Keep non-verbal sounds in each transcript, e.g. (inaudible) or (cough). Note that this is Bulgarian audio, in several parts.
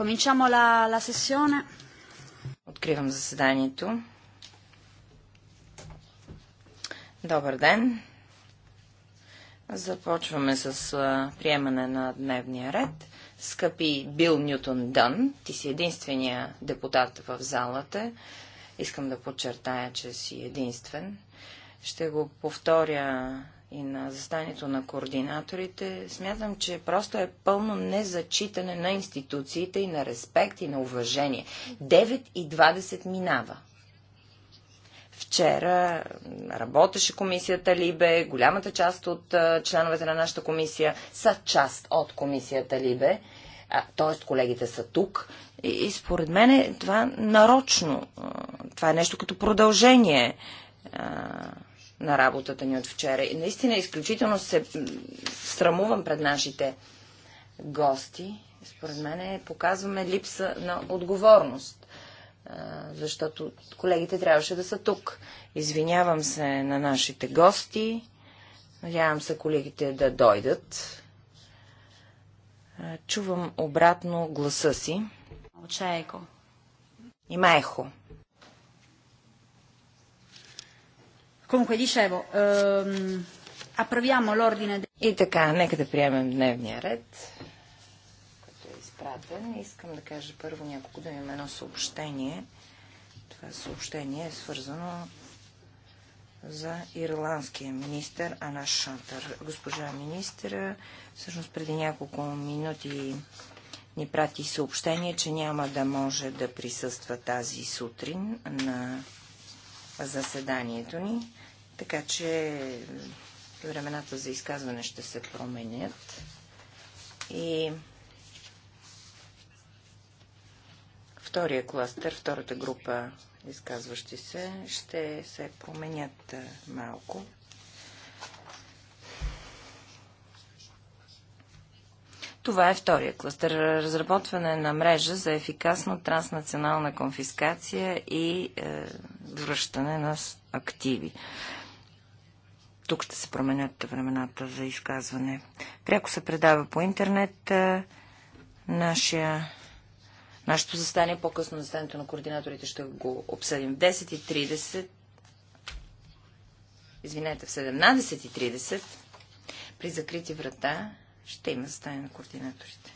Cominciamo la, la sessione. Откривам заседанието. Добър ден. Започваме с а, приемане на дневния ред. Скъпи Бил Нютон Дън, ти си единствения депутат в залата. Искам да подчертая, че си единствен. Ще го повторя и на застанието на координаторите, смятам, че просто е пълно незачитане на институциите и на респект и на уважение. 9 и 20 минава. Вчера работеше комисията Либе, голямата част от членовете на нашата комисия са част от комисията Либе, т.е. колегите са тук. И, и според мен е това нарочно. Това е нещо като продължение на работата ни от вчера. И наистина изключително се срамувам пред нашите гости. Според мен показваме липса на отговорност, защото колегите трябваше да са тук. Извинявам се на нашите гости. Надявам се колегите да дойдат. Чувам обратно гласа си. Има ехо. Comunque, dicevo, ehm, approviamo l'ordine... И така, нека да приемем дневния ред, като е изпратен. Искам да кажа първо няколко да имам едно съобщение. Това съобщение е свързано за ирландския министр Ана Шантър. Госпожа министра, всъщност преди няколко минути ни прати съобщение, че няма да може да присъства тази сутрин на заседанието ни. Така че времената за изказване ще се променят. И втория кластър, втората група изказващи се, ще се променят малко. Това е втория кластър. Разработване на мрежа за ефикасно транснационална конфискация и е, връщане на активи. Тук ще се променят времената за изказване. Пряко се предава по интернет нашия Нашето застание по-късно на застанието на координаторите ще го обсъдим в 10.30. Извинете, в 17.30 при закрити врата ще има застане на координаторите.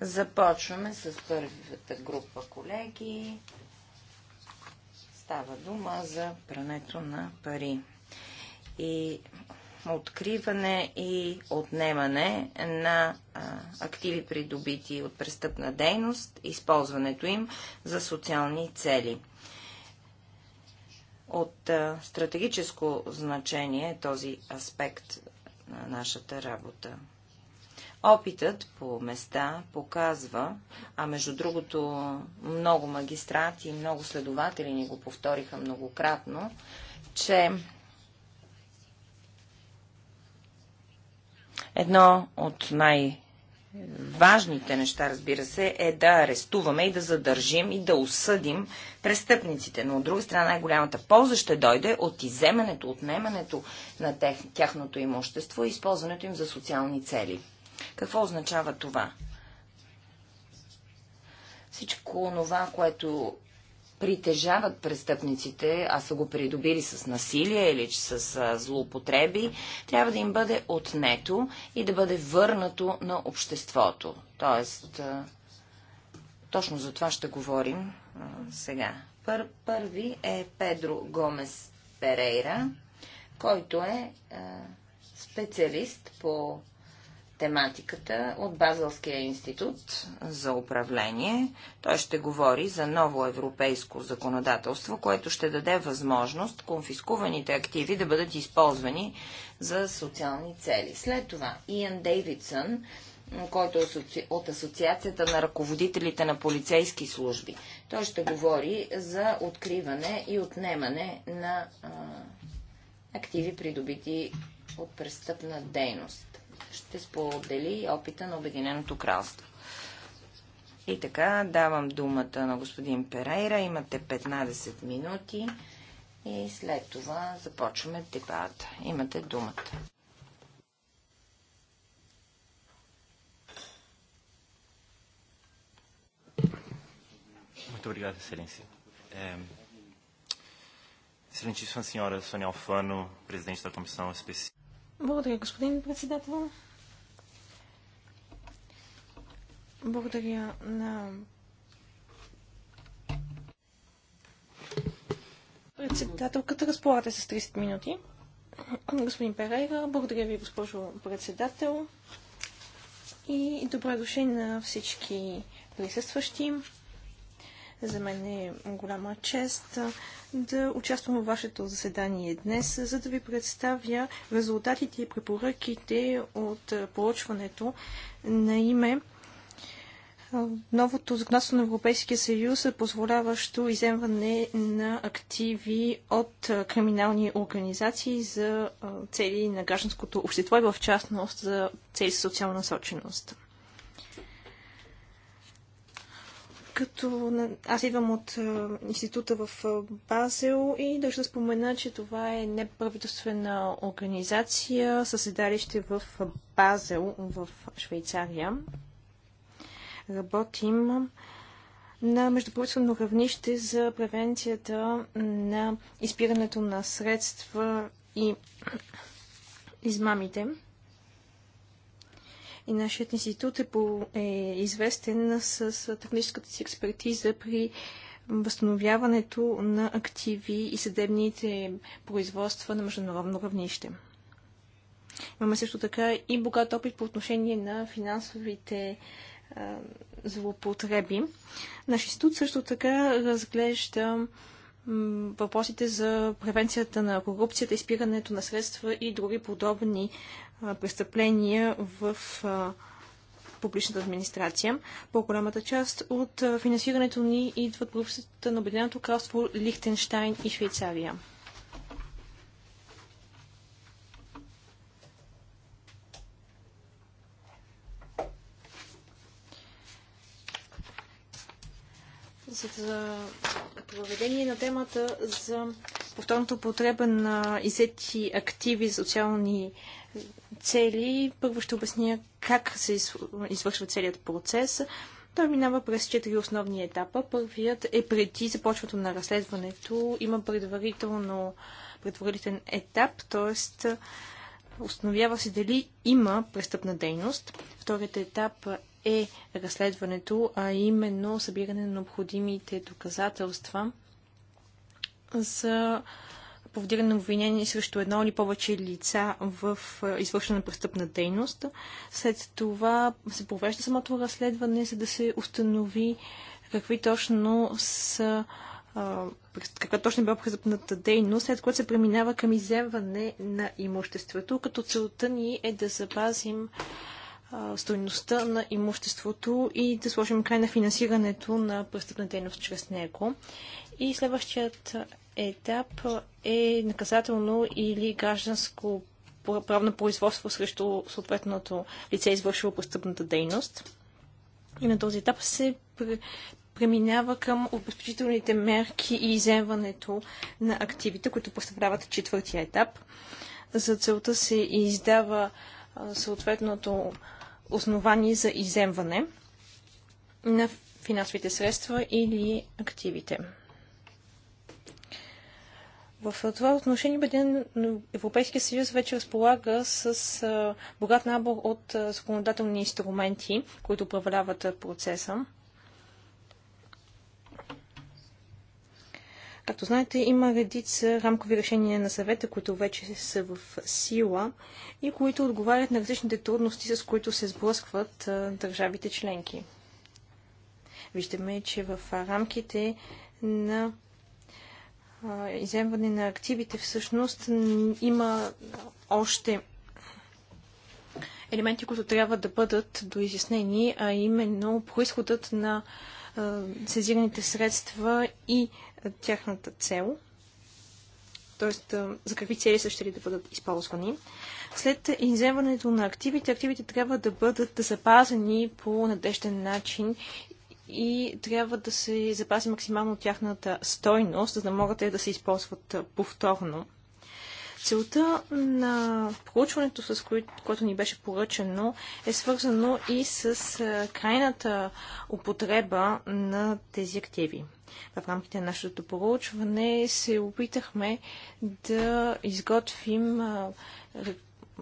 Започваме с първата група колеги. Става дума за прането на пари и откриване и отнемане на а, активи придобити от престъпна дейност, използването им за социални цели. От а, стратегическо значение е този аспект на нашата работа. Опитът по места показва, а между другото много магистрати и много следователи ни го повториха многократно, че едно от най- Важните неща, разбира се, е да арестуваме и да задържим и да осъдим престъпниците. Но от друга страна най-голямата полза ще дойде от иземането, отнемането на тяхното имущество и използването им за социални цели. Какво означава това? Всичко това, което притежават престъпниците, а са го придобили с насилие или с злоупотреби, трябва да им бъде отнето и да бъде върнато на обществото. Тоест, точно за това ще говорим сега. Пър, първи е Педро Гомес Перейра, който е специалист по тематиката от Базълския институт за управление. Той ще говори за ново европейско законодателство, което ще даде възможност конфискуваните активи да бъдат използвани за социални цели. След това Иан Дейвидсън, който е от Асоциацията на ръководителите на полицейски служби. Той ще говори за откриване и отнемане на а, активи, придобити от престъпна дейност ще сподели опита на Обединеното кралство. И така, давам думата на господин Перейра. Имате 15 минути и след това започваме дебата. Имате думата. Muito obrigado, Excelência. É... Excelentíssima senhora Sonia Alfano, presidente da Comissão Especial. Благодаря, господин председател. Благодаря на председателката. Разполагате с 30 минути. Господин Перейра, благодаря ви, госпожо председател. И добре дошли на всички присъстващи. За мен е голяма чест да участвам в вашето заседание днес, за да ви представя резултатите и препоръките от проучването на име новото законодателство на Европейския съюз, позволяващо иземване на активи от криминални организации за цели на гражданското общество и в частност за цели социална насоченост като аз идвам от института в Базел и държа да спомена, че това е неправителствена организация със седалище в Базел в Швейцария. Работим на междуправителствено равнище за превенцията на изпирането на средства и (clears throat) измамите. И нашият институт е, по, е известен с техническата си експертиза при възстановяването на активи и съдебните производства на международно равнище. Имаме също така и богат опит по отношение на финансовите а, злоупотреби. Наш институт също така разглежда въпросите за превенцията на корупцията, изпирането на средства и други подобни престъпления в публичната администрация. По-голямата част от финансирането ни идват групата на Обединеното кралство, Лихтенштайн и Швейцария. за проведение на темата за повторната употреба на изети активи за социални цели. Първо ще обясня как се извършва целият процес. Той минава през четири основни етапа. Първият е преди започването на разследването. Има предварително предварителен етап, т.е. установява се дали има престъпна дейност. Вторият етап е разследването, а именно събиране на необходимите доказателства за на обвинение срещу едно или повече лица в е, извършена престъпна дейност. След това се провежда самото разследване, за да се установи какви точно са каква точно е била престъпната дейност, след което се преминава към изземване на имуществото, като целта ни е да запазим стоеността на имуществото и да сложим край на финансирането на престъпна дейност чрез него. И следващият етап е наказателно или гражданско правно производство срещу съответното лице, извършило престъпната дейност. И на този етап се преминава към обезпечителните мерки и иземването на активите, които представляват четвъртия етап. За целта се издава съответното основание за иземване на финансовите средства или активите. В това отношение Беден Европейския съюз вече разполага с богат набор от законодателни инструменти, които управляват процеса. Както знаете, има редица рамкови решения на съвета, които вече са в сила и които отговарят на различните трудности, с които се сблъскват държавите членки. Виждаме, че в рамките на иземване на активите всъщност има още елементи, които трябва да бъдат доизяснени, а именно происходът на сезираните средства и тяхната цел. Тоест, за какви цели са ще ли да бъдат използвани. След иземването на активите, активите трябва да бъдат запазени по надежден начин и трябва да се запази максимално тяхната стойност, за да могат те да се използват повторно. Целта на проучването, с кое, което ни беше поръчено, е свързано и с крайната употреба на тези активи. В рамките на нашето проучване се опитахме да изготвим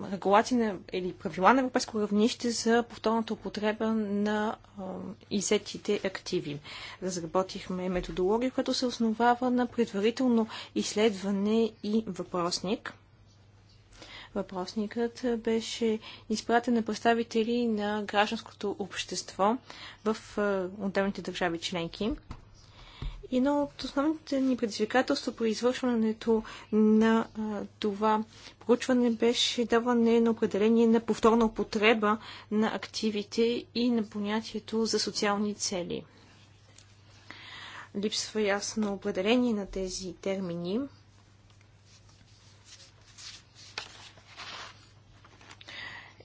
регулации на, или правила на европейско равнище за повторната употреба на а, изетите активи. Разработихме методология, която се основава на предварително изследване и въпросник. Въпросникът беше изпратен на представители на гражданското общество в отделните държави членки едно от основните ни предизвикателства при извършването на а, това проучване беше даване на определение на повторна употреба на активите и на понятието за социални цели. Липсва ясно определение на тези термини.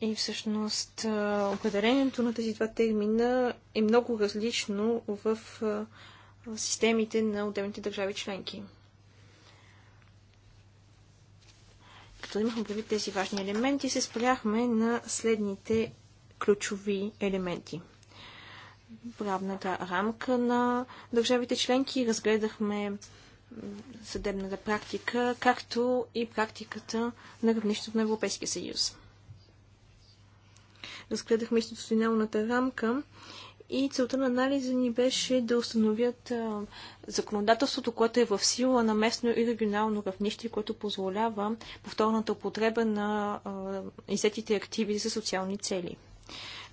И всъщност определението на тези два термина е много различно в системите на отделните държави членки. Като имахме предвид тези важни елементи, се спряхме на следните ключови елементи. Правната рамка на държавите членки разгледахме съдебната практика, както и практиката на равнището на Европейския съюз. Разгледахме институционалната рамка и целта на анализа ни беше да установят законодателството, което е в сила на местно и регионално равнище, което позволява повторната употреба на изетите активи за социални цели.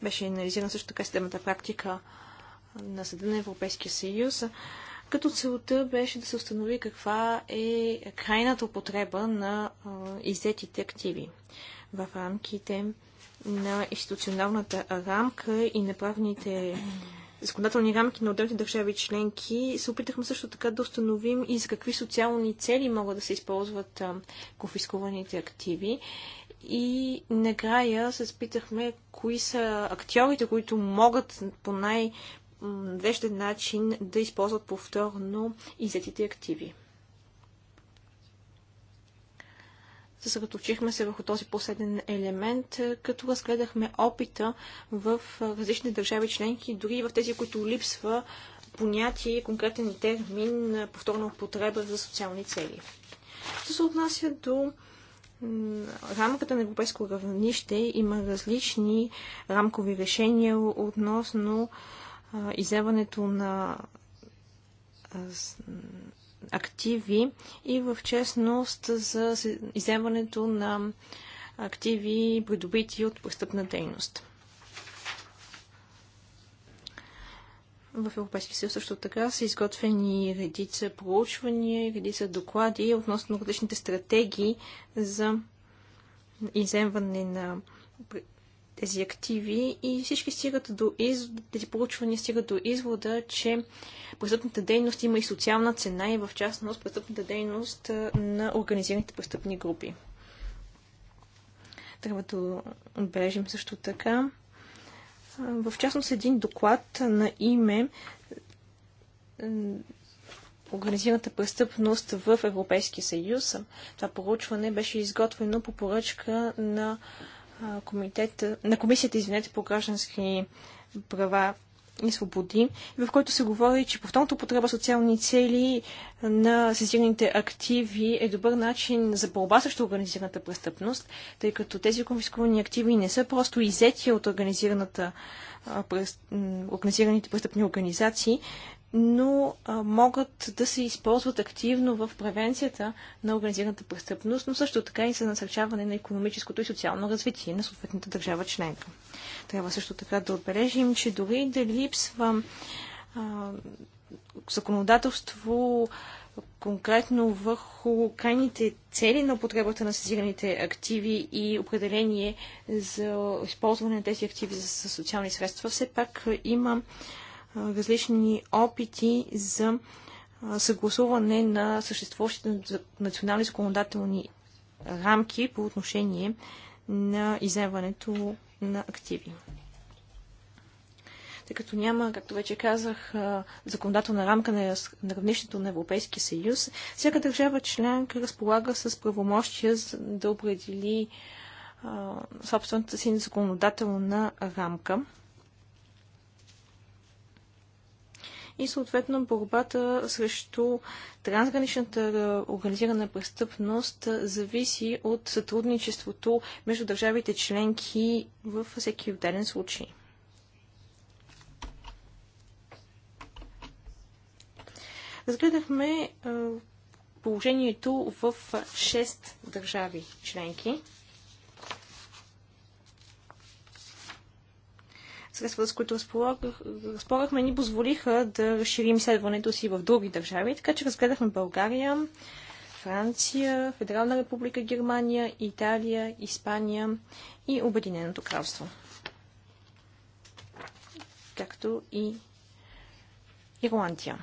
Беше анализирана също така системата практика на Съда на Европейския съюз, като целта беше да се установи каква е крайната употреба на изетите активи в рамките на институционалната рамка и направените законодателни рамки на отделните държави членки, се опитахме също така да установим и за какви социални цели могат да се използват конфискуваните активи. И накрая се спитахме кои са актьорите, които могат по най вещен начин да използват повторно иззетите активи. Съсредоточихме се върху този последен елемент, е, като разгледахме опита в е, различни държави членки, дори и в тези, които липсва понятие, конкретен термин, повторна употреба за социални цели. Що се отнася до рамката на европейско равнище, има различни рамкови решения относно изяването на активи и в честност за иземването на активи, придобити от престъпна дейност. В Европейския съюз също така са изготвени редица проучвания редица доклади относно различните стратегии за иземване на тези активи и всички стигат до извода, тези проучвания стигат до извода, че престъпната дейност има и социална цена и в частност престъпната дейност на организираните престъпни групи. Трябва да отбележим също така. В частност един доклад на име организираната престъпност в Европейския съюз. Това проучване беше изготвено по поръчка на комитета, на комисията, извинете, по граждански права и свободи, в който се говори, че повторното употреба социални цели на сезираните активи е добър начин за борба срещу организираната престъпност, тъй като тези конфискувани активи не са просто изети от организираната, организираните престъпни организации, но а, могат да се използват активно в превенцията на организираната престъпност, но също така и за насърчаване на економическото и социално развитие на съответната държава членка. Трябва също така да отбележим, че дори да липсва а, законодателство конкретно върху крайните цели на употребата на сезираните активи и определение за използване на тези активи за социални средства, все пак има различни опити за съгласуване на съществуващите национални законодателни рамки по отношение на иземването на активи. Тъй като няма, както вече казах, законодателна рамка на, равнището на Европейския съюз, всяка държава членка разполага с правомощия да определи собствената си законодателна рамка. и съответно борбата срещу трансграничната организирана престъпност зависи от сътрудничеството между държавите членки във всеки отделен случай. Разгледахме положението в 6 държави членки. средства, с които разполагах, разполагахме, ни позволиха да разширим изследването си в други държави. Така че разгледахме България, Франция, Федерална република Германия, Италия, Испания и Обединеното кралство. Както и Ирландия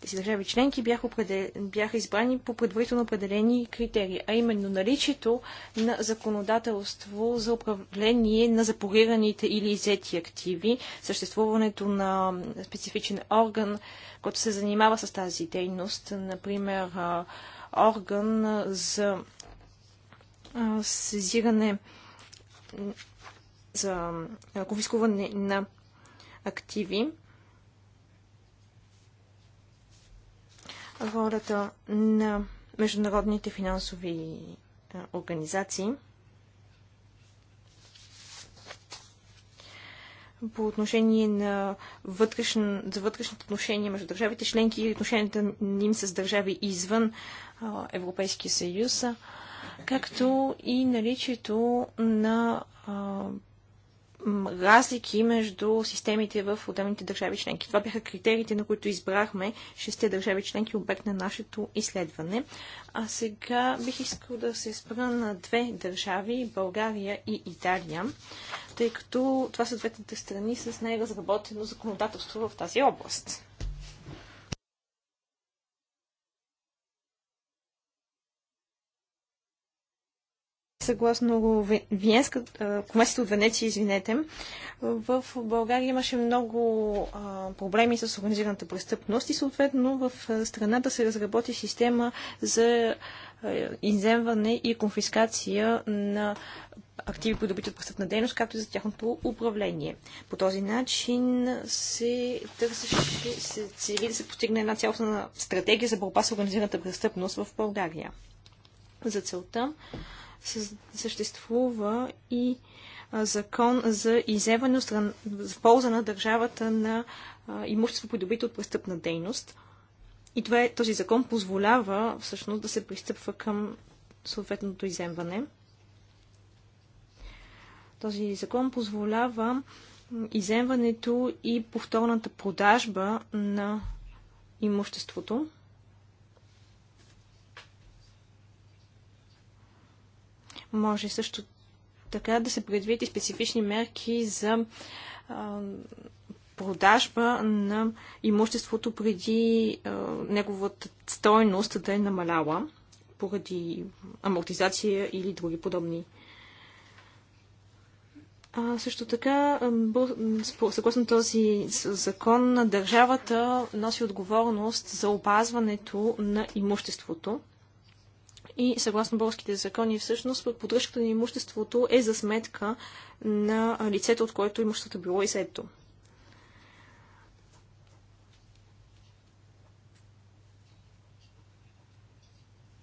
тези държави членки бяха, определ... бяха избрани по предварително определени критерии, а именно наличието на законодателство за управление на запорираните или изети активи, съществуването на специфичен орган, който се занимава с тази дейност, например орган за сезиране за конфискуване на активи. ролята на международните финансови организации по отношение на вътрешн, за вътрешните отношения между държавите членки и отношенията им с държави извън Европейския съюз, както и наличието на а, разлики между системите в отделните държави членки. Това бяха критериите, на които избрахме шесте държави членки, обект на нашето изследване. А сега бих искал да се спра на две държави България и Италия, тъй като това са двете страни с най-разработено законодателство в тази област. съгласно Виенска, комисията от Венеция, извинете, в България имаше много проблеми с организираната престъпност и съответно в страната се разработи система за иземване и конфискация на активи, придобити от престъпна дейност, както и за тяхното управление. По този начин се търсеше, се цели да се постигне една цялостна стратегия за борба с организираната престъпност в България. За целта съществува и закон за изяване в полза на държавата на имущество, придобито от престъпна дейност. И това, е, този закон позволява всъщност да се пристъпва към съответното иземване. Този закон позволява иземването и повторната продажба на имуществото. Може също така да се предвидят и специфични мерки за продажба на имуществото преди неговата стойност да е намаляла поради амортизация или други подобни. А, също така, съгласно този закон, държавата носи отговорност за опазването на имуществото и съгласно българските закони всъщност поддръжката на имуществото е за сметка на лицето, от което имуществото е било изето.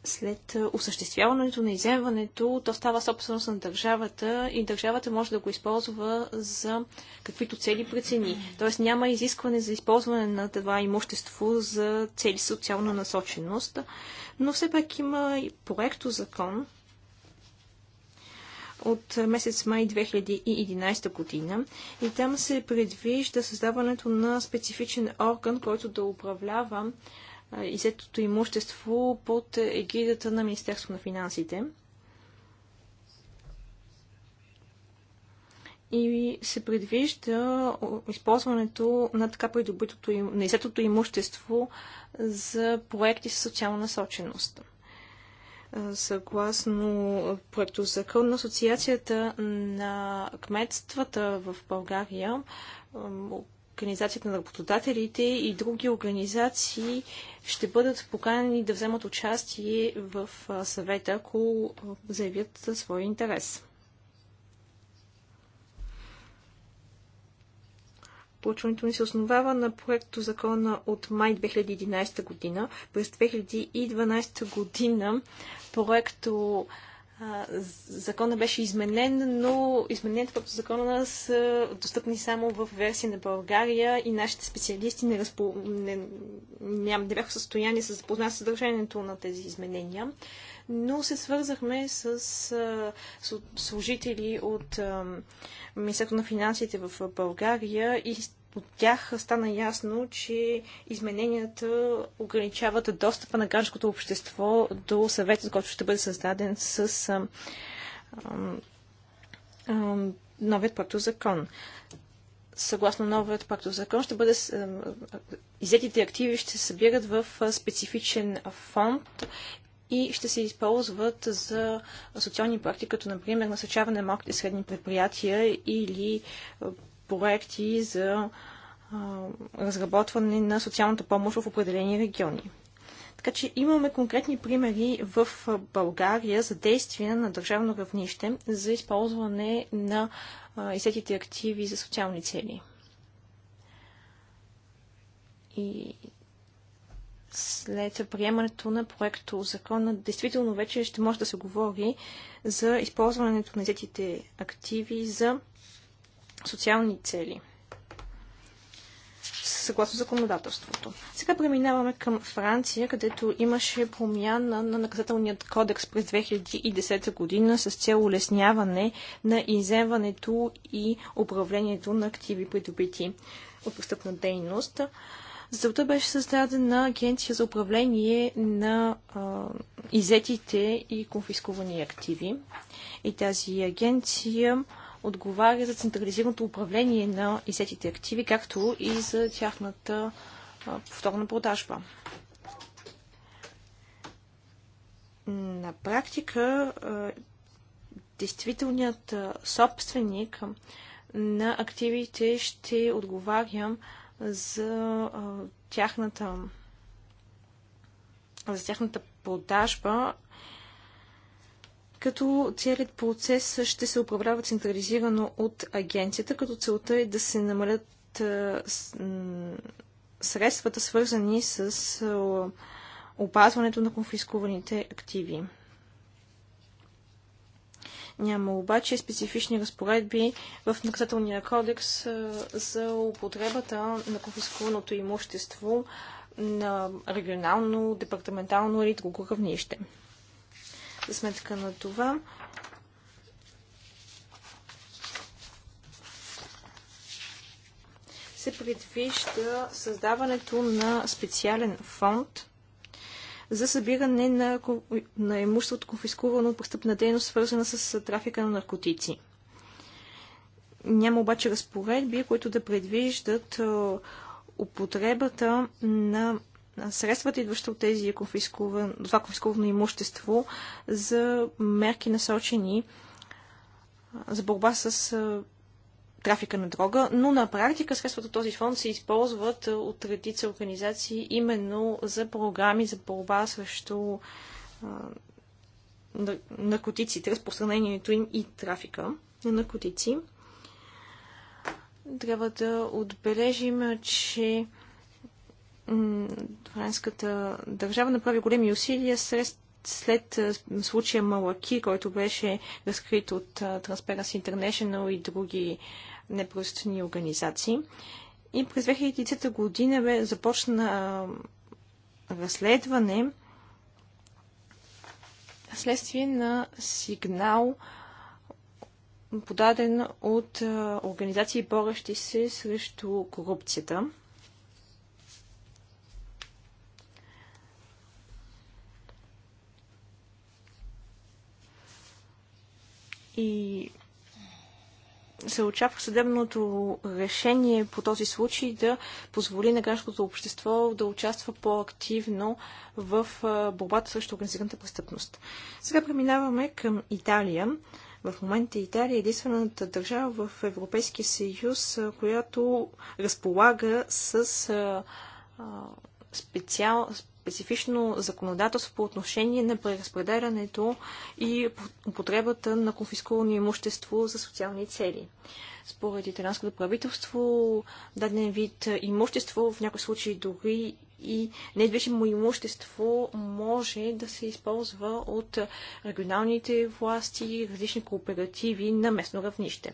след осъществяването на иземването, то става собственост на държавата и държавата може да го използва за каквито цели прецени. Тоест няма изискване за използване на това имущество за цели социална насоченост но все пак има и проекто закон от месец май 2011 година и там се предвижда създаването на специфичен орган, който да управлява изетото имущество под егидата на Министерство на финансите. и се предвижда използването на така придобитото и на изетото имущество за проекти с социална насоченост. Съгласно проекто закон на Асоциацията на кметствата в България, Организацията на работодателите и други организации ще бъдат поканени да вземат участие в съвета, ако заявят своя интерес. Получването ни се основава на проекто закона от май 2011 година. През 2012 година проекто закона беше изменен, но изменението като закона са достъпни само в версия на България и нашите специалисти не, разпо... не, не, не бяха в състояние с запознат съдържанието на тези изменения но се свързахме с, с служители от Министерството на финансите в България и от тях стана ясно, че измененията ограничават достъпа на гражданското общество до съвета, който ще бъде създаден с а, а, новият пакто закон. Съгласно новият пакто закон, ще бъде а, изетите активи ще се събират в специфичен фонд, и ще се използват за социални проекти, като например насъчаване на малките и средни предприятия или е, проекти за е, разработване на социалната помощ в определени региони. Така че имаме конкретни примери в е, България за действия на държавно равнище за използване на изсетите активи за социални цели. И след приемането на проекто закона, действително вече ще може да се говори за използването на взетите активи за социални цели. Съгласно законодателството. Сега преминаваме към Франция, където имаше промяна на наказателният кодекс през 2010 година с цел улесняване на иземването и управлението на активи, придобити от престъпна дейност. Залта беше създадена агенция за управление на а, изетите и конфискувани активи. И тази агенция отговаря за централизираното управление на изетите активи, както и за тяхната а, повторна продажба. На практика а, действителният собственик на активите ще отговаря за тяхната за тяхната продажба, като целият процес ще се управлява централизирано от агенцията, като целта е да се намалят средствата, свързани с опазването на конфискуваните активи. Няма обаче специфични разпоредби в наказателния кодекс за употребата на конфискуваното имущество на регионално, департаментално или друго равнище. За сметка на това, се предвижда създаването на специален фонд, за събиране на, на имуществото, конфискувано от престъпна дейност, свързана с трафика на наркотици. Няма обаче разпоредби, които да предвиждат употребата на средствата, идващи от тези конфискуван, това конфискувано имущество, за мерки насочени за борба с трафика на дрога, но на практика средствата от този фонд се използват е, от редица организации именно за програми за борба срещу а, наркотиците, разпространението им и трафика на наркотици. Трябва да отбележим, че френската държава направи големи усилия сред след случая Малаки, който беше разкрит от Transparency International и други неправителствени организации. И през 2010 година бе започна разследване следствие на сигнал, подаден от организации, борещи се срещу корупцията. и се очаква съдебното решение по този случай да позволи на гражданското общество да участва по-активно в борбата срещу организираната престъпност. Сега преминаваме към Италия. В момента Италия е единствената държава в Европейския съюз, която разполага с специал, специфично законодателство по отношение на преразпределянето и употребата на конфискувано имущество за социални цели. Според италянското правителство, даден вид имущество, в някои случаи дори и недвижимо имущество може да се използва от регионалните власти и различни кооперативи на местно равнище.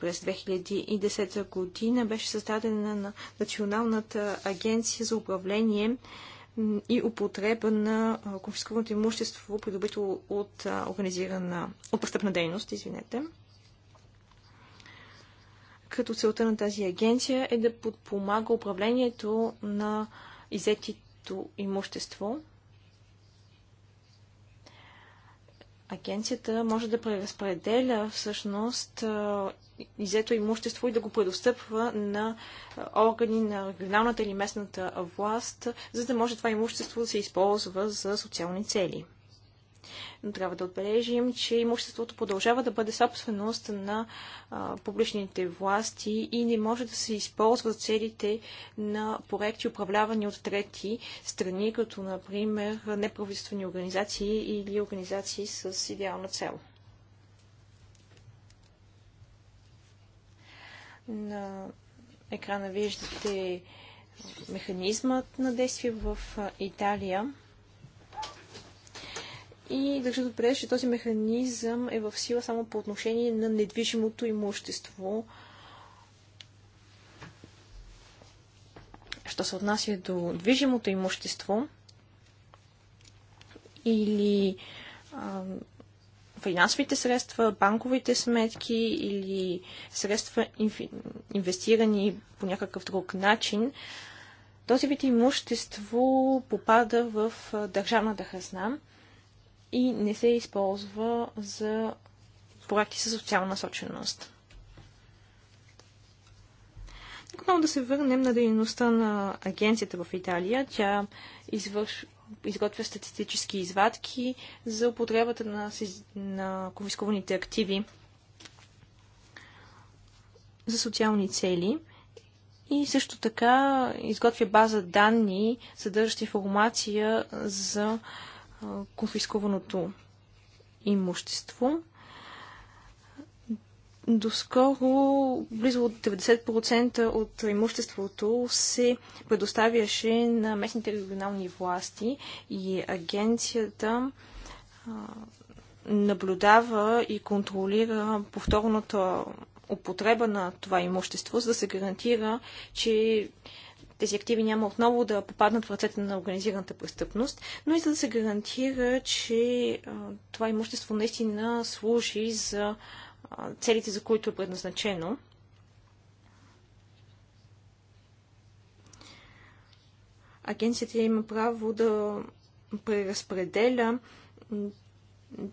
През 2010 година беше създадена на Националната агенция за управление и употреба на конфискуваното имущество, придобито от организирана, от престъпна дейност, извинете. Като целта на тази агенция е да подпомага управлението на изетито имущество. Агенцията може да преразпределя всъщност изето имущество и да го предостъпва на органи на регионалната или местната власт, за да може това имущество да се използва за социални цели. Но трябва да отбележим, че имуществото продължава да бъде собственост на а, публичните власти и не може да се използва за целите на проекти, управлявани от трети страни, като, например, неправителствени организации или организации с идеална цел. На екрана виждате механизмът на действие в Италия. И държа да отбележа, че този механизъм е в сила само по отношение на недвижимото имущество. Що се отнася до движимото имущество или а, финансовите средства, банковите сметки или средства инвестирани по някакъв друг начин, този вид имущество попада в държавната хазна и не се използва за проекти със социална насоченост. много да се върнем на дейността на агенцията в Италия. Тя извършва изготвя статистически извадки за употребата на, на конфискованите активи за социални цели и също така изготвя база данни, съдържащи информация за конфискуваното имущество. Доскоро близо от 90% от имуществото се предоставяше на местните регионални власти и агенцията наблюдава и контролира повторната употреба на това имущество, за да се гарантира, че тези активи няма отново да попаднат в ръцете на организираната престъпност, но и за да се гарантира, че това имущество наистина служи за а, целите, за които е предназначено. Агенцията има право да преразпределя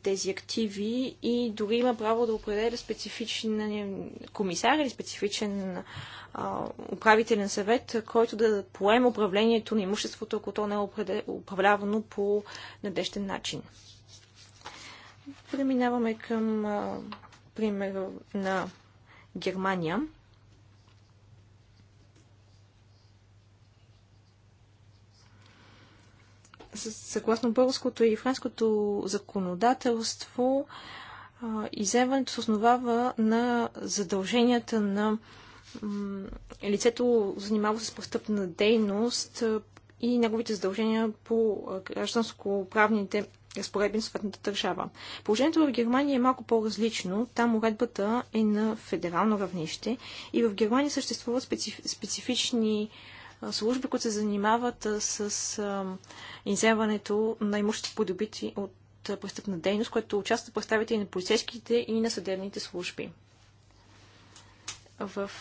тези активи и дори има право да определя специфичен комисар или специфичен а, управителен съвет, който да поеме управлението на имуществото, ако то не е управлявано по надежден начин. Преминаваме към а, пример на Германия. Съгласно българското и френското законодателство, изземването се основава на задълженията на лицето, занимава с престъпна дейност и неговите задължения по гражданско-правните разпоредби на съответната държава. Положението в Германия е малко по-различно. Там уредбата е на федерално равнище и в Германия съществуват специф... специфични служби, които се занимават с а, изяването на имущество подобити от престъпна дейност, което участват представители на полицейските и на съдебните служби. В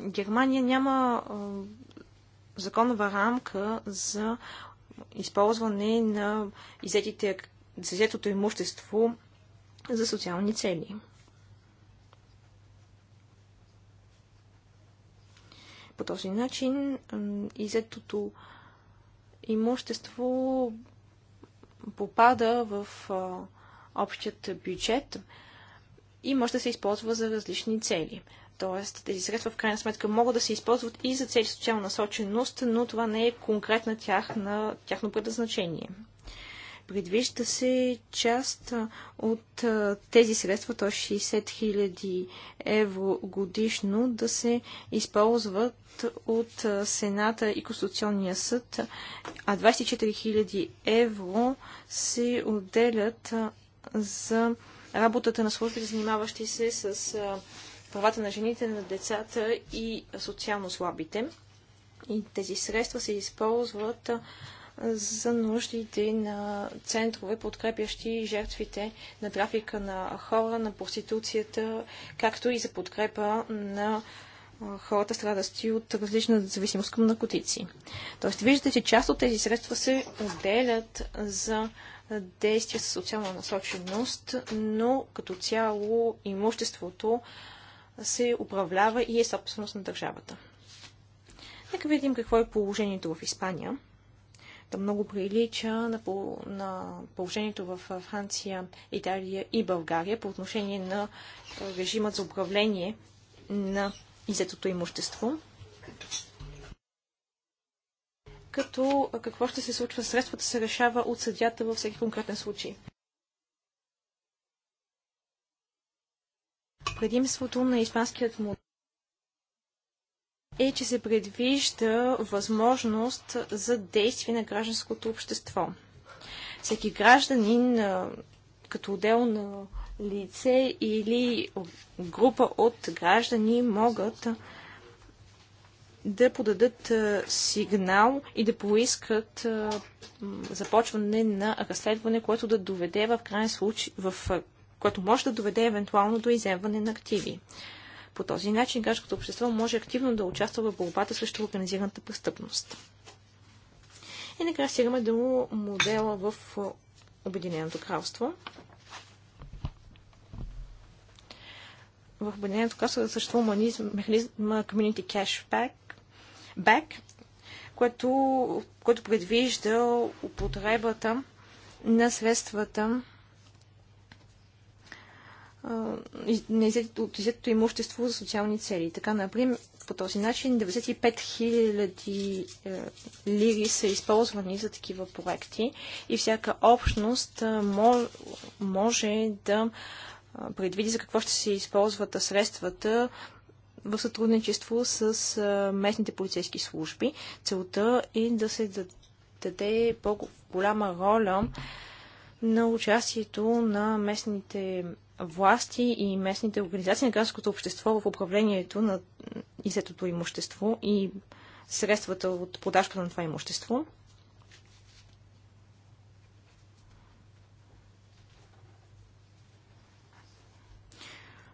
Германия няма законова рамка за използване на изетите, изетото имущество за социални цели. По този начин изетото имущество попада в общият бюджет и може да се използва за различни цели. Тоест, тези средства в крайна сметка могат да се използват и за цели социална насоченост, но това не е конкретна на тяхно предназначение. Предвижда се част от тези средства, т.е. 60 000 евро годишно, да се използват от Сената и Конституционния съд, а 24 000 евро се отделят за работата на службите, занимаващи се с правата на жените, на децата и социално слабите. И тези средства се използват за нуждите на центрове, подкрепящи жертвите на трафика на хора, на проституцията, както и за подкрепа на хората страдащи от различна зависимост към наркотици. Тоест, виждате, че част от тези средства се отделят за действия с социална насоченост, но като цяло имуществото се управлява и е собственост на държавата. Нека видим какво е положението в Испания. Да много прилича на, на положението в Франция, Италия и България по отношение на режимът за управление на изетото имущество. Като какво ще се случва средствата се решава от съдята във всеки конкретен случай. Предимството на испанският модел е, че се предвижда възможност за действие на гражданското общество. Всеки гражданин като отделно лице или група от граждани могат да подадат сигнал и да поискат започване на разследване, което да доведе в крайен случай, в което може да доведе евентуално до изземване на активи. По този начин гражданското общество може активно да участва в борбата срещу организираната престъпност. И накрая стигаме до модела в Обединеното кралство. В Обединеното кралство съществува механизма Community Back, back, което, което предвижда употребата на средствата от имущество за социални цели. Така, например, по този начин 95 000 е, лири са използвани за такива проекти и всяка общност е, може да предвиди за какво ще се използват средствата в сътрудничество с е, местните полицейски служби. Целта е да се даде по-голяма роля на участието на местните власти и местните организации на гражданското общество в управлението на изетото имущество и средствата от продажбата на това имущество.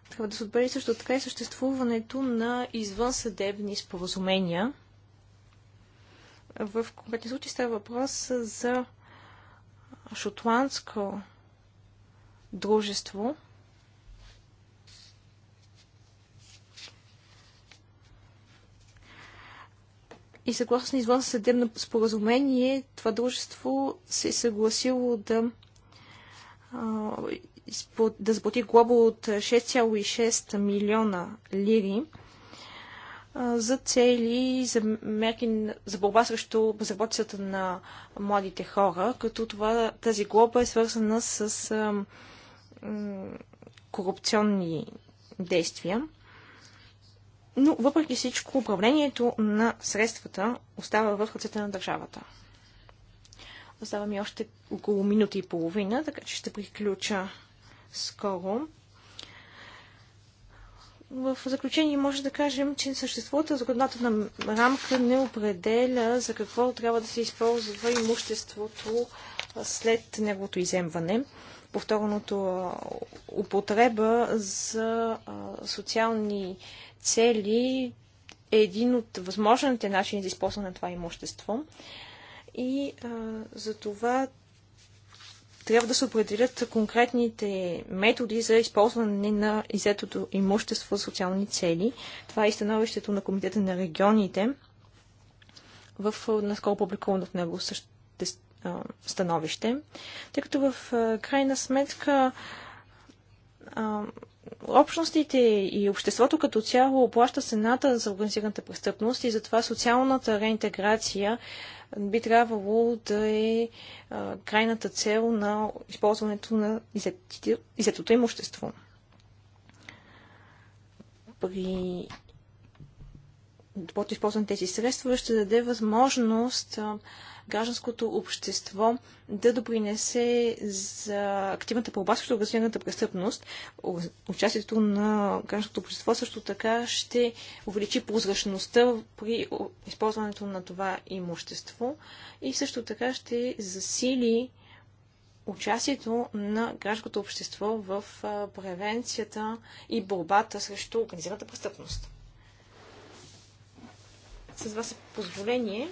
Трябва да се отбери също така и съществуването на извънсъдебни споразумения. В конкретни случаи става въпрос за шотландско дружество – и съгласно извън съдебно споразумение, това дружество се е съгласило да, да заплати глоба от 6,6 милиона лири за цели за мерки за борба срещу безработицата на младите хора, като това, тази глоба е свързана с корупционни действия. Но въпреки всичко, управлението на средствата остава в ръцете на държавата. Остава ми още около минута и половина, така че ще приключа скоро. В заключение може да кажем, че съществувата законодателна рамка не определя за какво трябва да се използва имуществото след неговото иземване повторното употреба за социални цели е един от възможните начини за използване на това имущество. И а, за това трябва да се определят конкретните методи за използване на изетото имущество за социални цели. Това е и становището на Комитета на регионите в наскоро публикувано в него също становище, тъй като в крайна сметка а, общностите и обществото като цяло оплаща цената за организираната престъпност и затова социалната реинтеграция би трябвало да е а, крайната цел на използването на изетото имущество. При доброто използване тези средства ще даде възможност а, гражданското общество да допринесе за активната борба срещу организираната престъпност. Участието на гражданското общество също така ще увеличи прозрачността при използването на това имущество и също така ще засили участието на гражданското общество в превенцията и борбата срещу организираната престъпност. С вас е позволение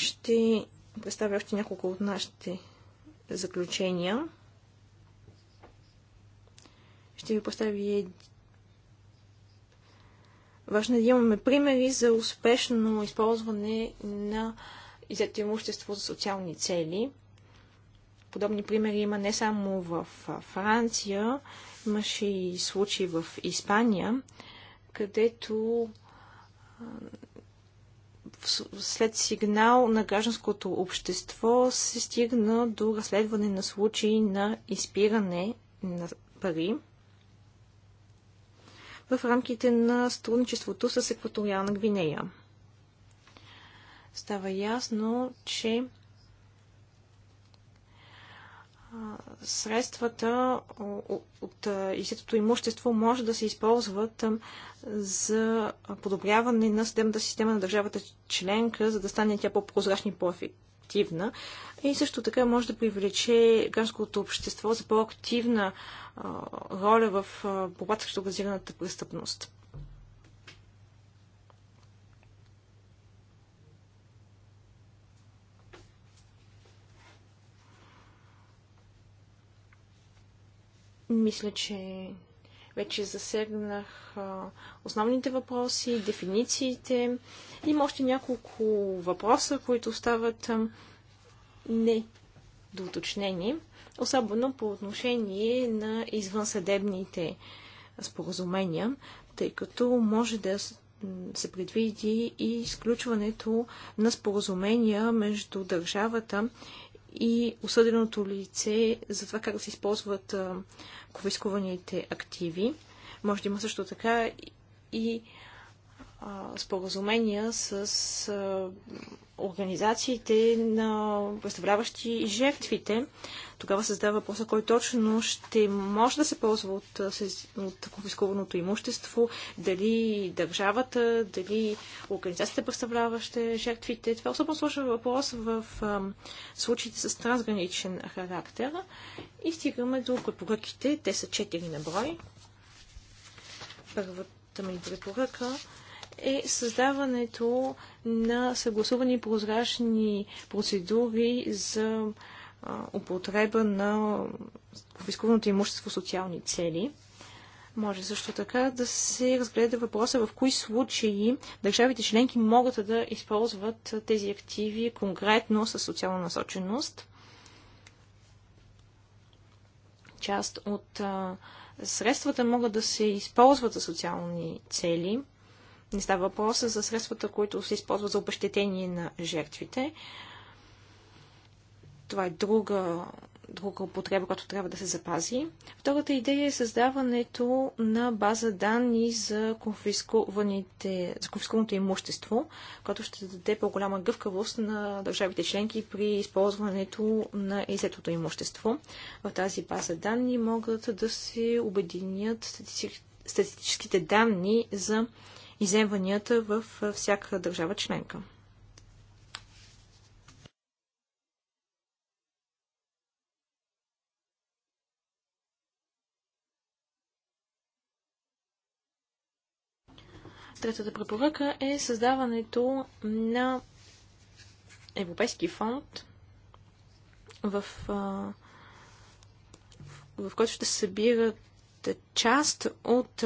ще представя още няколко от нашите заключения. Ще ви поставя Важно е да имаме примери за успешно използване на изето имущество за социални цели. Подобни примери има не само в Франция, имаше и случаи в Испания, където след сигнал на гражданското общество се стигна до разследване на случаи на изпиране на пари в рамките на сътрудничеството с Екваториална Гвинея. Става ясно, че средствата от изтетото имущество може да се използват за подобряване на съдебната система на държавата членка, за да стане тя по-прозрачна и по-ефективна. И също така може да привлече гражданското общество за по-активна роля в борбата срещу газираната престъпност. Мисля, че вече засегнах основните въпроси, дефинициите. Има още няколко въпроса, които остават не доуточнени, особено по отношение на извънсъдебните споразумения, тъй като може да се предвиди и изключването на споразумения между държавата и осъденото лице за това как да се използват конфискуваните активи. Може да има също така и а, споразумения с а, организациите на представляващи жертвите. Тогава създава въпроса, кой точно ще може да се ползва от, от конфискуваното имущество, дали държавата, дали организацията представляваща жертвите. Това е особено сложен въпрос в случаите с трансграничен характер. И стигаме до препоръките. Те са четири на брой. Първата ми препоръка е създаването на съгласувани прозрачни процедури за употреба на конфискуваното имущество социални цели. Може също така да се разгледа въпроса в кои случаи държавите членки могат да използват тези активи конкретно с социална насоченост. Част от а, средствата могат да се използват за социални цели. Не става въпрос за средствата, които се използват за обещетение на жертвите. Това е друга, друга употреба, която трябва да се запази. Втората идея е създаването на база данни за, конфискуваните, за конфискуваното имущество, което ще даде по-голяма гъвкавост на държавите членки при използването на изетото имущество. В тази база данни могат да се обединят статистическите данни за иземванията в всяка държава членка. Третата препоръка е създаването на Европейски фонд, в, в, в който ще събират част от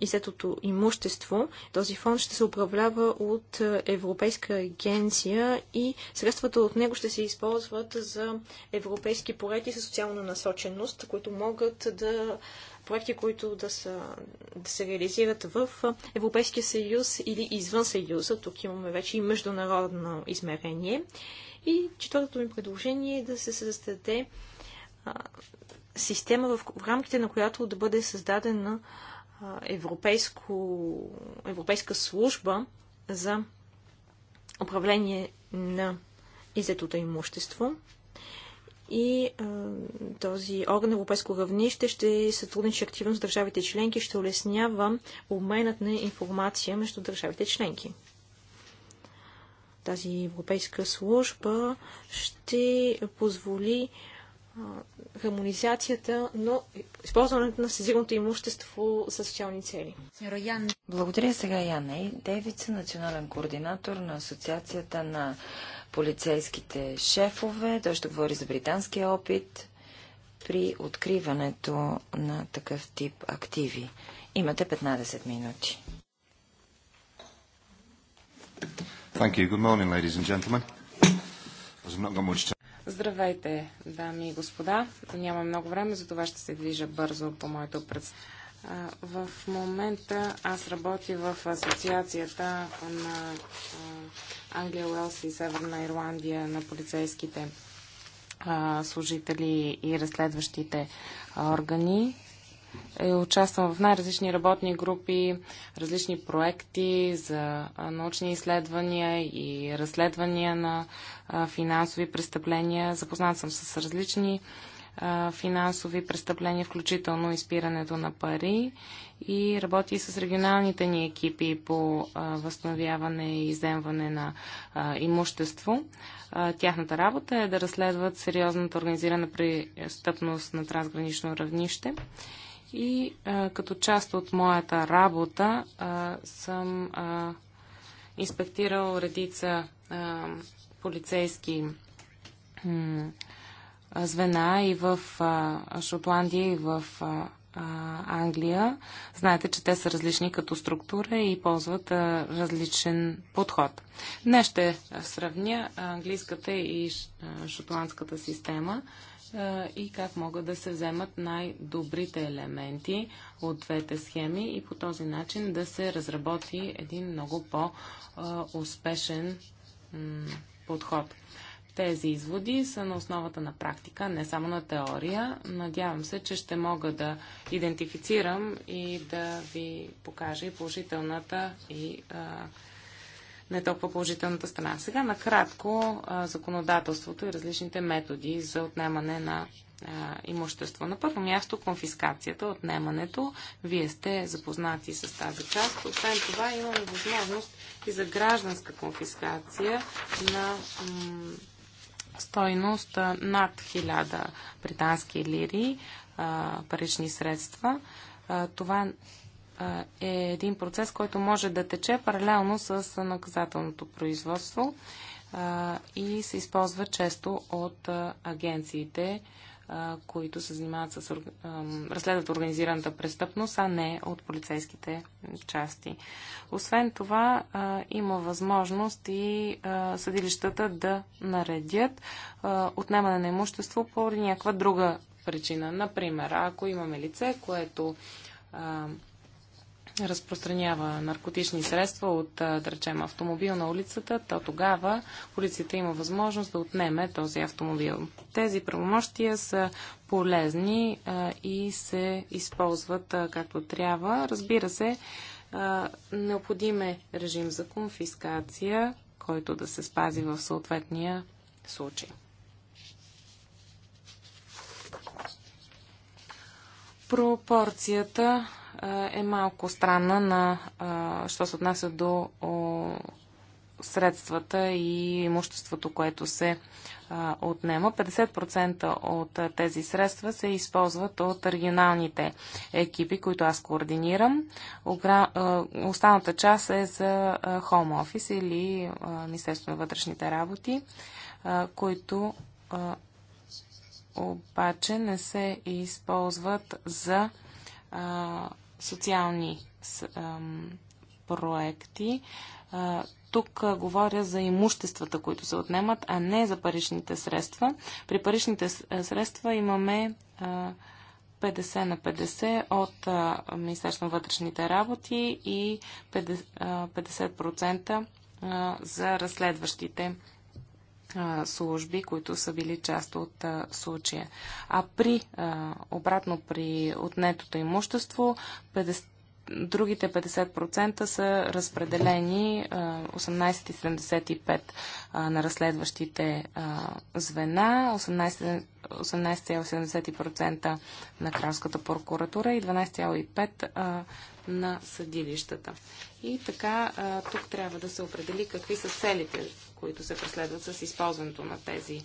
изетото имущество. Този фонд ще се управлява от Европейска агенция и средствата от него ще се използват за европейски проекти със социална насоченост, които могат да проекти, които да, са, да се реализират в Европейския съюз или извън съюза. Тук имаме вече и международно измерение. И четвъртото ми предложение е да се създаде а, система, в, в рамките на която да бъде създадена а, европейско, европейска служба за управление на изетото имущество. И а, този орган европейско равнище ще сътрудничи активно с държавите членки, ще улеснява обменът на информация между държавите членки. Тази европейска служба ще позволи хармонизацията, но използването на сезирното имущество за социални цели. Благодаря сега Яна и Девица, национален координатор на Асоциацията на полицейските шефове. Той ще говори за британския опит при откриването на такъв тип активи. Имате 15 минути. Thank you. Good morning, ladies and gentlemen. I've not got much time. Здравейте, дами и господа. Няма много време, за това ще се движа бързо по моето представление. В момента аз работя в Асоциацията на Англия, Уелс и Северна Ирландия на полицейските служители и разследващите органи. Е, участвам в най-различни работни групи, различни проекти за научни изследвания и разследвания на финансови престъпления. Запознат съм с различни финансови престъпления, включително изпирането на пари и работи с регионалните ни екипи по възстановяване и иземване на имущество. Тяхната работа е да разследват сериозната организирана престъпност на трансгранично равнище и а, като част от моята работа а, съм а, инспектирал редица а, полицейски звена и в а, Шотландия, и в а, Англия. Знаете, че те са различни като структура и ползват а, различен подход. Днес ще сравня английската и шотландската система и как могат да се вземат най-добрите елементи от двете схеми и по този начин да се разработи един много по-успешен подход. Тези изводи са на основата на практика, не само на теория. Надявам се, че ще мога да идентифицирам и да ви покажа и положителната и а, не е толкова положителната страна. Сега накратко законодателството и различните методи за отнемане на имущество. На първо място конфискацията, отнемането. Вие сте запознати с тази част. Освен това имаме възможност и за гражданска конфискация на стойност над 1000 британски лири а, парични средства. А, това е един процес, който може да тече паралелно с наказателното производство и се използва често от агенциите, които се занимават с разследват организираната престъпност, а не от полицейските части. Освен това, има възможност и съдилищата да наредят отнемане на имущество по някаква друга причина. Например, ако имаме лице, което разпространява наркотични средства от, да речем, автомобил на улицата, то тогава полицията има възможност да отнеме този автомобил. Тези правомощия са полезни а, и се използват а, както трябва. Разбира се, а, необходим е режим за конфискация, който да се спази в съответния случай. Пропорцията е, е малко странна на, що се отнася до средствата и имуществото, което се отнема. 50% от тези средства се използват от регионалните екипи, които аз координирам. останата част е за Home Office или Министерство на вътрешните работи, които обаче не се използват за социални проекти. Тук говоря за имуществата, които се отнемат, а не за паричните средства. При паричните средства имаме 50 на 50 от Министерство на вътрешните работи и 50% за разследващите служби, които са били част от а, случая. А при, а, обратно при отнетото имущество, 50, другите 50% са разпределени 18,75 на разследващите звена, 18,70% на Кралската прокуратура и 12,5% на съдилищата. И така, тук трябва да се определи какви са целите, които се преследват с използването на тези,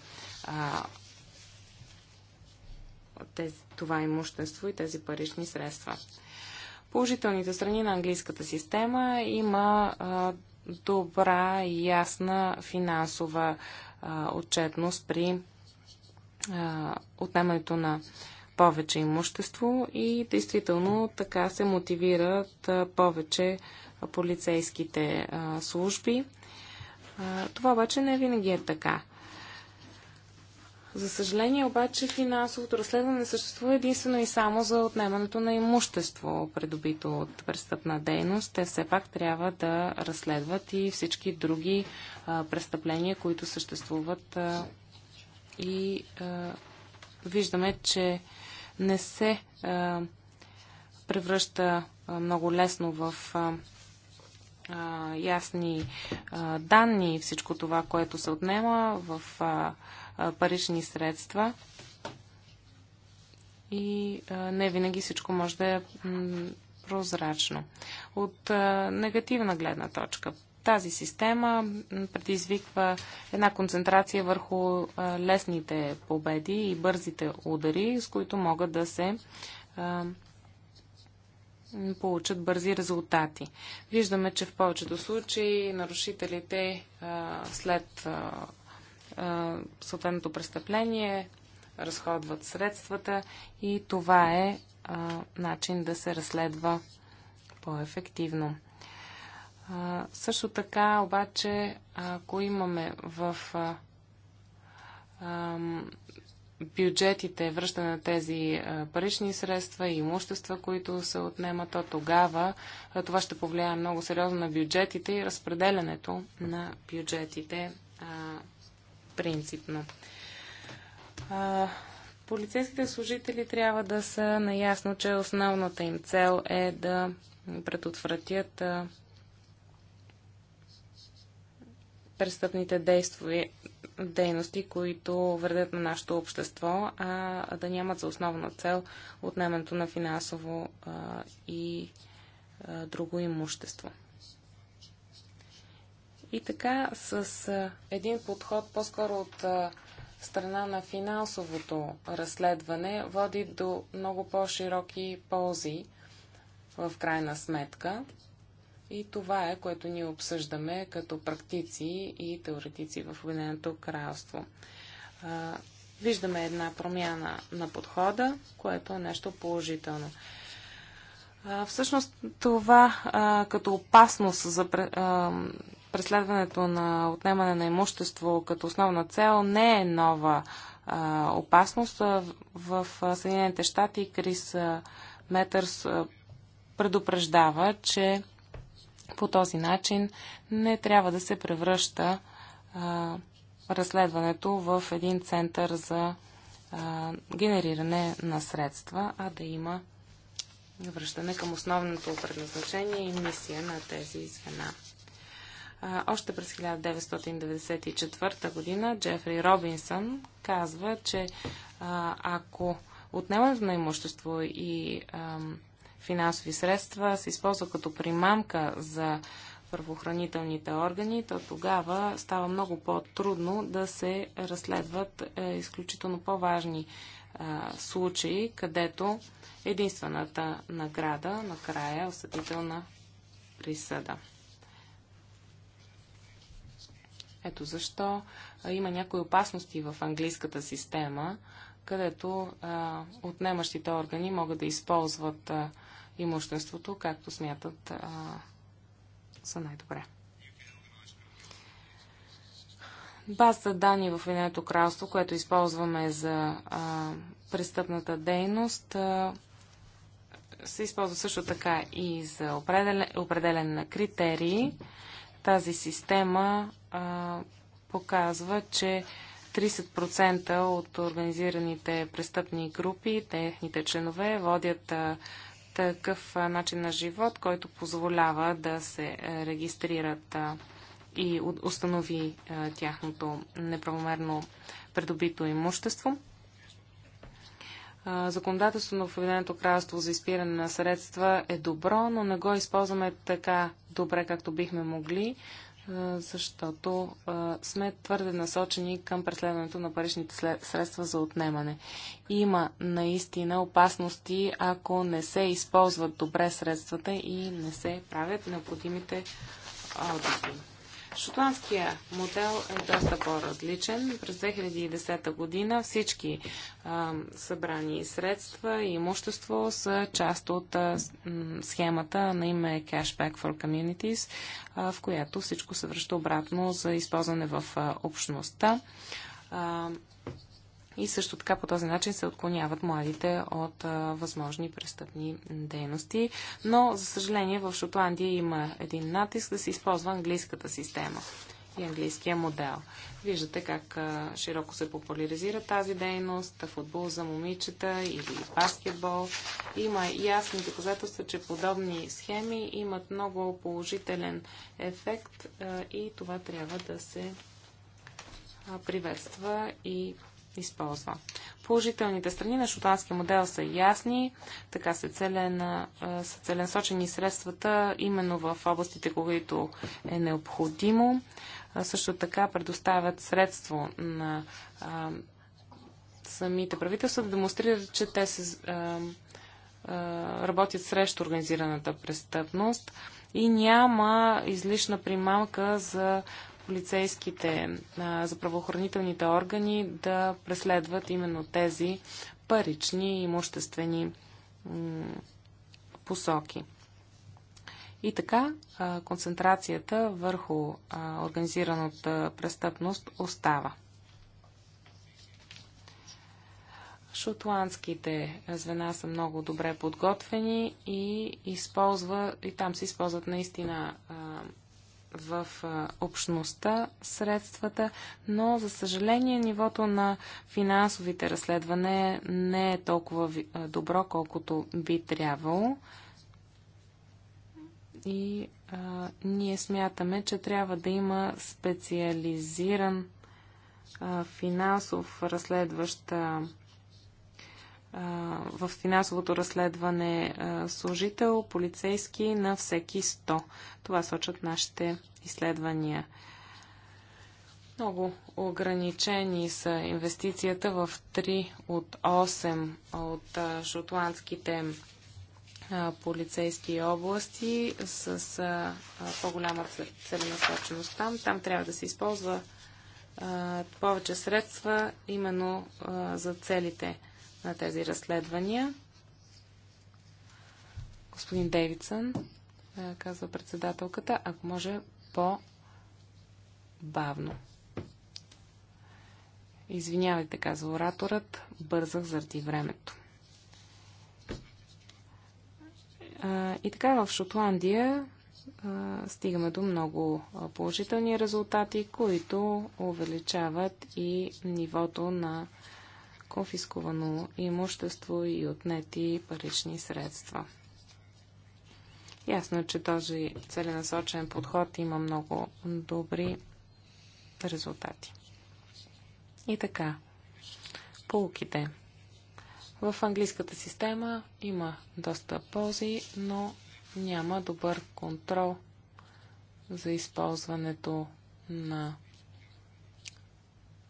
тези това имущество и тези парични средства. Положителните страни на английската система има добра и ясна финансова отчетност при отнемането на повече имущество и действително така се мотивират повече полицейските а, служби. А, това обаче не винаги е така. За съжаление обаче финансовото разследване не съществува единствено и само за отнемането на имущество, придобито от престъпна дейност. Те все пак трябва да разследват и всички други а, престъпления, които съществуват. А, и а, виждаме, че не се а, превръща а, много лесно в а, а, ясни а, данни и всичко това, което се отнема в а, а, парични средства. И а, не винаги всичко може да е прозрачно. От а, негативна гледна точка. Тази система предизвиква една концентрация върху лесните победи и бързите удари, с които могат да се а, получат бързи резултати. Виждаме, че в повечето случаи нарушителите а, след а, съответното престъпление разходват средствата и това е а, начин да се разследва по-ефективно. също така, обаче, ако имаме в а, бюджетите, връщане на тези парични средства и имущества, които се отнемат, то тогава това ще повлияе много сериозно на бюджетите и разпределянето на бюджетите а, принципно. А, полицейските служители трябва да са наясно, че основната им цел е да предотвратят а, престъпните действия, дейности, които вредят на нашето общество, а да нямат за основна цел отнемането на финансово а, и а, друго имущество. И така, с а, един подход по-скоро от а, страна на финансовото разследване води до много по-широки ползи в крайна сметка. И това е, което ние обсъждаме като практици и теоретици в Обединеното кралство. виждаме една промяна на подхода, което е нещо положително. всъщност това като опасност за преследването на отнемане на имущество като основна цел не е нова опасност. В Съединените щати Крис Метърс предупреждава, че по този начин не трябва да се превръща а, разследването в един център за а, генериране на средства, а да има връщане към основното предназначение и мисия на тези звена. А, още през 1994 година Джефри Робинсън казва, че а, ако отнемането на имущество и ам, финансови средства се използва като примамка за правоохранителните органи, то тогава става много по-трудно да се разследват е, изключително по-важни е, случаи, където единствената награда накрая е осъдителна присъда. Ето защо е, има някои опасности в английската система, където отнемащите органи могат да използват имуществото, както смятат а, са най-добре. Базата данни в Единето кралство, което използваме за а, престъпната дейност, а, се използва също така и за определен, определен на критерии. Тази система а, показва, че 30% от организираните престъпни групи, техните членове водят а, такъв начин на живот, който позволява да се регистрират и установи тяхното неправомерно придобито имущество. Законодателството на Обединеното кралство за изпиране на средства е добро, но не го използваме така добре, както бихме могли защото сме твърде насочени към преследването на паричните средства за отнемане. Има наистина опасности, ако не се използват добре средствата и не се правят необходимите аудитори. Шотландския модел е доста по-различен. През 2010 година всички а, събрани средства и имущество са част от а, схемата на име Cashback for Communities, а, в която всичко се връща обратно за използване в а, общността. А, и също така по този начин се отклоняват младите от а, възможни престъпни дейности. Но, за съжаление, в Шотландия има един натиск да се използва английската система и английския модел. Виждате как а, широко се популяризира тази дейност, футбол за момичета или баскетбол. Има ясни доказателства, че подобни схеми имат много положителен ефект а, и това трябва да се приветства и използва. Положителните страни на шотландския модел са ясни, така са, целен, са целенсочени средствата именно в областите, които е необходимо. Също така предоставят средство на а, самите правителства да демонстрират, че те се, а, а, работят срещу организираната престъпност и няма излишна примамка за полицейските, а, за правоохранителните органи да преследват именно тези парични и имуществени посоки. И така а, концентрацията върху а, организираната престъпност остава. Шотландските звена са много добре подготвени и, използва, и там се използват наистина а, в общността средствата, но за съжаление нивото на финансовите разследване не е толкова добро, колкото би трябвало. И а, ние смятаме, че трябва да има специализиран а, финансов разследващ а, в финансовото разследване служител, полицейски на всеки 100. Това сочат нашите изследвания. Много ограничени са инвестицията в 3 от 8 от шотландските полицейски области с по-голяма целенасоченост там. Там трябва да се използва повече средства именно за целите на тези разследвания. Господин Дейвидсън, е, казва председателката, ако може по-бавно. Извинявайте, казва ораторът, бързах заради времето. Е, и така в Шотландия е, стигаме до много положителни резултати, които увеличават и нивото на конфискувано имущество и отнети парични средства. Ясно е, че този целенасочен подход има много добри резултати. И така, полуките. В английската система има доста ползи, но няма добър контрол за използването на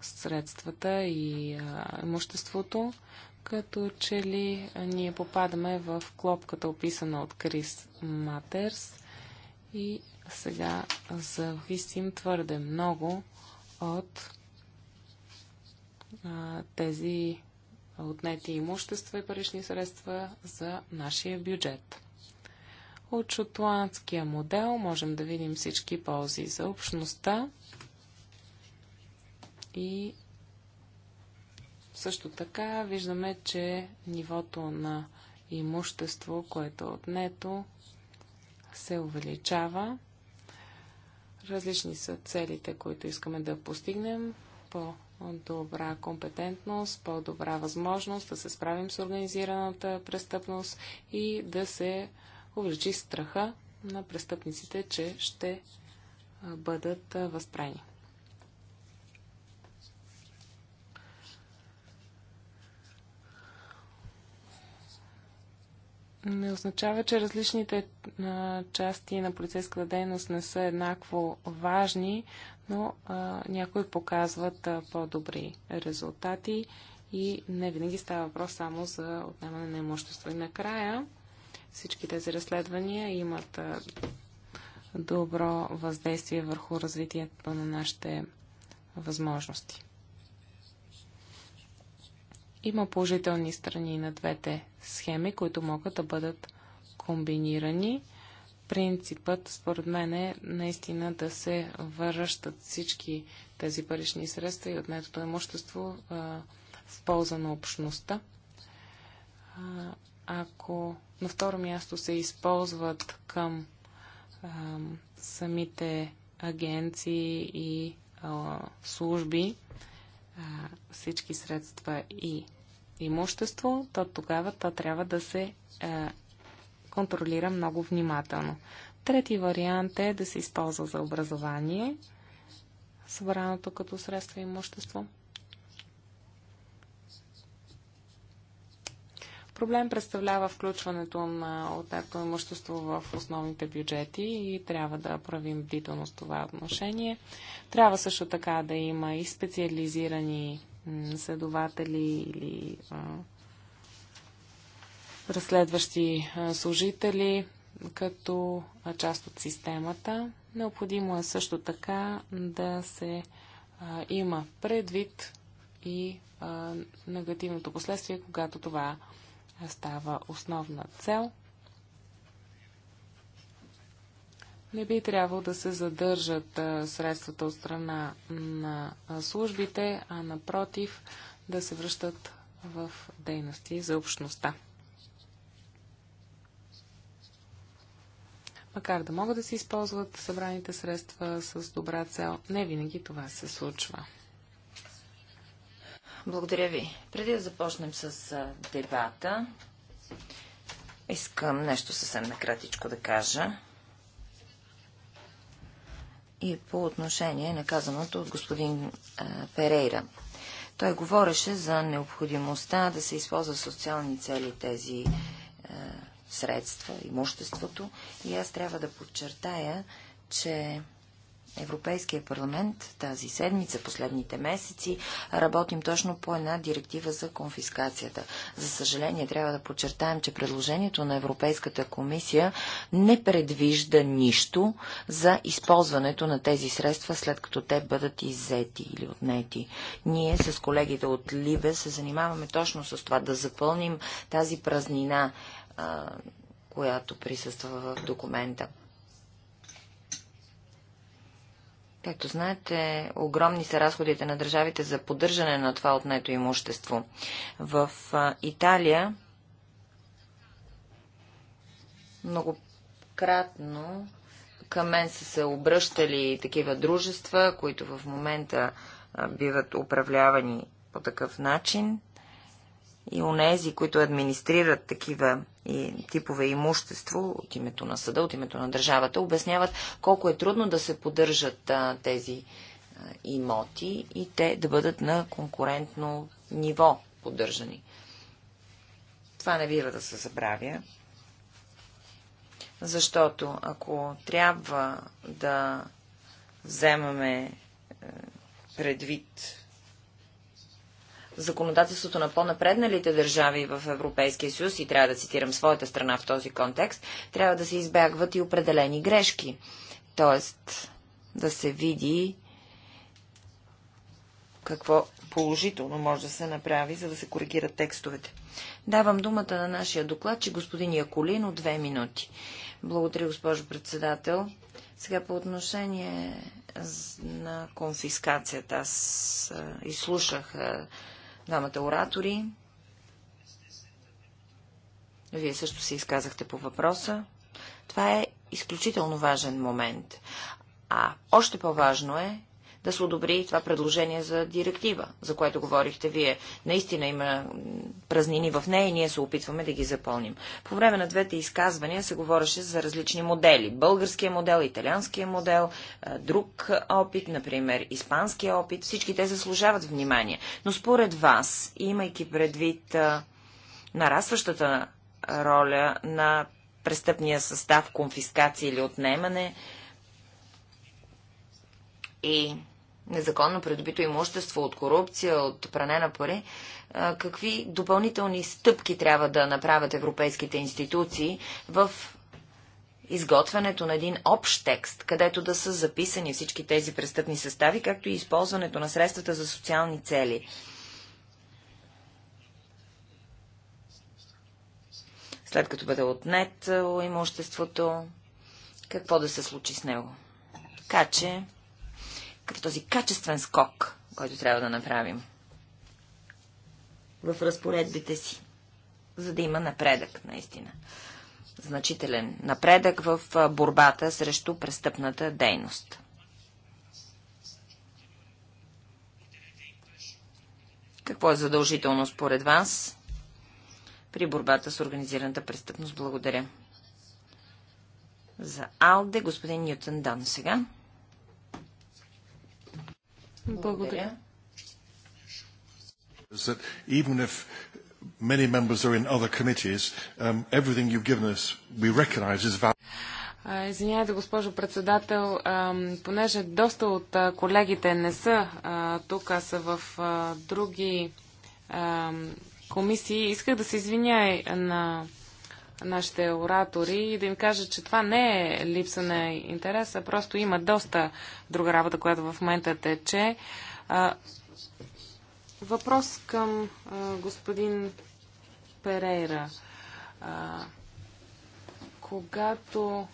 средствата и имуществото, като че ли ние попадаме в клопката, описана от Крис Матерс и сега зависим твърде много от тези отнети имущества и парични средства за нашия бюджет. От шотландския модел можем да видим всички ползи за общността, и също така виждаме, че нивото на имущество, което е отнето, се увеличава. Различни са целите, които искаме да постигнем. По-добра компетентност, по-добра възможност да се справим с организираната престъпност и да се увеличи страха на престъпниците, че ще бъдат възпрени. не означава, че различните а, части на полицейската дейност не са еднакво важни, но а, някои показват по-добри резултати и не винаги става въпрос само за отнемане на имущество. И накрая всички тези разследвания имат а, добро въздействие върху развитието на нашите възможности. Има положителни страни на двете схеми, които могат да бъдат комбинирани. Принципът, според мен, е наистина да се връщат всички тези парични средства и отнетото имущество в полза на общността. ако на второ място се използват към а, самите агенции и служби, всички средства и имущество, то тогава то трябва да се е, контролира много внимателно. Трети вариант е да се използва за образование, събраното като средство и имущество. Проблем представлява включването на отнето имущество в основните бюджети и трябва да правим бдителност това отношение. Трябва също така да има и специализирани следователи или разследващи служители като част от системата. Необходимо е също така да се има предвид и негативното последствие, когато това става основна цел Не би трябвало да се задържат средствата от страна на службите, а напротив да се връщат в дейности за общността. Макар да могат да се използват събраните средства с добра цел, не винаги това се случва. Благодаря ви. Преди да започнем с дебата, искам нещо съвсем накратичко да кажа и по отношение на казаното от господин а, е, Перейра. Той говореше за необходимостта да се използва социални цели тези а, е, средства, имуществото и аз трябва да подчертая, че Европейския парламент тази седмица, последните месеци, работим точно по една директива за конфискацията. За съжаление, трябва да подчертаем, че предложението на Европейската комисия не предвижда нищо за използването на тези средства, след като те бъдат иззети или отнети. Ние с колегите от Либе се занимаваме точно с това, да запълним тази празнина, която присъства в документа. Както знаете, огромни са разходите на държавите за поддържане на това отнето имущество. В Италия многократно към мен са се обръщали такива дружества, които в момента биват управлявани по такъв начин и онези, които администрират такива и типове имущество от името на съда, от името на държавата, обясняват колко е трудно да се поддържат а, тези а, имоти и те да бъдат на конкурентно ниво поддържани. Това не бива да се забравя, защото ако трябва да вземаме предвид законодателството на по-напредналите държави в Европейския съюз, и трябва да цитирам своята страна в този контекст, трябва да се избягват и определени грешки. Тоест, да се види какво положително може да се направи, за да се коригират текстовете. Давам думата на нашия доклад, че господин Яколин от две минути. Благодаря, госпожо председател. Сега по отношение на конфискацията. Аз изслушах двамата оратори. Вие също се изказахте по въпроса. Това е изключително важен момент. А още по-важно е да се одобри това предложение за директива, за което говорихте вие. Наистина има празнини в нея и ние се опитваме да ги запълним. По време на двете изказвания се говореше за различни модели. Българския модел, италианския модел, друг опит, например испанския опит. Всички те заслужават внимание. Но според вас, имайки предвид нарастващата роля на престъпния състав, конфискация или отнемане и незаконно придобито имущество, от корупция, от пране на пари, какви допълнителни стъпки трябва да направят европейските институции в изготвянето на един общ текст, където да са записани всички тези престъпни състави, както и използването на средствата за социални цели. След като бъде отнет имуществото, какво да се случи с него. Така че като този качествен скок, който трябва да направим в разпоредбите си, за да има напредък, наистина. Значителен напредък в борбата срещу престъпната дейност. Какво е задължително според вас при борбата с организираната престъпност? Благодаря. За Алде, господин Ньютон Дан сега. Благодаря. Извинявайте, госпожо председател, понеже доста от колегите не са тук, а са в други комисии, исках да се извиня е, на нашите оратори и да им кажа, че това не е липса на интерес, а просто има доста друга работа, която в момента тече. Въпрос към господин Перейра. Когато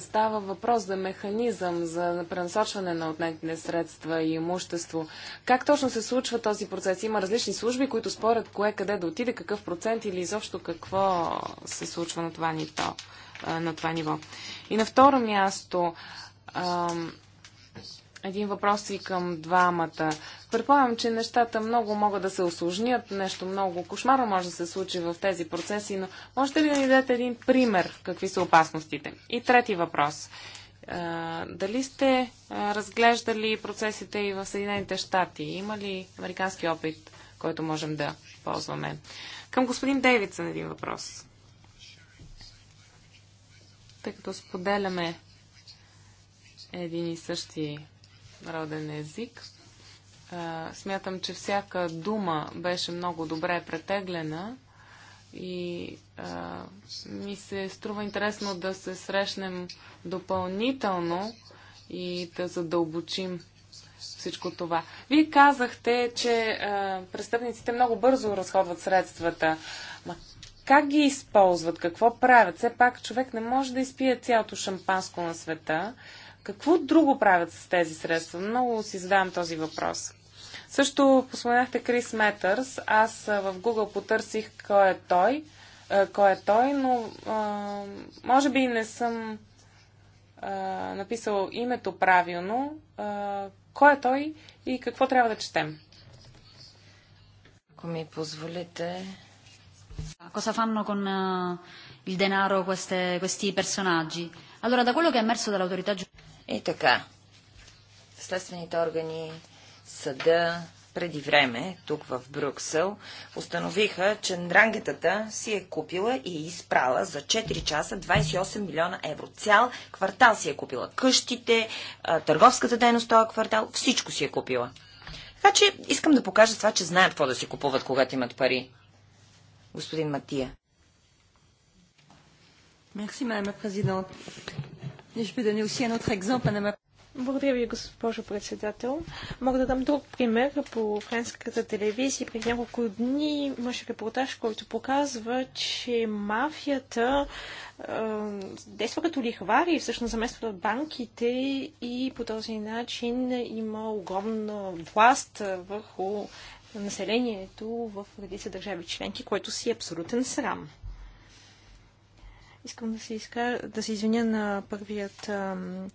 Става въпрос за механизъм за пренасочване на отнетите средства и имущество. Как точно се случва този процес? Има различни служби, които спорят кое къде да отиде, какъв процент или изобщо какво се случва на това, нито, на това ниво. И на второ място, ам, един въпрос и към двамата. Предполагам, че нещата много могат да се осложнят, нещо много кошмарно може да се случи в тези процеси, но можете ли да ни дадете един пример какви са опасностите? И трети въпрос. Дали сте разглеждали процесите и в Съединените щати? Има ли американски опит, който можем да ползваме? Към господин Дейвидсън един въпрос. Тъй като споделяме един и същи роден език. А, смятам, че всяка дума беше много добре претеглена и а, ми се струва интересно да се срещнем допълнително и да задълбочим всичко това. Вие казахте, че а, престъпниците много бързо разходват средствата. Ма как ги използват? Какво правят? Все пак човек не може да изпие цялото шампанско на света. Какво друго правят с тези средства? Много си задавам този въпрос. Също посменахте Крис Метърс. Аз в Google потърсих кой е той, кой е той но а, може би не съм а, написал името правилно. А, кой е той и какво трябва да четем? Ако ми позволите. Cosa fanno con il denaro queste, questi personaggi? Allora, da quello che è emerso dall'autorità giudiziaria. И така, следствените органи, съда, преди време, тук в Брюксел, установиха, че Ндрангетата си е купила и е изпрала за 4 часа 28 милиона евро. Цял квартал си е купила. Къщите, търговската дейност, този квартал, всичко си е купила. Така че искам да покажа това, че знаят какво да си купуват, когато имат пари. Господин Матия. Мерси, мадам президент. Благодаря ви, госпожо председател. Мога да дам друг пример. По френската телевизия при няколко дни имаше репортаж, който показва, че мафията е, действа като лихвари, всъщност заместват банките и по този начин има огромна власт върху населението в редица държави членки, което си е абсолютен срам. Искам да се, изка... да се извиня на първият ам,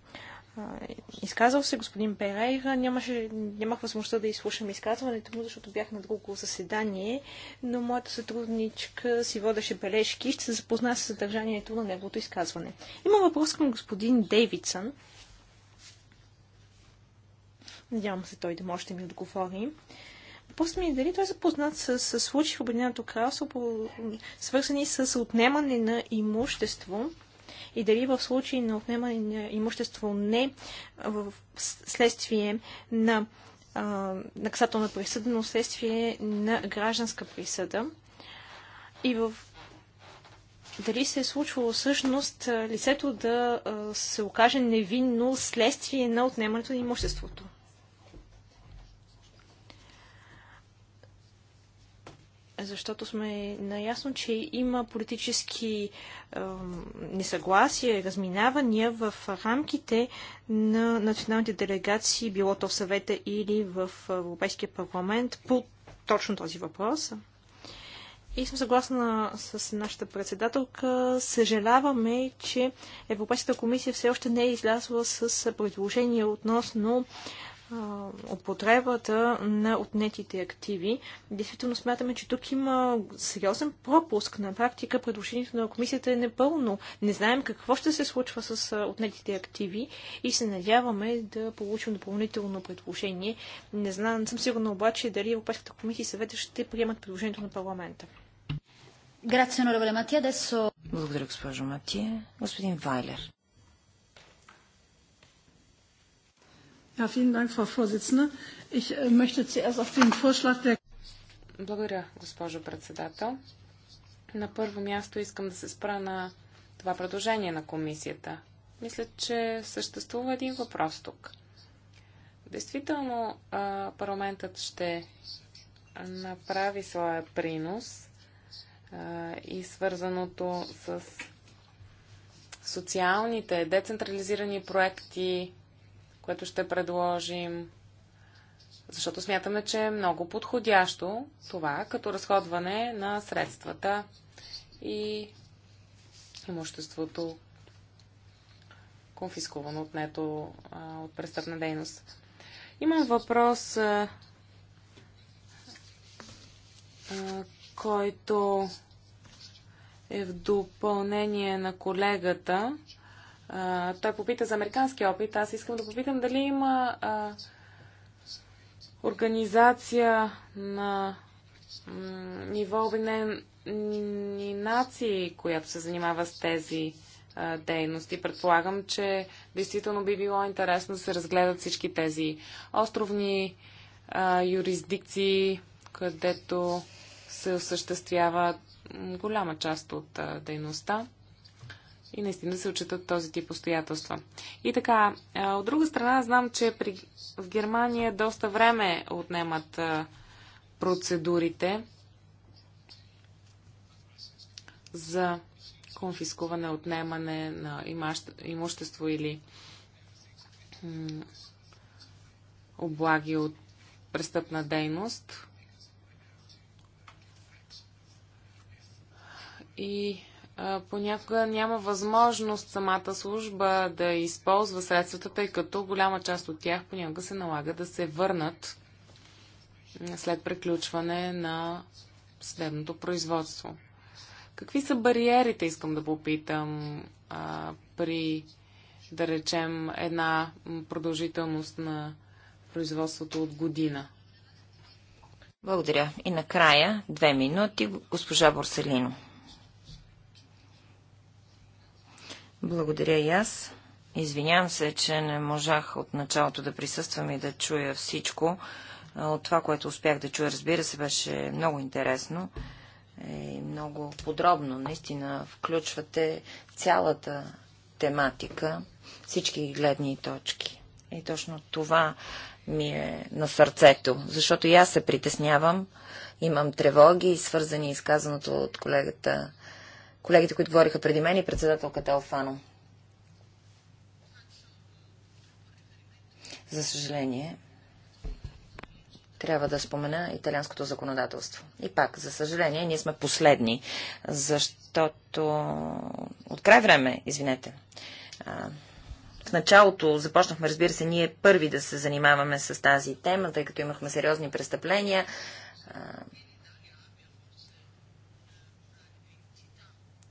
изказал се господин Перейра. Нямаше, нямах възможността да изслушам изказването му, защото бях на друго заседание, но моята сътрудничка си водеше бележки и ще се запозна с съдържанието на неговото изказване. Има въпрос към господин Дейвидсън. Надявам се той да може да ми отговори. Въпросът ми е дали той е запознат с, с случаи в Обединеното кралство, свързани с отнемане на имущество и дали в случай на отнемане на имущество не в следствие на наказателна присъда, но следствие на гражданска присъда. И в дали се е случвало всъщност лицето да се окаже невинно следствие на отнемането на имуществото. защото сме наясно, че има политически е, несъгласия разминавания в рамките на националните делегации, било то в съвета или в Европейския парламент по точно този въпрос. И съм съгласна с нашата председателка. Съжаляваме, че Европейската комисия все още не е излязла с предложение относно употребата на отнетите активи. Действително смятаме, че тук има сериозен пропуск. На практика предложението на комисията е непълно. Не знаем какво ще се случва с отнетите активи и се надяваме да получим допълнително предложение. Не знам, не съм сигурна обаче дали Европейската комисия и съвета ще приемат предложението на парламента. Благодаря, госпожо Матия. Господин Вайлер. Ja, vielen Dank, Frau Vorsitzende. Ich äh, möchte zuerst auf den Vorschlag der... Благодаря, госпожо председател. На първо място искам да се спра на това предложение на комисията. Мисля, че съществува един въпрос тук. Действително, парламентът ще направи своя принос и свързаното с социалните, децентрализирани проекти, което ще предложим, защото смятаме, че е много подходящо това като разходване на средствата и имуществото, конфискувано, отнето от престъпна дейност. Имам въпрос, който е в допълнение на колегата той попита за американски опит. Аз искам да попитам дали има а, организация на ниво обвинени нации, която се занимава с тези а, дейности. Предполагам, че действително би било интересно да се разгледат всички тези островни а, юрисдикции, където се осъществява голяма част от а, дейността и наистина се отчитат този тип обстоятелства. И така, е, от друга страна знам, че при, в Германия доста време отнемат е, процедурите за конфискуване, отнемане на имущество или облаги от престъпна дейност. И понякога няма възможност самата служба да използва средствата, тъй като голяма част от тях понякога се налага да се върнат след приключване на съдебното производство. Какви са бариерите, искам да попитам, при, да речем, една продължителност на производството от година? Благодаря. И накрая, две минути, госпожа Борселино. Благодаря и аз. Извинявам се, че не можах от началото да присъствам и да чуя всичко. От това, което успях да чуя, разбира се, беше много интересно е, и много подробно. Наистина включвате цялата тематика, всички гледни точки. И точно това ми е на сърцето, защото и аз се притеснявам, имам тревоги, свързани с казаното от колегата колегите, които говориха преди мен и председателката Алфано. За съжаление, трябва да спомена италианското законодателство. И пак, за съжаление, ние сме последни, защото от край време, извинете, в началото започнахме, разбира се, ние първи да се занимаваме с тази тема, тъй като имахме сериозни престъпления.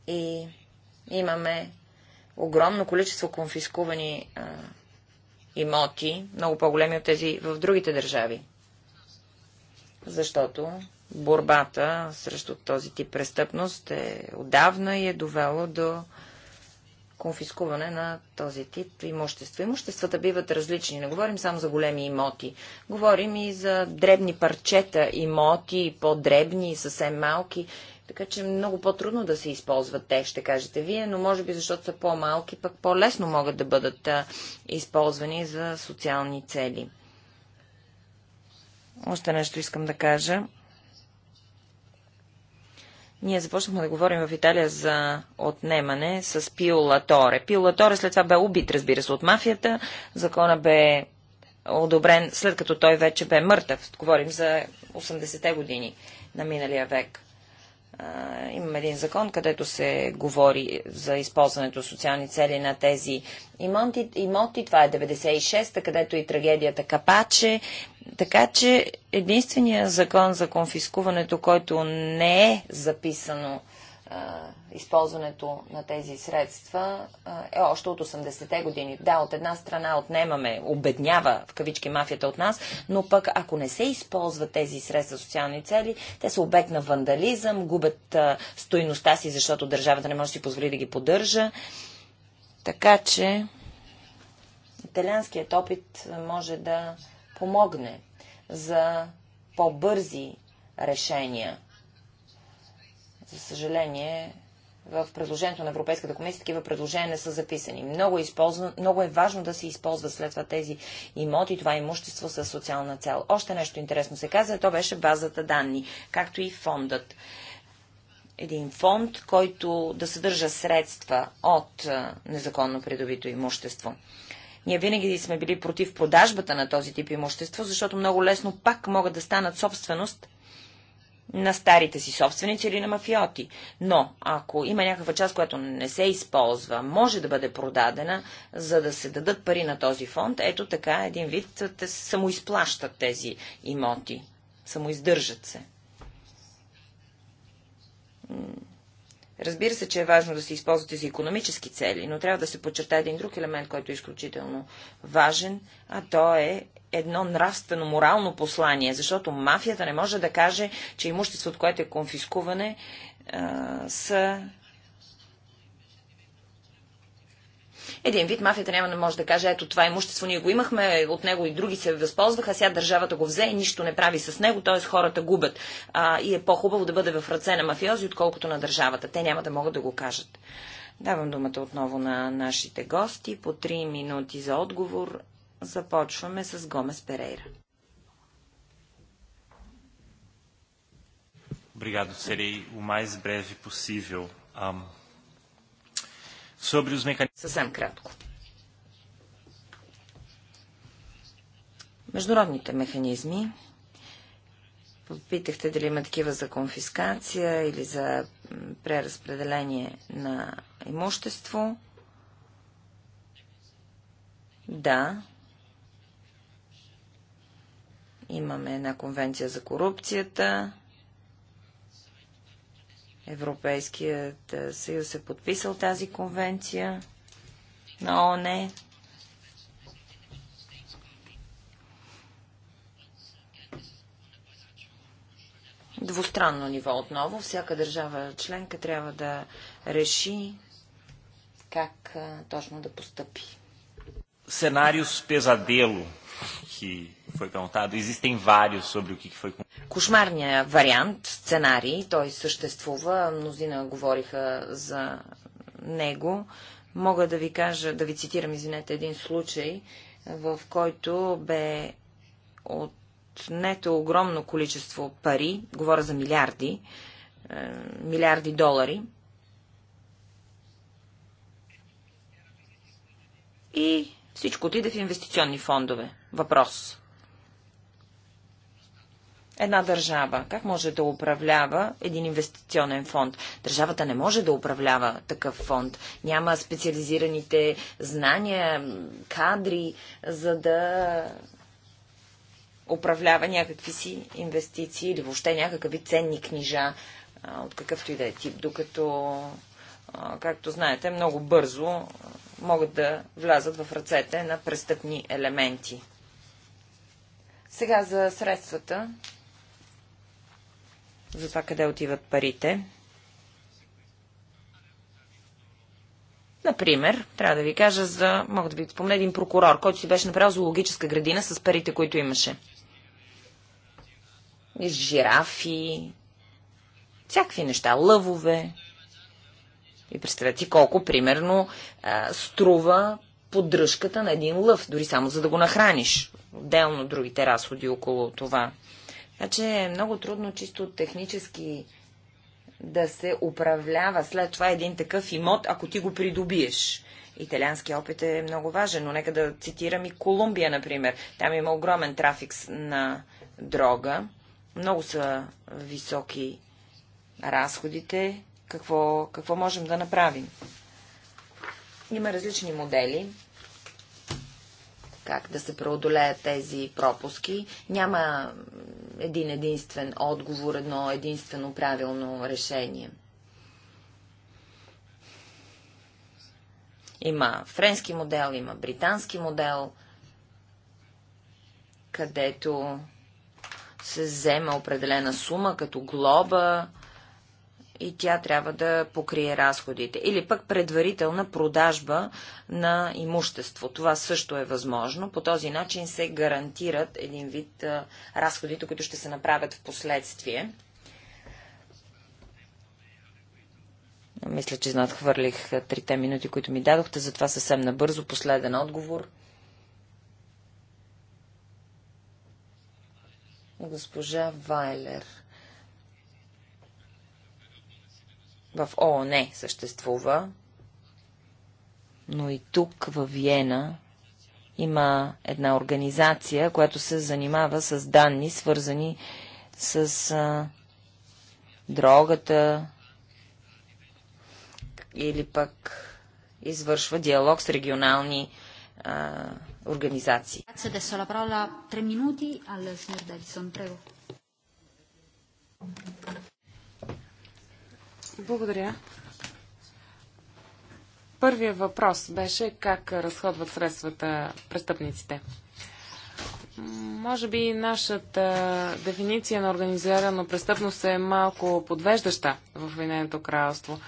и имаме огромно количество конфискувани а, имоти, много по-големи от тези в другите държави. Защото борбата срещу този тип престъпност е отдавна и е довело до конфискуване на този тип имущество. Имуществата биват различни. Не говорим само за големи имоти. Говорим и за дребни парчета, имоти, по-дребни съвсем малки така че много по-трудно да се използват те, ще кажете вие, но може би защото са по-малки, пък по-лесно могат да бъдат използвани за социални цели. Още нещо искам да кажа. Ние започнахме да говорим в Италия за отнемане с Пио Латоре. Пио Латоре след това бе убит, разбира се, от мафията. Закона бе одобрен след като той вече бе мъртъв. Говорим за 80-те години на миналия век имам един закон, където се говори за използването социални цели на тези имоти. имоти това е 96-та, където и трагедията Капаче. Така че единственият закон за конфискуването, който не е записано а, използването на тези средства е още от 80-те години. Да, от една страна отнемаме, обеднява в кавички мафията от нас, но пък ако не се използват тези средства социални цели, те са обект на вандализъм, губят стойността си, защото държавата не може да си позволи да ги поддържа. Така че италианският опит може да помогне за по-бързи решения. За съжаление, в предложението на Европейската комисия такива предложения не са записани. Много е, използва, много е важно да се използва след това тези имоти, това имущество с социална цел. Още нещо интересно се каза, то беше базата данни, както и фондът. Един фонд, който да съдържа средства от незаконно придобито имущество. Ние винаги сме били против продажбата на този тип имущество, защото много лесно пак могат да станат собственост на старите си собственици или на мафиоти. Но ако има някаква част, която не се използва, може да бъде продадена, за да се дадат пари на този фонд, ето така един вид те самоизплащат тези имоти, самоиздържат се. Разбира се, че е важно да се използвате за економически цели, но трябва да се подчерта един друг елемент, който е изключително важен, а то е едно нравствено, морално послание, защото мафията не може да каже, че имуществото, което е конфискуване, са Един вид мафията няма да може да каже, ето това имущество ние го имахме, от него и други се възползваха, сега държавата го взе и нищо не прави с него, т.е. хората губят. А, и е по-хубаво да бъде в ръце на мафиози, отколкото на държавата. Те няма да могат да го кажат. Давам думата отново на нашите гости. По 3 минути за отговор започваме с Гомес Перейра. Obrigado, serei o mais breve possível. Um, sobre os mecanismos. Съвсем кратко. Международните механизми. Попитахте дали има такива за конфискация или за преразпределение на имущество. Да. Имаме една конвенция за корупцията Европейският съюз е подписал тази конвенция на ОНЕ. Двустранно ниво отново. Всяка държава членка трябва да реши как точно да постъпи. Сценариус пезадело que foi perguntado, existem vários sobre o que foi... Кошмарният вариант, сценарий, той съществува, мнозина говориха за него. Мога да ви кажа, да ви цитирам, извинете, един случай, в който бе отнето огромно количество пари, говоря за милиарди, е, милиарди долари, и всичко отиде в инвестиционни фондове. Въпрос. Една държава, как може да управлява един инвестиционен фонд? Държавата не може да управлява такъв фонд. Няма специализираните знания, кадри, за да управлява някакви си инвестиции или въобще някакви ценни книжа от какъвто и да е тип. Докато, както знаете, много бързо могат да влязат в ръцете на престъпни елементи. Сега за средствата, за това къде отиват парите. Например, трябва да ви кажа за, мога да ви спомня един прокурор, който си беше направил зоологическа градина с парите, които имаше. И жирафи, всякакви неща, лъвове, и представете си колко, примерно, струва поддръжката на един лъв, дори само за да го нахраниш. Отделно другите разходи около това. Така значи, че е много трудно чисто технически да се управлява след това един такъв имот, ако ти го придобиеш. Италианския опит е много важен, но нека да цитирам и Колумбия, например. Там има огромен трафик на дрога. Много са високи разходите какво, какво можем да направим. Има различни модели как да се преодолеят тези пропуски. Няма един единствен отговор, едно единствено правилно решение. Има френски модел, има британски модел, където се взема определена сума като глоба и тя трябва да покрие разходите. Или пък предварителна продажба на имущество. Това също е възможно. По този начин се гарантират един вид а, разходите, които ще се направят в последствие. Мисля, че надхвърлих трите минути, които ми дадохте, затова съвсем набързо последен отговор. Госпожа Вайлер. в ООН съществува, но и тук, в Виена, има една организация, която се занимава с данни, свързани с а, дрогата или пък извършва диалог с регионални а, организации. Благодаря. Първият въпрос беше как разходват средствата престъпниците. Може би нашата дефиниция на организирана престъпност е малко подвеждаща в Обединеното кралство.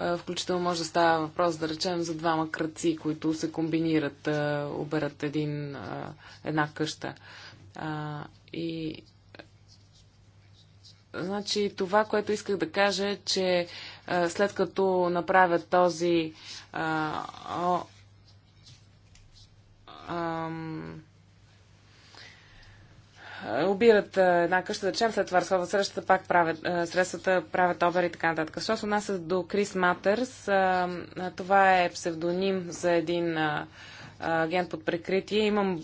Е, включително може да става въпрос, да речем, за двама кръци, които се комбинират, оберат е, един, е, една къща. И Значи това, което исках да кажа е, че а, след като направят този а, о, ам, обират една къща, да чем след това разходват срещата, пак правят, средствата правят обер и така нататък. Що се отнася до Крис Матърс, това е псевдоним за един агент под прикритие. Имам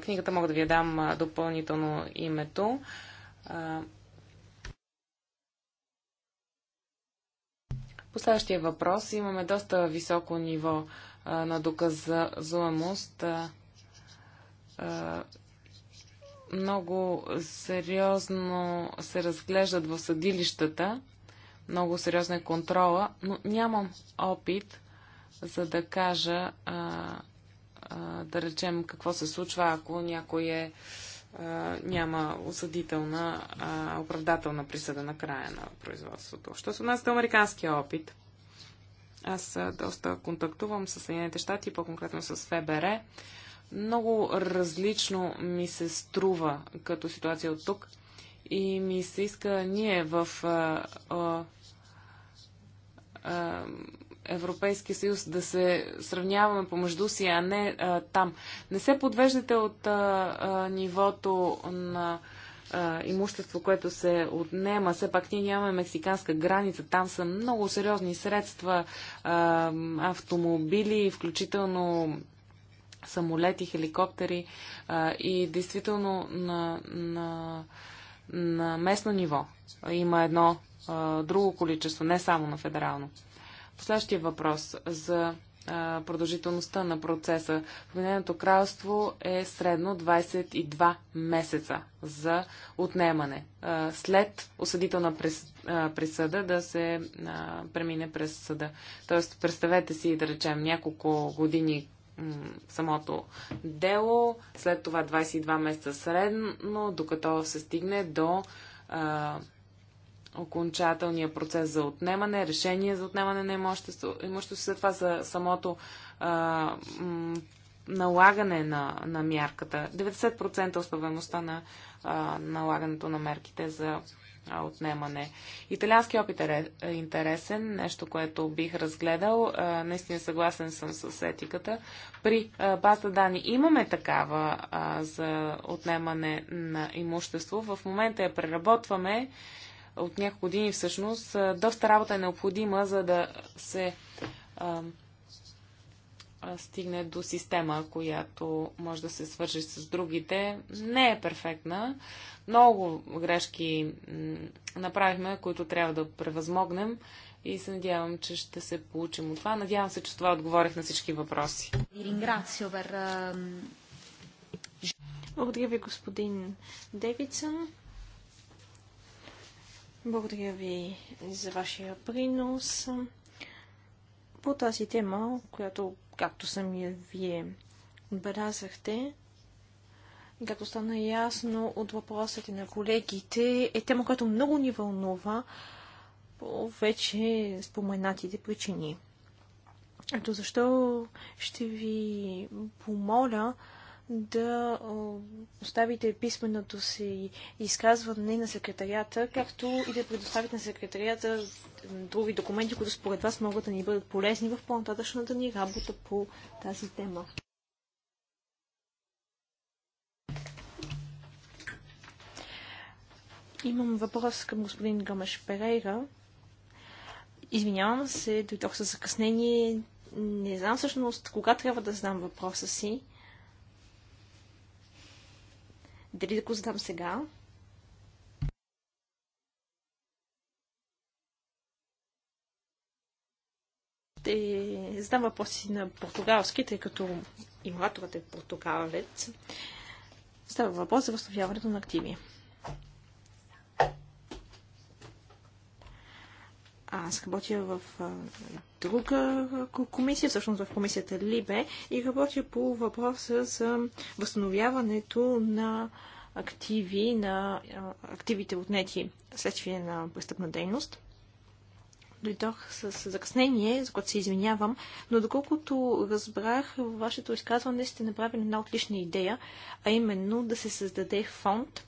книгата, мога да ви я дам допълнително името. следващия въпрос. Имаме доста високо ниво а, на доказуемост. Много сериозно се разглеждат в съдилищата. Много сериозна е контрола, но нямам опит за да кажа, а, а, да речем, какво се случва, ако някой е а, няма осъдителна, а оправдателна присъда на края на производството. Що се отнася до американския опит, аз доста контактувам с Съединените щати, по-конкретно с ФБР. Много различно ми се струва като ситуация от тук и ми се иска ние в а, а, а, Европейския съюз, да се сравняваме помежду си, а не а, там. Не се подвеждате от а, а, нивото на а, имущество, което се отнема. Все пак ние нямаме мексиканска граница. Там са много сериозни средства, а, автомобили, включително самолети, хеликоптери а, и действително на, на, на местно ниво има едно а, друго количество, не само на федерално. Следващия въпрос за продължителността на процеса. В Обединеното кралство е средно 22 месеца за отнемане. след осъдителна присъда да се премине през съда. Тоест, представете си, да речем, няколко години самото дело, след това 22 месеца средно, докато се стигне до окончателния процес за отнемане, решение за отнемане на имущество, имущество след това за самото а, налагане на, на мярката. 90% успеваемостта на а, налагането на мерките за а, отнемане. Италиански опит е, е интересен, нещо, което бих разгледал. А, наистина съгласен съм с етиката. При а, база данни имаме такава а, за отнемане на имущество. В момента я преработваме от няколко години всъщност, доста работа е необходима, за да се а, а, стигне до система, която може да се свържи с другите. Не е перфектна. Много грешки направихме, които трябва да превъзмогнем и се надявам, че ще се получим от това. Надявам се, че това отговорих на всички въпроси. Благодаря ви, господин Девицън. Благодаря ви за вашия принос по тази тема, която, както самия вие отбелязахте, както стана ясно от въпросите на колегите, е тема, която много ни вълнува по вече споменатите причини. Ето защо ще ви помоля да оставите писменото си изказване на секретарията, както и да предоставите на секретарията други документи, които според вас могат да ни бъдат полезни в по-нататъчната ни работа по тази тема. Имам въпрос към господин Гамаш Перейра. Извинявам се, дойдох със закъснение. Не знам всъщност кога трябва да знам въпроса си. Дали да го задам сега? Ще задам въпроси на португалски, тъй като иматорът е португалец. Става въпрос за възстановяването на активи. Аз работя в друга комисия, всъщност в комисията Либе, и работя по въпроса за възстановяването на активи, на активите отнети следствие на престъпна дейност дойдох с закъснение, за което се извинявам, но доколкото разбрах, вашето изказване сте направили една отлична идея, а именно да се създаде фонд,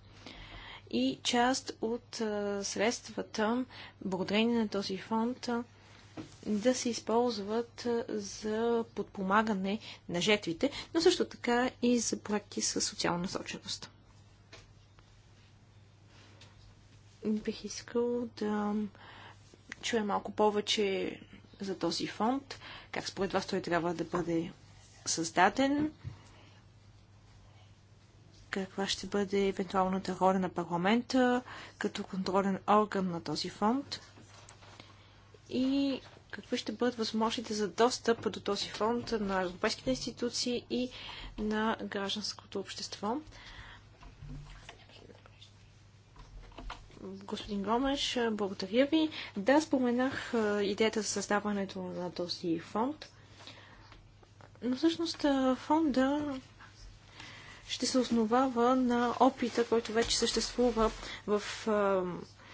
и част от средствата, благодарение на този фонд, да се използват за подпомагане на жертвите, но също така и за проекти с социална насоченост. Бих искал да чуя малко повече за този фонд, как според вас той трябва да бъде създаден, каква ще бъде евентуалната роля на парламента като контролен орган на този фонд и какви ще бъдат възможностите за достъп до този фонд на европейските институции и на гражданското общество. господин Гомеш, благодаря ви. Да, споменах идеята за създаването на този фонд. Но всъщност фонда ще се основава на опита, който вече съществува в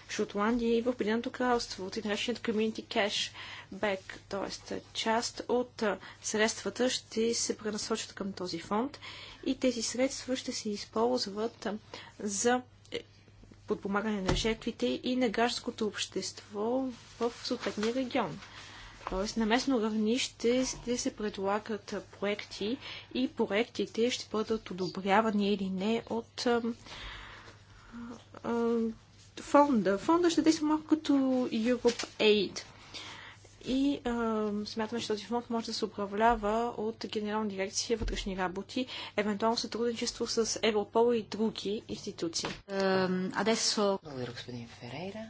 Шотландия и в Обединеното кралство, от нареченият Community Cash Back, т.е. част от средствата ще се пренасочат към този фонд и тези средства ще се използват за е, подпомагане на жертвите и на гражданското общество в съответния регион. Тоест на местно равнище ще се предлагат проекти и проектите ще бъдат одобрявани или не от а, а, фонда. Фонда ще действа малко като Europe Aid. И а, смятаме, че този фонд може да се управлява от Генерална дирекция вътрешни работи, евентуално сътрудничество с Европол и други институции. Адесо. Благодаря, господин Ферейра.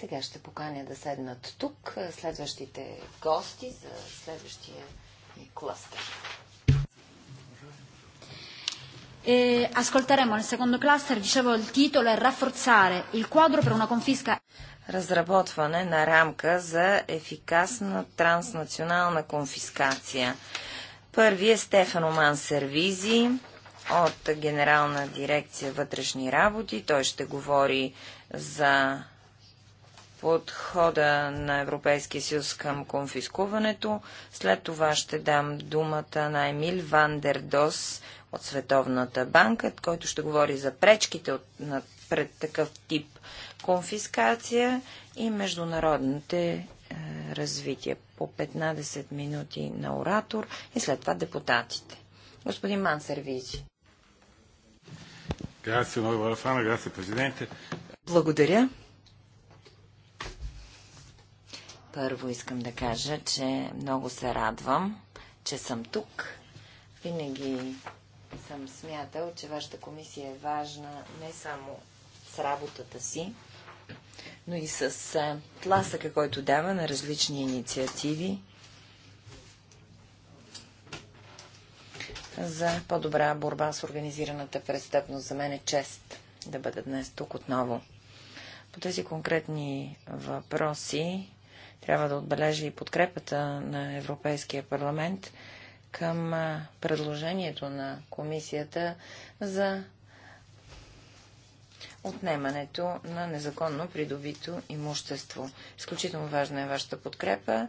Сега ще поканя да седнат тук следващите гости за следващия ни кластър. E е, ascolteremo nel secondo cluster, dicevo il titolo è Rafforzare il quadro per una confisca. Разработване на рамка за ефикасна транснационална конфискация. Първи е Стефан Оман Сервизи от Генерална дирекция вътрешни работи. Той ще говори за подхода на Европейския съюз към конфискуването. След това ще дам думата на Емил Вандердос от Световната банка, който ще говори за пречките от, на, пред такъв тип конфискация и международните е, развития. По 15 минути на оратор и след това депутатите. Господин Мансервизи. Благодаря. Първо искам да кажа, че много се радвам, че съм тук. Винаги съм смятал, че вашата комисия е важна не само с работата си, но и с тласъка, който дава на различни инициативи за по-добра борба с организираната престъпност. За мен е чест да бъда днес тук отново. По тези конкретни въпроси трябва да отбележи и подкрепата на Европейския парламент към предложението на комисията за отнемането на незаконно придобито имущество. Изключително важна е вашата подкрепа.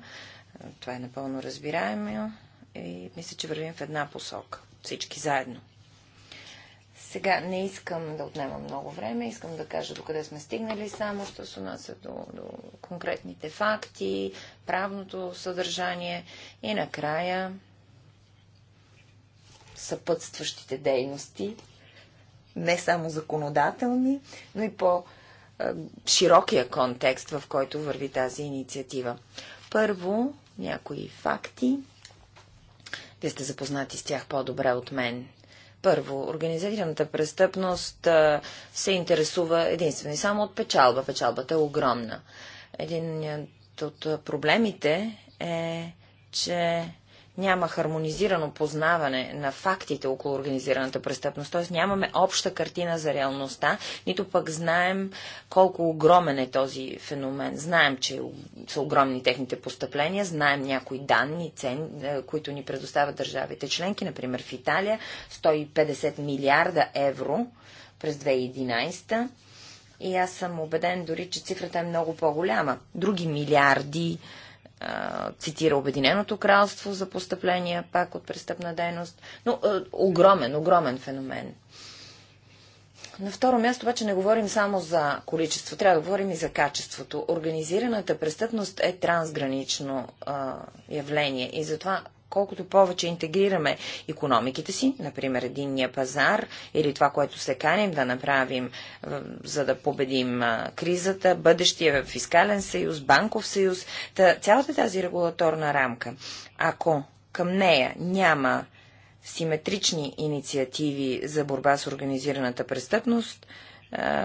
Това е напълно разбираемо и мисля, че вървим в една посока. Всички заедно. Сега не искам да отнема много време, искам да кажа докъде сме стигнали само, що се отнася до, до конкретните факти, правното съдържание и накрая съпътстващите дейности, не само законодателни, но и по широкия контекст, в който върви тази инициатива. Първо, някои факти. Вие сте запознати с тях по-добре от мен. Първо, организираната престъпност се интересува единствено и само от печалба. Печалбата е огромна. Един от проблемите е, че няма хармонизирано познаване на фактите около организираната престъпност, т.е. нямаме обща картина за реалността, нито пък знаем колко огромен е този феномен. Знаем, че са огромни техните постъпления, знаем някои данни, цен, е, които ни предоставят държавите членки, например в Италия 150 милиарда евро през 2011 и аз съм убеден дори, че цифрата е много по-голяма. Други милиарди цитира Обединеното кралство за постъпления пак от престъпна дейност. Но е, огромен, огромен феномен. На второ място обаче не говорим само за количество, трябва да говорим и за качеството. Организираната престъпност е трансгранично а, явление и затова колкото повече интегрираме економиките си, например единния пазар или това, което се каним да направим, за да победим кризата, бъдещия фискален съюз, банков съюз, та, цялата тази регулаторна рамка, ако към нея няма симетрични инициативи за борба с организираната престъпност,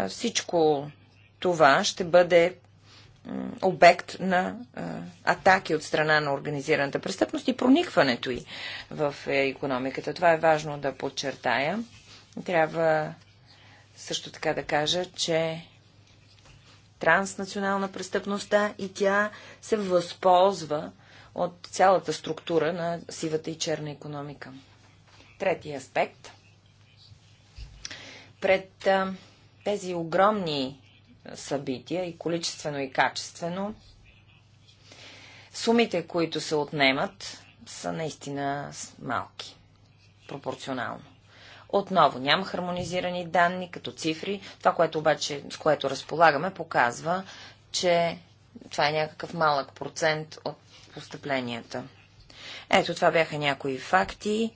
всичко това ще бъде обект на атаки от страна на организираната престъпност и проникването й в економиката. Това е важно да подчертая. Трябва също така да кажа, че транснационална престъпността и тя се възползва от цялата структура на сивата и черна економика. Трети аспект. Пред а, тези огромни събития, и количествено, и качествено. Сумите, които се отнемат, са наистина малки, пропорционално. Отново, няма хармонизирани данни като цифри. Това, което обаче, с което разполагаме, показва, че това е някакъв малък процент от постъпленията. Ето, това бяха някои факти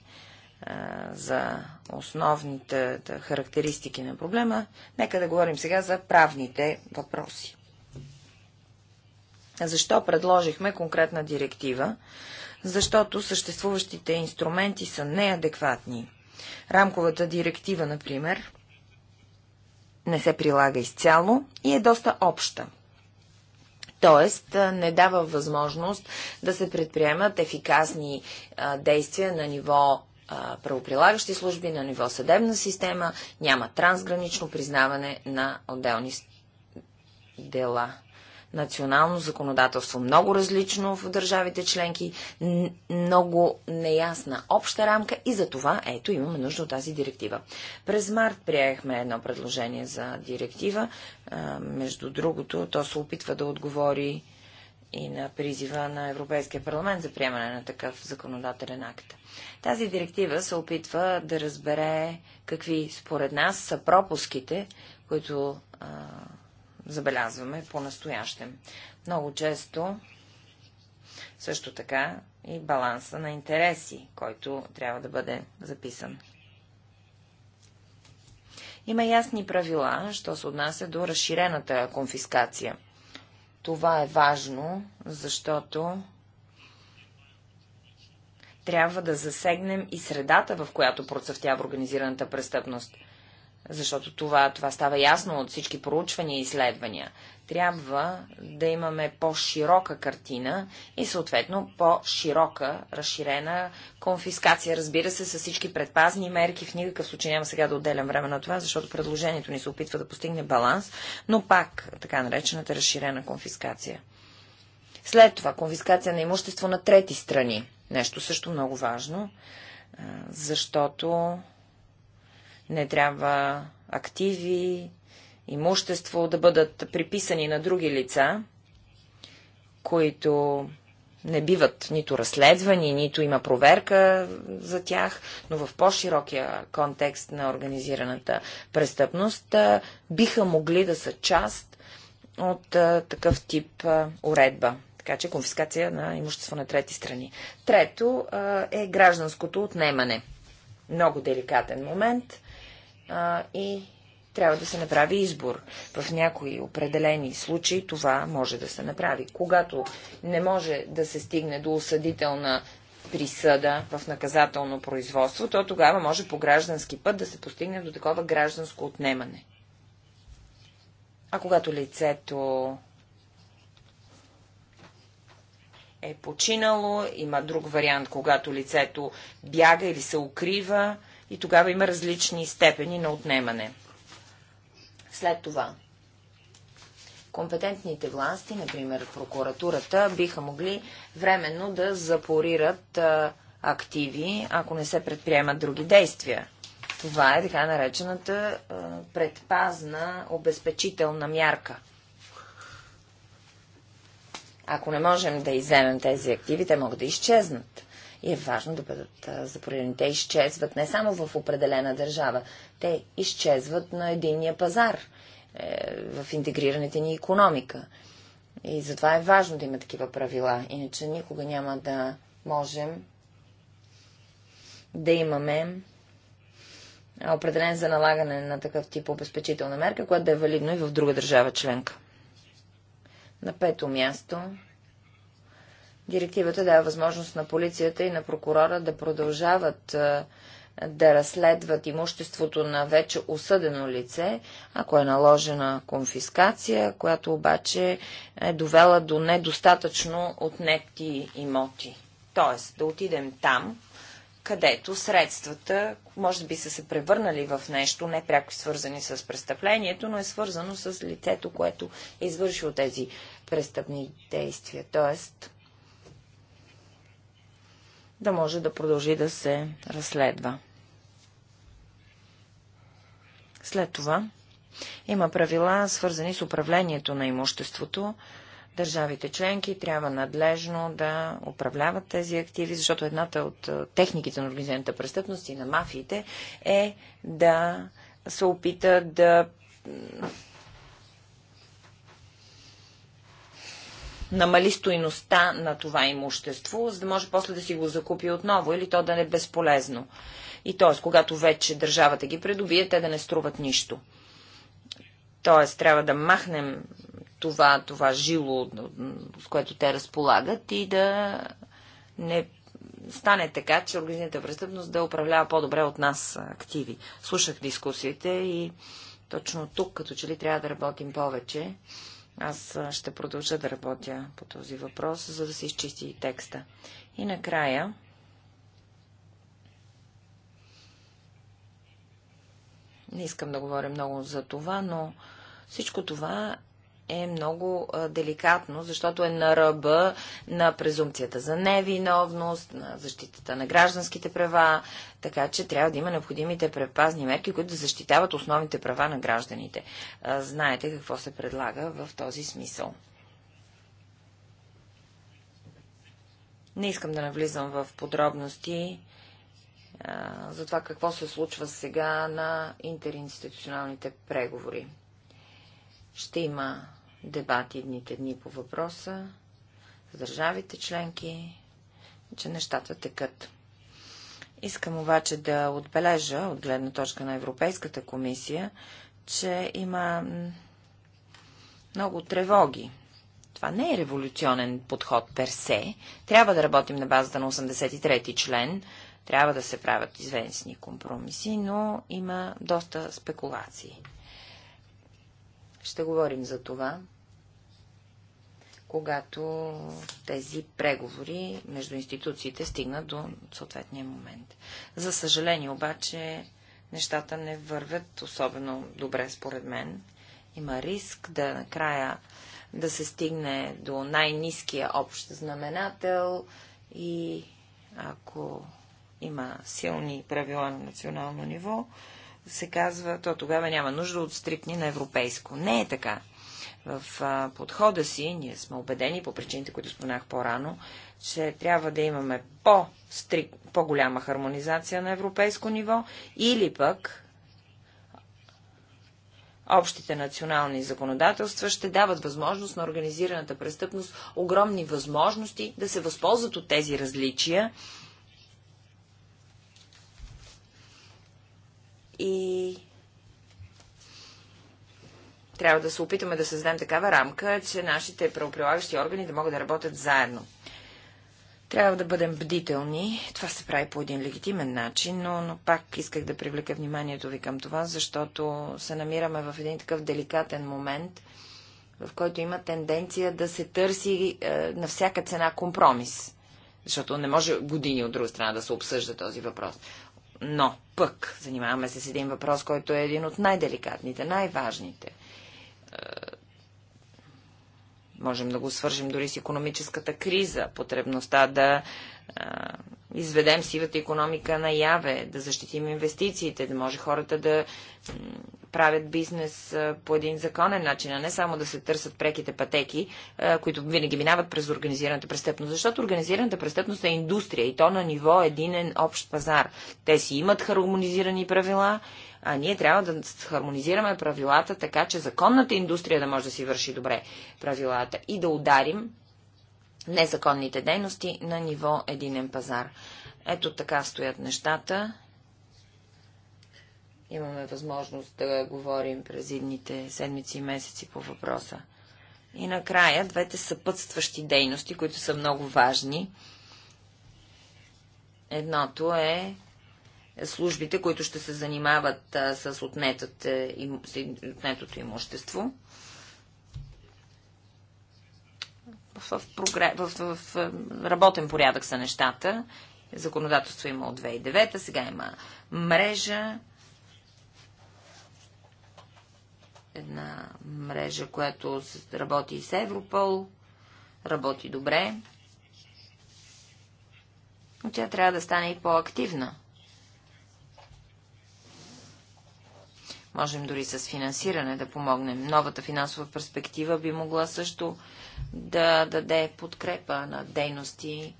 за основните характеристики на проблема, нека да говорим сега за правните въпроси. Защо предложихме конкретна директива? Защото съществуващите инструменти са неадекватни. Рамковата директива, например, не се прилага изцяло и е доста обща. Тоест, не дава възможност да се предприемат ефикасни действия на ниво правоприлагащи служби, на ниво съдебна система, няма трансгранично признаване на отделни дела. Национално законодателство много различно в държавите членки, много неясна обща рамка и за това, ето, имаме нужда от тази директива. През март приехме едно предложение за директива. между другото, то се опитва да отговори и на призива на Европейския парламент за приемане на такъв законодателен акт. Тази директива се опитва да разбере какви според нас са пропуските, които а, забелязваме по-настоящем. Много често също така и баланса на интереси, който трябва да бъде записан. Има ясни правила, що се отнася до разширената конфискация. Това е важно, защото трябва да засегнем и средата, в която процъфтява организираната престъпност. Защото това, това става ясно от всички проучвания и изследвания. Трябва да имаме по-широка картина и съответно по-широка, разширена конфискация. Разбира се, с всички предпазни мерки. В никакъв случай няма сега да отделям време на това, защото предложението ни се опитва да постигне баланс, но пак така наречената разширена конфискация. След това конфискация на имущество на трети страни. Нещо също много важно, защото не трябва активи, имущество да бъдат приписани на други лица, които не биват нито разследвани, нито има проверка за тях, но в по-широкия контекст на организираната престъпност биха могли да са част от такъв тип уредба. Така че конфискация на имущество на трети страни. Трето е гражданското отнемане. Много деликатен момент и трябва да се направи избор. В някои определени случаи това може да се направи. Когато не може да се стигне до осъдителна присъда в наказателно производство, то тогава може по граждански път да се постигне до такова гражданско отнемане. А когато лицето е починало, има друг вариант, когато лицето бяга или се укрива и тогава има различни степени на отнемане. След това, компетентните власти, например прокуратурата, биха могли временно да запорират а, активи, ако не се предприемат други действия. Това е така наречената а, предпазна обезпечителна мярка – ако не можем да иземем тези активи, те могат да изчезнат. И е важно да бъдат запорирани. Те изчезват не само в определена държава, те изчезват на единния пазар е, в интегрираната ни економика. И затова е важно да има такива правила, иначе никога няма да можем да имаме определен за налагане на такъв тип обезпечителна мерка, която да е валидно и в друга държава членка. На пето място директивата дава възможност на полицията и на прокурора да продължават да разследват имуществото на вече осъдено лице, ако е наложена конфискация, която обаче е довела до недостатъчно отнети имоти. Тоест да отидем там където средствата може би са се превърнали в нещо, не пряко свързани с престъплението, но е свързано с лицето, което е извършило тези престъпни действия. Тоест, да може да продължи да се разследва. След това има правила, свързани с управлението на имуществото, Държавите членки трябва надлежно да управляват тези активи, защото едната от е, техниките на организираната престъпност и на мафиите е да се опита да намали стоиността на това имущество, за да може после да си го закупи отново или то да не е безполезно. И т.е. когато вече държавата ги придобие, те да не струват нищо. Тоест, трябва да махнем това, това жило, с което те разполагат и да не стане така, че организираната престъпност да управлява по-добре от нас активи. Слушах дискусиите и точно тук, като че ли трябва да работим повече, аз ще продължа да работя по този въпрос, за да се изчисти и текста. И накрая, не искам да говоря много за това, но всичко това е много деликатно, защото е на ръба на презумпцията за невиновност, на защитата на гражданските права, така че трябва да има необходимите предпазни мерки, които да защитават основните права на гражданите. Знаете какво се предлага в този смисъл. Не искам да навлизам в подробности за това какво се случва сега на интеринституционалните преговори. Ще има дебати едните дни по въпроса с държавите членки, че нещата текат. Искам обаче да отбележа, от гледна точка на Европейската комисия, че има много тревоги. Това не е революционен подход персе. Трябва да работим на базата на 83-ти член, трябва да се правят известни компромиси, но има доста спекулации. Ще говорим за това, когато тези преговори между институциите стигнат до съответния момент. За съжаление обаче нещата не вървят особено добре според мен. Има риск да накрая да се стигне до най-низкия общ знаменател и ако има силни правила на национално ниво, се казва, то тогава няма нужда от стрикни на европейско. Не е така. В а, подхода си, ние сме убедени по причините, които споменах по-рано, че трябва да имаме по по-голяма хармонизация на европейско ниво или пък Общите национални законодателства ще дават възможност на организираната престъпност огромни възможности да се възползват от тези различия И трябва да се опитаме да създадем такава рамка, че нашите правоприлагащи органи да могат да работят заедно. Трябва да бъдем бдителни. Това се прави по един легитимен начин, но, но пак исках да привлека вниманието ви към това, защото се намираме в един такъв деликатен момент, в който има тенденция да се търси е, на всяка цена компромис. Защото не може години от друга страна да се обсъжда този въпрос. Но пък занимаваме се с един въпрос, който е един от най-деликатните, най-важните. Е, можем да го свържем дори с економическата криза, потребността да е, изведем сивата економика наяве, да защитим инвестициите, да може хората да правят бизнес по един законен начин, а не само да се търсят преките пътеки, които винаги минават през организираната престъпност. Защото организираната престъпност е индустрия и то на ниво единен общ пазар. Те си имат хармонизирани правила, а ние трябва да хармонизираме правилата така, че законната индустрия да може да си върши добре правилата и да ударим незаконните дейности на ниво единен пазар. Ето така стоят нещата имаме възможност да говорим през едните седмици и месеци по въпроса. И накрая двете съпътстващи дейности, които са много важни. Едното е службите, които ще се занимават а, с е, отнетото имущество. В, в, в, в работен порядък са нещата. Законодателство има от 2009, сега има мрежа една мрежа, която работи с Европол, работи добре, но тя трябва да стане и по-активна. Можем дори с финансиране да помогнем. Новата финансова перспектива би могла също да даде подкрепа на дейности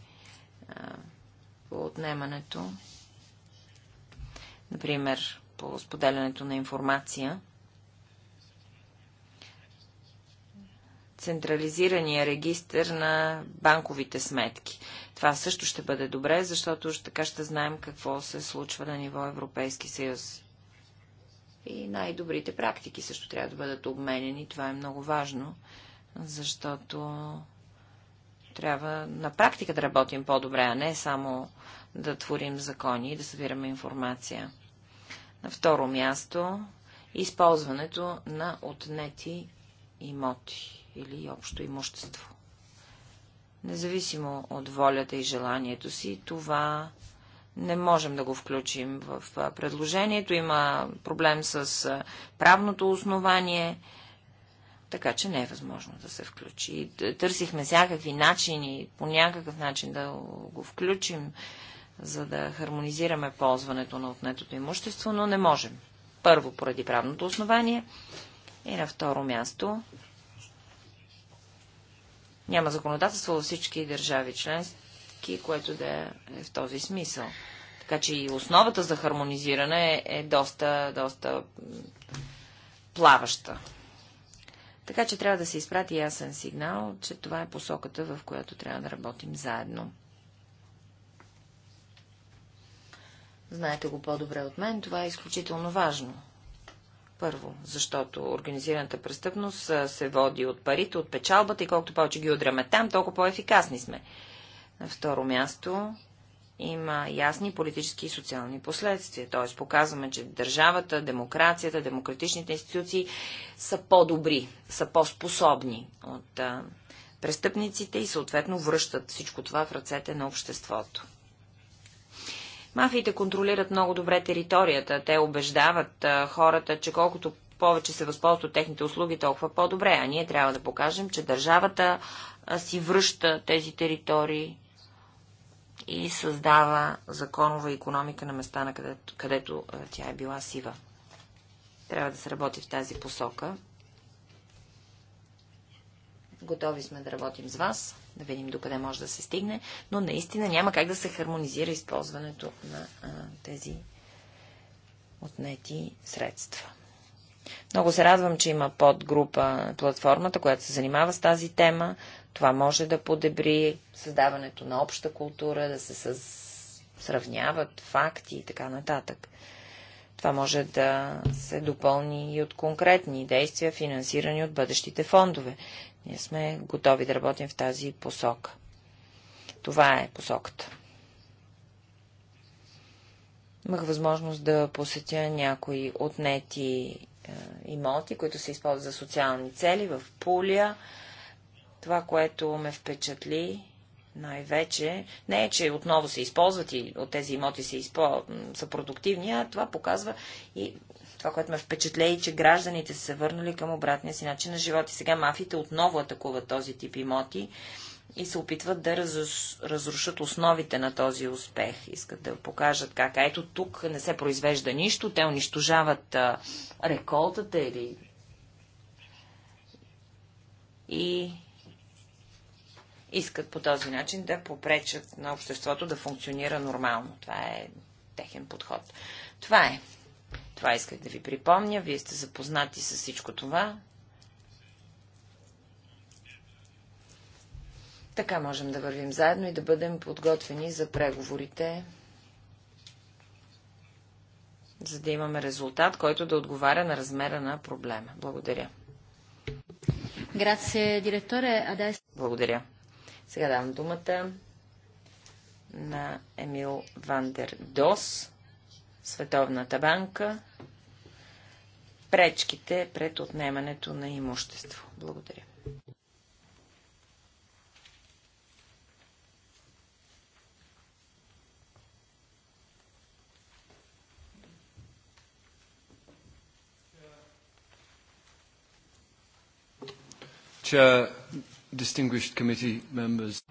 по отнемането, например, по споделянето на информация – централизирания регистр на банковите сметки. Това също ще бъде добре, защото така ще знаем какво се случва на ниво Европейски съюз. И най-добрите практики също трябва да бъдат обменени. Това е много важно, защото трябва на практика да работим по-добре, а не само да творим закони и да събираме информация. На второ място използването на отнети имоти или общо имущество. Независимо от волята и желанието си, това не можем да го включим в предложението. Има проблем с правното основание, така че не е възможно да се включи. Търсихме всякакви начини, по някакъв начин да го включим, за да хармонизираме ползването на отнетото имущество, но не можем. Първо, поради правното основание и на второ място няма законодателство във всички държави членски, което да е в този смисъл. Така че и основата за хармонизиране е доста, доста плаваща. Така че трябва да се изпрати ясен сигнал, че това е посоката, в която трябва да работим заедно. Знаете го по-добре от мен, това е изключително важно. Първо, защото организираната престъпност се води от парите, от печалбата и колкото повече ги удряме там, толкова по-ефикасни сме. На второ място има ясни политически и социални последствия. Т.е. показваме, че държавата, демокрацията, демократичните институции са по-добри, са по-способни от а, престъпниците и съответно връщат всичко това в ръцете на обществото. Мафиите контролират много добре територията. Те убеждават а, хората, че колкото повече се възползват от техните услуги, толкова по-добре. А ние трябва да покажем, че държавата а, си връща тези територии и създава законова економика на места, на където, където а, тя е била сива. Трябва да се работи в тази посока. Готови сме да работим с вас, да видим докъде може да се стигне, но наистина няма как да се хармонизира използването на а, тези отнети средства. Много се радвам, че има подгрупа платформата, която се занимава с тази тема. Това може да подебри създаването на обща култура, да се със... сравняват факти и така нататък. Това може да се допълни и от конкретни действия, финансирани от бъдещите фондове. Ние сме готови да работим в тази посока. Това е посоката. Имах възможност да посетя някои отнети е, имоти, които се използват за социални цели в Пулия. Това, което ме впечатли най-вече, не е, че отново се използват и от тези имоти се изпо... са продуктивни, а това показва и това, което ме впечатле и че гражданите са се върнали към обратния си начин на живот. И сега мафите отново атакуват този тип имоти и се опитват да разрушат основите на този успех. Искат да покажат как. А ето тук не се произвежда нищо, те унищожават а, реколтата или. И искат по този начин да попречат на обществото да функционира нормално. Това е техен подход. Това е. Това исках да ви припомня. Вие сте запознати с всичко това. Така можем да вървим заедно и да бъдем подготвени за преговорите, за да имаме резултат, който да отговаря на размера на проблема. Благодаря. директоре. Благодаря. Сега давам думата на Емил Вандер Дос Световната банка пречките пред отнемането на имущество. Благодаря. Chair, distinguished committee members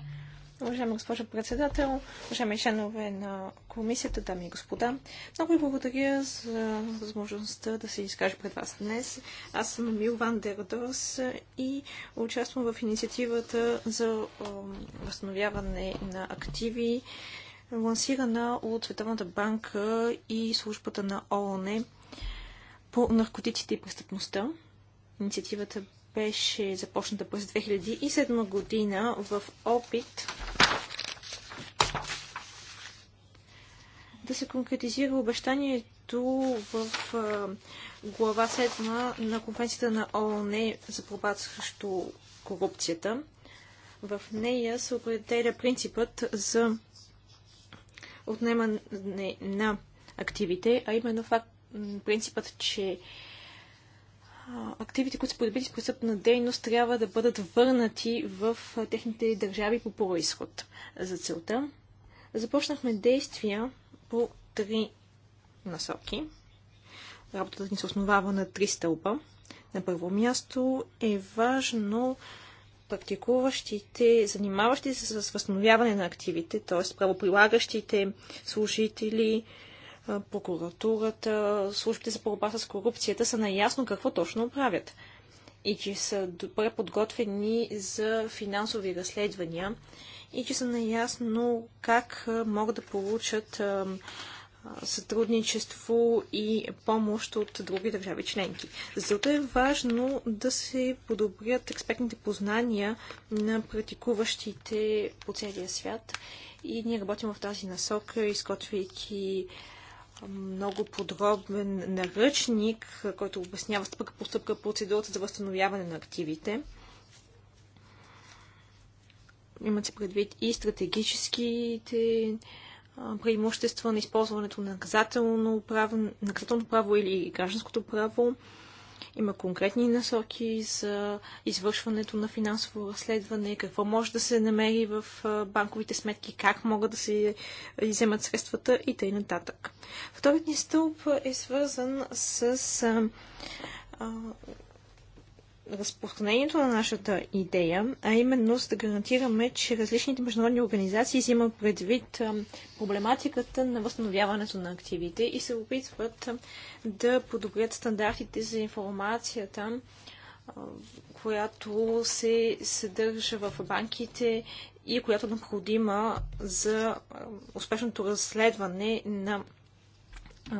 уважаема госпожа председател, уважаеми членове на комисията, дами и господа. Много ви благодаря за възможността да се изкажа пред вас днес. Аз съм Мил Ван Дердос и участвам в инициативата за възстановяване на активи, лансирана от Световната банка и службата на ООН по наркотиците и престъпността. Инициативата беше започната през 2007 година в опит да се конкретизира обещанието в глава 7 на конференцията на ООН за борба срещу корупцията. В нея се определя принципът за отнемане на активите, а именно факт, принципът, че активите, които са придобили с престъпна дейност, трябва да бъдат върнати в техните държави по происход. За целта започнахме действия по три насоки. Работата ни се основава на три стълба. На първо място е важно практикуващите, занимаващи се с възстановяване на активите, т.е. правоприлагащите служители, прокуратурата, службите за борба с корупцията са наясно какво точно правят и че са добре подготвени за финансови разследвания и че са наясно как могат да получат сътрудничество и помощ от други държави членки. Зато е важно да се подобрят експертните познания на практикуващите по целия свят и ние работим в тази насока, изготвяйки много подробен наръчник, който обяснява стъпка по стъпка процедурата за възстановяване на активите имат се предвид и стратегическите преимущества на използването на наказателно право, наказателно право или гражданското право. Има конкретни насоки за извършването на финансово разследване, какво може да се намери в банковите сметки, как могат да се иземат средствата и т.н. Вторият ни стълб е свързан с разпространението на нашата идея, а именно за да гарантираме, че различните международни организации взимат предвид проблематиката на възстановяването на активите и се опитват да подобрят стандартите за информацията, която се съдържа в банките и която е необходима за успешното разследване на,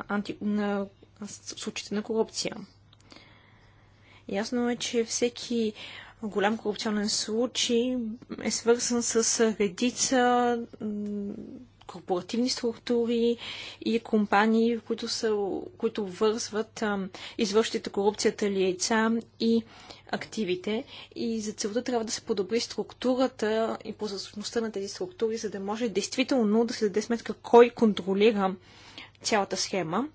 анти... на случаите на корупция. Ясно е, че всеки голям корупционен случай е свързан с редица корпоративни структури и компании, които, са, които вързват извършите корупцията лица и активите. И за целта трябва да се подобри структурата и прозрачността на тези структури, за да може действително да се даде сметка кой контролира цялата схема.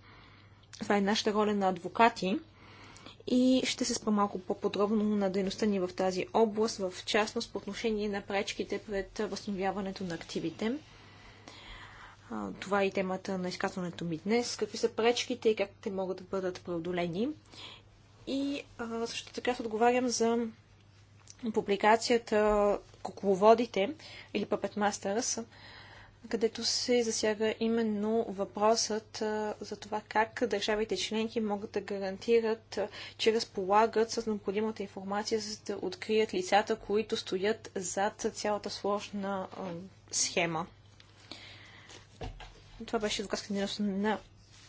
Това е нашата роля на адвокати и ще се спра малко по-подробно на дейността ни в тази област, в частност по отношение на пречките пред възстановяването на активите. Това е и темата на изказването ми днес. Какви са пречките и как те могат да бъдат преодолени. И също така се отговарям за публикацията Кукловодите или Puppet Masters, където се засяга именно въпросът за това как държавите членки могат да гарантират, че разполагат с необходимата информация, за да открият лицата, които стоят зад цялата сложна схема. Това беше доказка на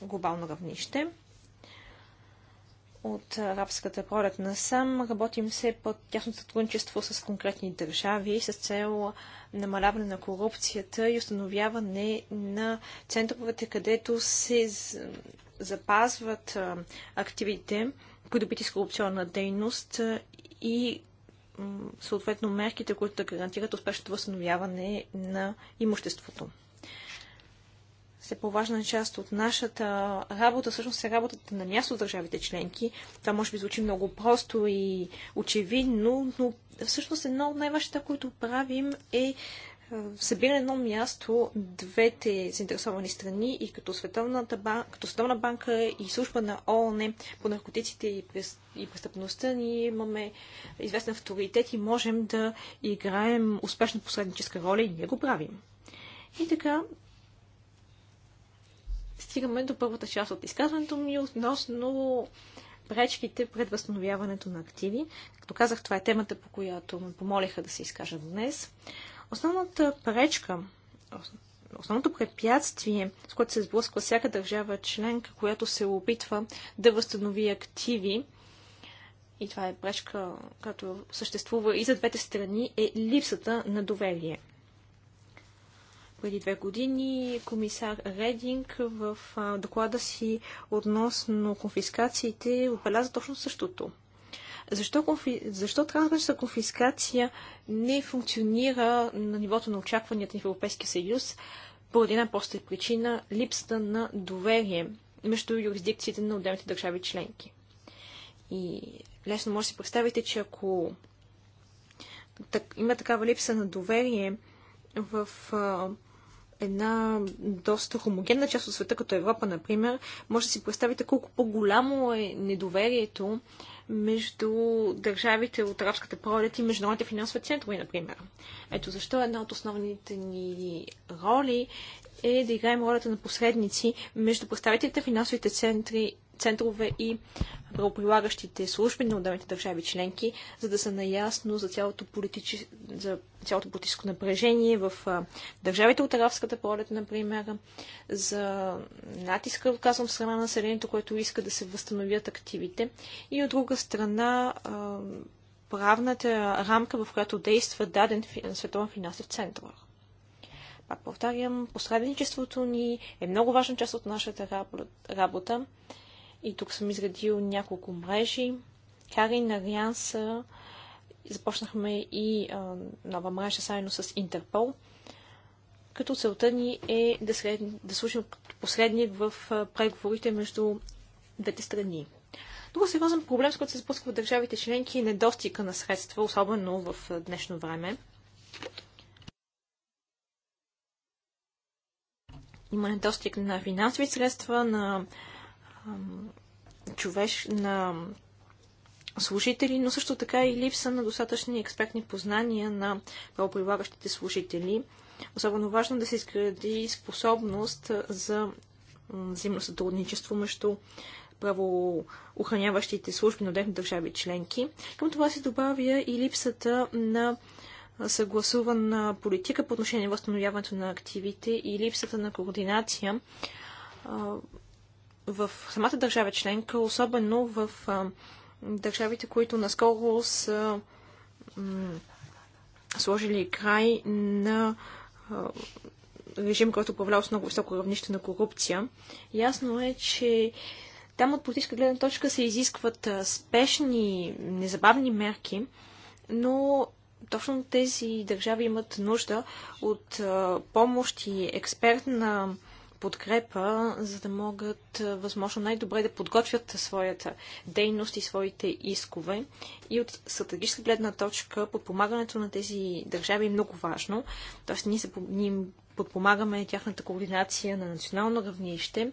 глобално равнище от арабската пролет насам. Работим все по-тясно сътрудничество с конкретни държави с цел намаляване на корупцията и установяване на центровете, където се запазват активите, придобити с корупционна дейност и съответно мерките, които да гарантират успешното възстановяване на имуществото се по-важна част от нашата работа всъщност е работата на място от държавите членки. Това може би звучи много просто и очевидно, но всъщност едно от най-важните, които правим е, е събира едно място двете заинтересовани страни и като Световната банка, като Световна банка и служба на ООН по наркотиците и, и престъпността ние имаме известен авторитет и можем да играем успешна посредническа роля и ние го правим. И така, стигаме до първата част от изказването ми относно пречките пред възстановяването на активи. Както казах, това е темата, по която ме помолиха да се изкажа днес. Основната пречка, основното препятствие, с което се сблъсква всяка държава членка, която се опитва да възстанови активи, и това е пречка, която съществува и за двете страни, е липсата на доверие преди две години комисар Рединг в доклада си относно конфискациите отбеляза точно същото. Защо, конфи... Защо трансграничната конфискация не функционира на нивото на очакванията в Европейския съюз? Поради една проста причина – липсата на доверие между юрисдикциите на отделните държави членки. И лесно може да си представите, че ако так, има такава липса на доверие в а, една доста хомогенна част от света, като Европа, например, може да си представите колко по-голямо е недоверието между държавите от арабската пролет и международните финансови центрове, например. Ето защо една от основните ни роли е да играем ролята на посредници между представителите на финансовите центри центрове и правоприлагащите служби на отделните държави членки, за да са наясно за цялото, политичес... за цялото политическо напрежение в държавите от Аравската пролет, например, за натиска, казвам, в страна на населението, което иска да се възстановят активите. И от друга страна, правната рамка, в която действа даден световен финансов център. Пак повтарям, посредничеството ни е много важна част от нашата работа и тук съм изградил няколко мрежи. Карин, Арианса, започнахме и а, нова мрежа заедно с Интерпол, като целта ни е да, сред... да служим като последник в преговорите между двете страни. Друг сериозен проблем, с който се в държавите членки е недостига на средства, особено в днешно време. Има недостиг на финансови средства, на човеш, на служители, но също така и липса на достатъчни експертни познания на правоприлагащите служители. Особено важно е да се изгради способност за взаимно сътрудничество между правоохраняващите служби на отделни държави членки. Към това се добавя и липсата на съгласувана политика по отношение на възстановяването на активите и липсата на координация в самата държава членка, особено в а, държавите, които наскоро са сложили край на а, режим, който управлява с много високо равнище на корупция. Ясно е, че там от политическа гледна точка се изискват а, спешни, незабавни мерки, но точно тези държави имат нужда от а, помощ и експертна на подкрепа, за да могат възможно най-добре да подготвят своята дейност и своите искове. И от стратегическа гледна точка подпомагането на тези държави е много важно. Тоест ние, се, ние подпомагаме тяхната координация на национално равнище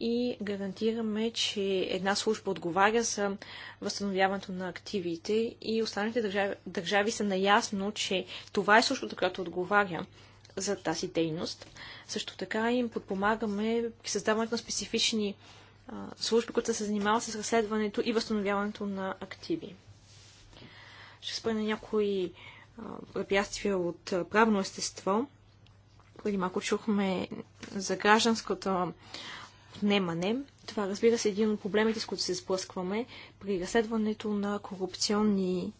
и гарантираме, че една служба отговаря за възстановяването на активите и останалите държави, държави са наясно, че това е службата, която отговаря за тази дейност. Също така им подпомагаме при създаването на специфични а, служби, които се занимават с разследването и възстановяването на активи. Ще спомена някои препятствия от а, правно естество. Преди малко чухме за гражданското отнемане. Това разбира се е един от проблемите, с които се сблъскваме при разследването на корупционни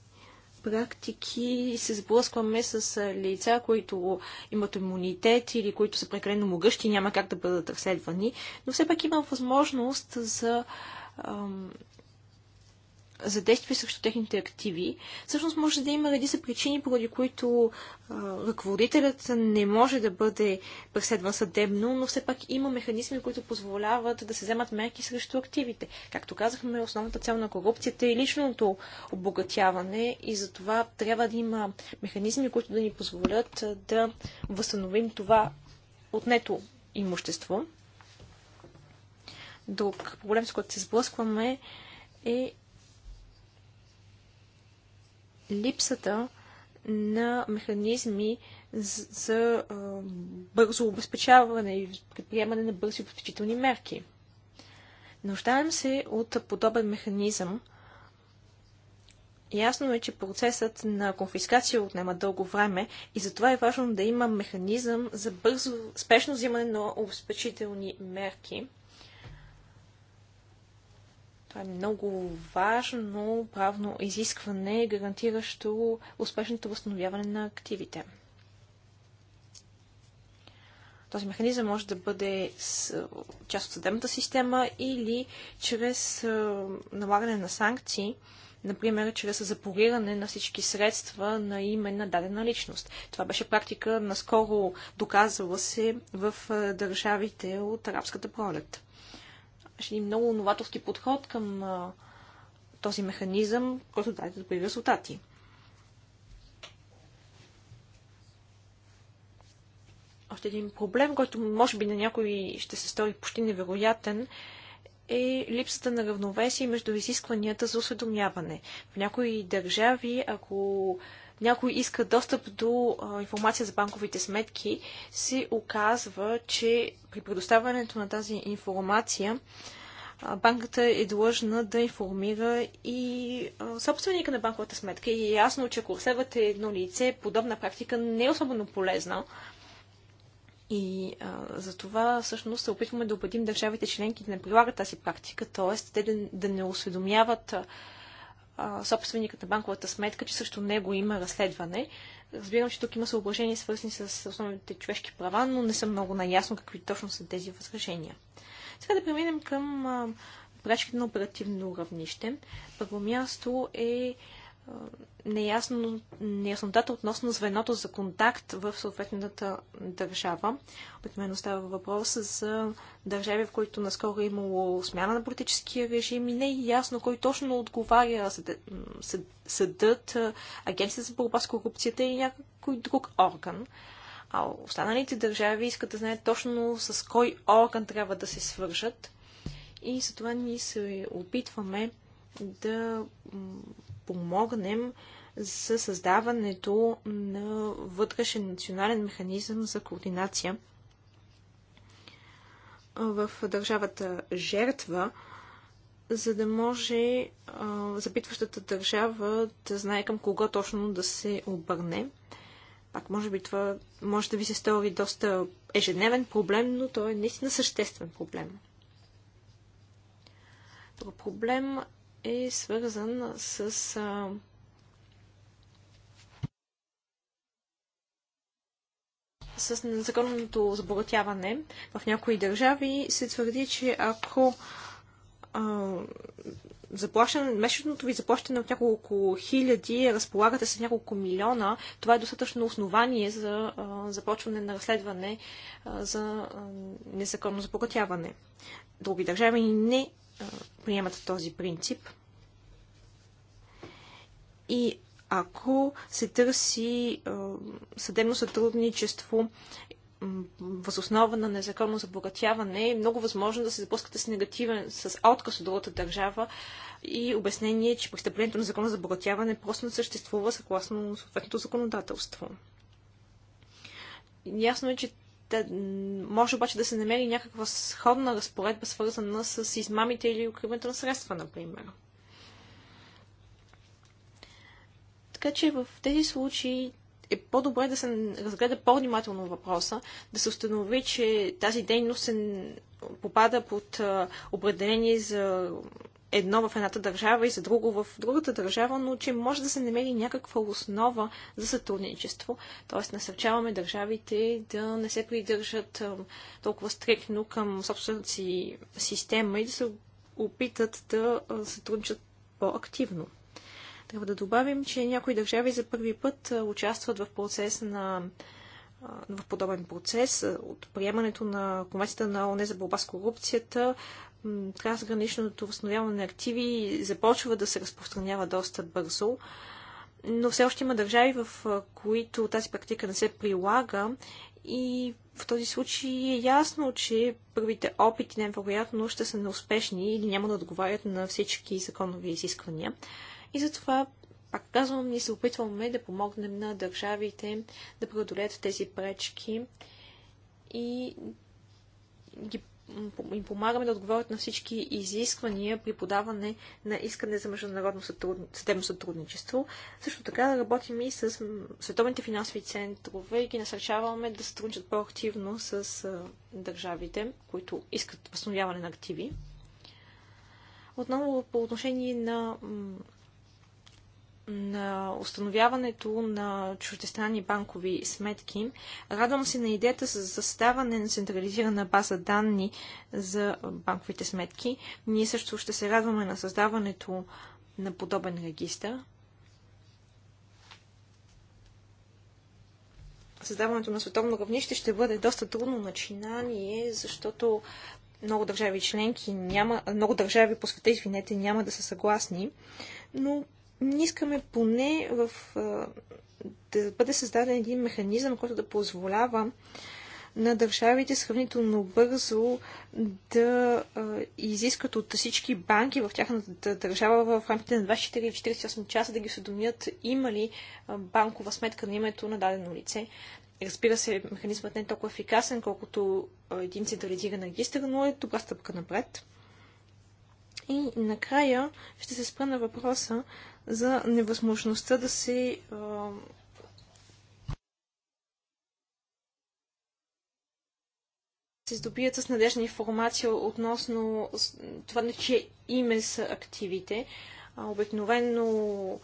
практики се сблъскваме с лица, които имат имунитет или които са прекалено могъщи и няма как да бъдат разследвани, но все пак има възможност за за действие срещу техните активи, всъщност може да има редица причини, поради които а, ръководителят не може да бъде преследван съдебно, но все пак има механизми, които позволяват да се вземат мерки срещу активите. Както казахме, основната цел на корупцията е личното обогатяване и за това трябва да има механизми, които да ни позволят да възстановим това отнето имущество. Друг проблем, с който се сблъскваме, е липсата на механизми за, за а, бързо обезпечаване и предприемане на бързи обезпечителни мерки. Нуждаем се от подобен механизъм. Ясно е, че процесът на конфискация отнема дълго време и затова е важно да има механизъм за бързо, спешно взимане на обезпечителни мерки – това е много важно правно изискване, гарантиращо успешното възстановяване на активите. Този механизъм може да бъде с, част от съдебната система или чрез налагане на санкции, например, чрез запориране на всички средства на име на дадена личност. Това беше практика наскоро доказала се в държавите от арабската пролет имаше един много новаторски подход към а, този механизъм, който даде добри резултати. Още един проблем, който може би на някой ще се стори почти невероятен, е липсата на равновесие между изискванията за осведомяване. В някои държави, ако някой иска достъп до а, информация за банковите сметки, се оказва, че при предоставянето на тази информация а, банката е длъжна да информира и а, собственика на банковата сметка. И е ясно, че ако разследвате едно лице, подобна практика не е особено полезна. И а, за това всъщност се опитваме да убедим държавите членки да не прилагат тази практика, т.е. те да, да не осведомяват собственикът на банковата сметка, че също него има разследване. Разбирам, че тук има съображения свързани с основните човешки права, но не съм много наясно какви точно са тези възражения. Сега да преминем към а, прачките на оперативно равнище. Първо място е е, неясно, неяснотата относно звеното за контакт в съответната държава. Обикновено става въпрос за държави, в които наскоро е имало смяна на политическия режим и не е ясно кой точно отговаря съдът, агенцията за борба с корупцията и някой друг орган. А останалите държави искат да знаят точно с кой орган трябва да се свържат. И затова ние се опитваме да помогнем за създаването на вътрешен национален механизъм за координация в държавата жертва, за да може а, запитващата държава да знае към кого точно да се обърне. Пак, може би това може да ви се стори доста ежедневен проблем, но той е наистина съществен проблем. Друг проблем е свързан с а, с незаконното забогатяване. В някои държави се твърди, че ако а, заплащане, месечното ви заплащане от няколко хиляди, е разполагате с няколко милиона, това е достатъчно основание за а, започване на разследване а, за а, незаконно запогатяване. Други държави не приемат този принцип. И ако се търси съдебно сътрудничество възоснова на незаконно забогатяване, е много възможно да се запускате с негативен, с отказ от другата държава и обяснение, че престъплението на закона за забогатяване просто не съществува съгласно съответното законодателство. Ясно е, че може обаче да се намери някаква сходна разпоредба, свързана с измамите или укриването на средства, например. Така че в тези случаи е по-добре да се разгледа по-внимателно въпроса, да се установи, че тази дейност се попада под определение за едно в едната държава и за друго в другата държава, но че може да се намери някаква основа за сътрудничество. Тоест насърчаваме държавите да не се придържат толкова стрикно към собствената си система и да се опитат да сътрудничат по-активно. Трябва да добавим, че някои държави за първи път участват в процес на в подобен процес от приемането на Комисията на ОНЕ за борба с корупцията трансграничното възстановяване на активи започва да се разпространява доста бързо, но все още има държави, в които тази практика не се прилага и в този случай е ясно, че първите опити най-вероятно ще са неуспешни или няма да отговарят на всички законови изисквания. И затова, пак казвам, ние се опитваме да помогнем на държавите да преодолеят тези пречки и ги им помагаме да отговорят на всички изисквания при подаване на искане за международно сътруд... съдебно сътрудничество. Също така работим и с световните финансови центрове и ги насърчаваме да сътрудничат по-активно с държавите, които искат възстановяване на активи. Отново по отношение на на установяването на чуждестранни банкови сметки. Радвам се на идеята за съставане на централизирана база данни за банковите сметки. Ние също ще се радваме на създаването на подобен регистр. Създаването на световно равнище ще бъде доста трудно начинание, защото много държави членки няма, много държави по света, извинете, няма да са съгласни, но ние искаме поне в, да бъде създаден един механизъм, който да позволява на държавите сравнително бързо да изискат от всички банки в тяхната държава в рамките на 24-48 часа да ги осведомят има ли банкова сметка на името на дадено лице. Разбира се, механизмът не е толкова ефикасен, колкото един централизиран регистр, но е добра стъпка напред. И накрая ще се спра на въпроса за невъзможността да се се здобият с надежна информация относно това на чие име са активите. Обикновено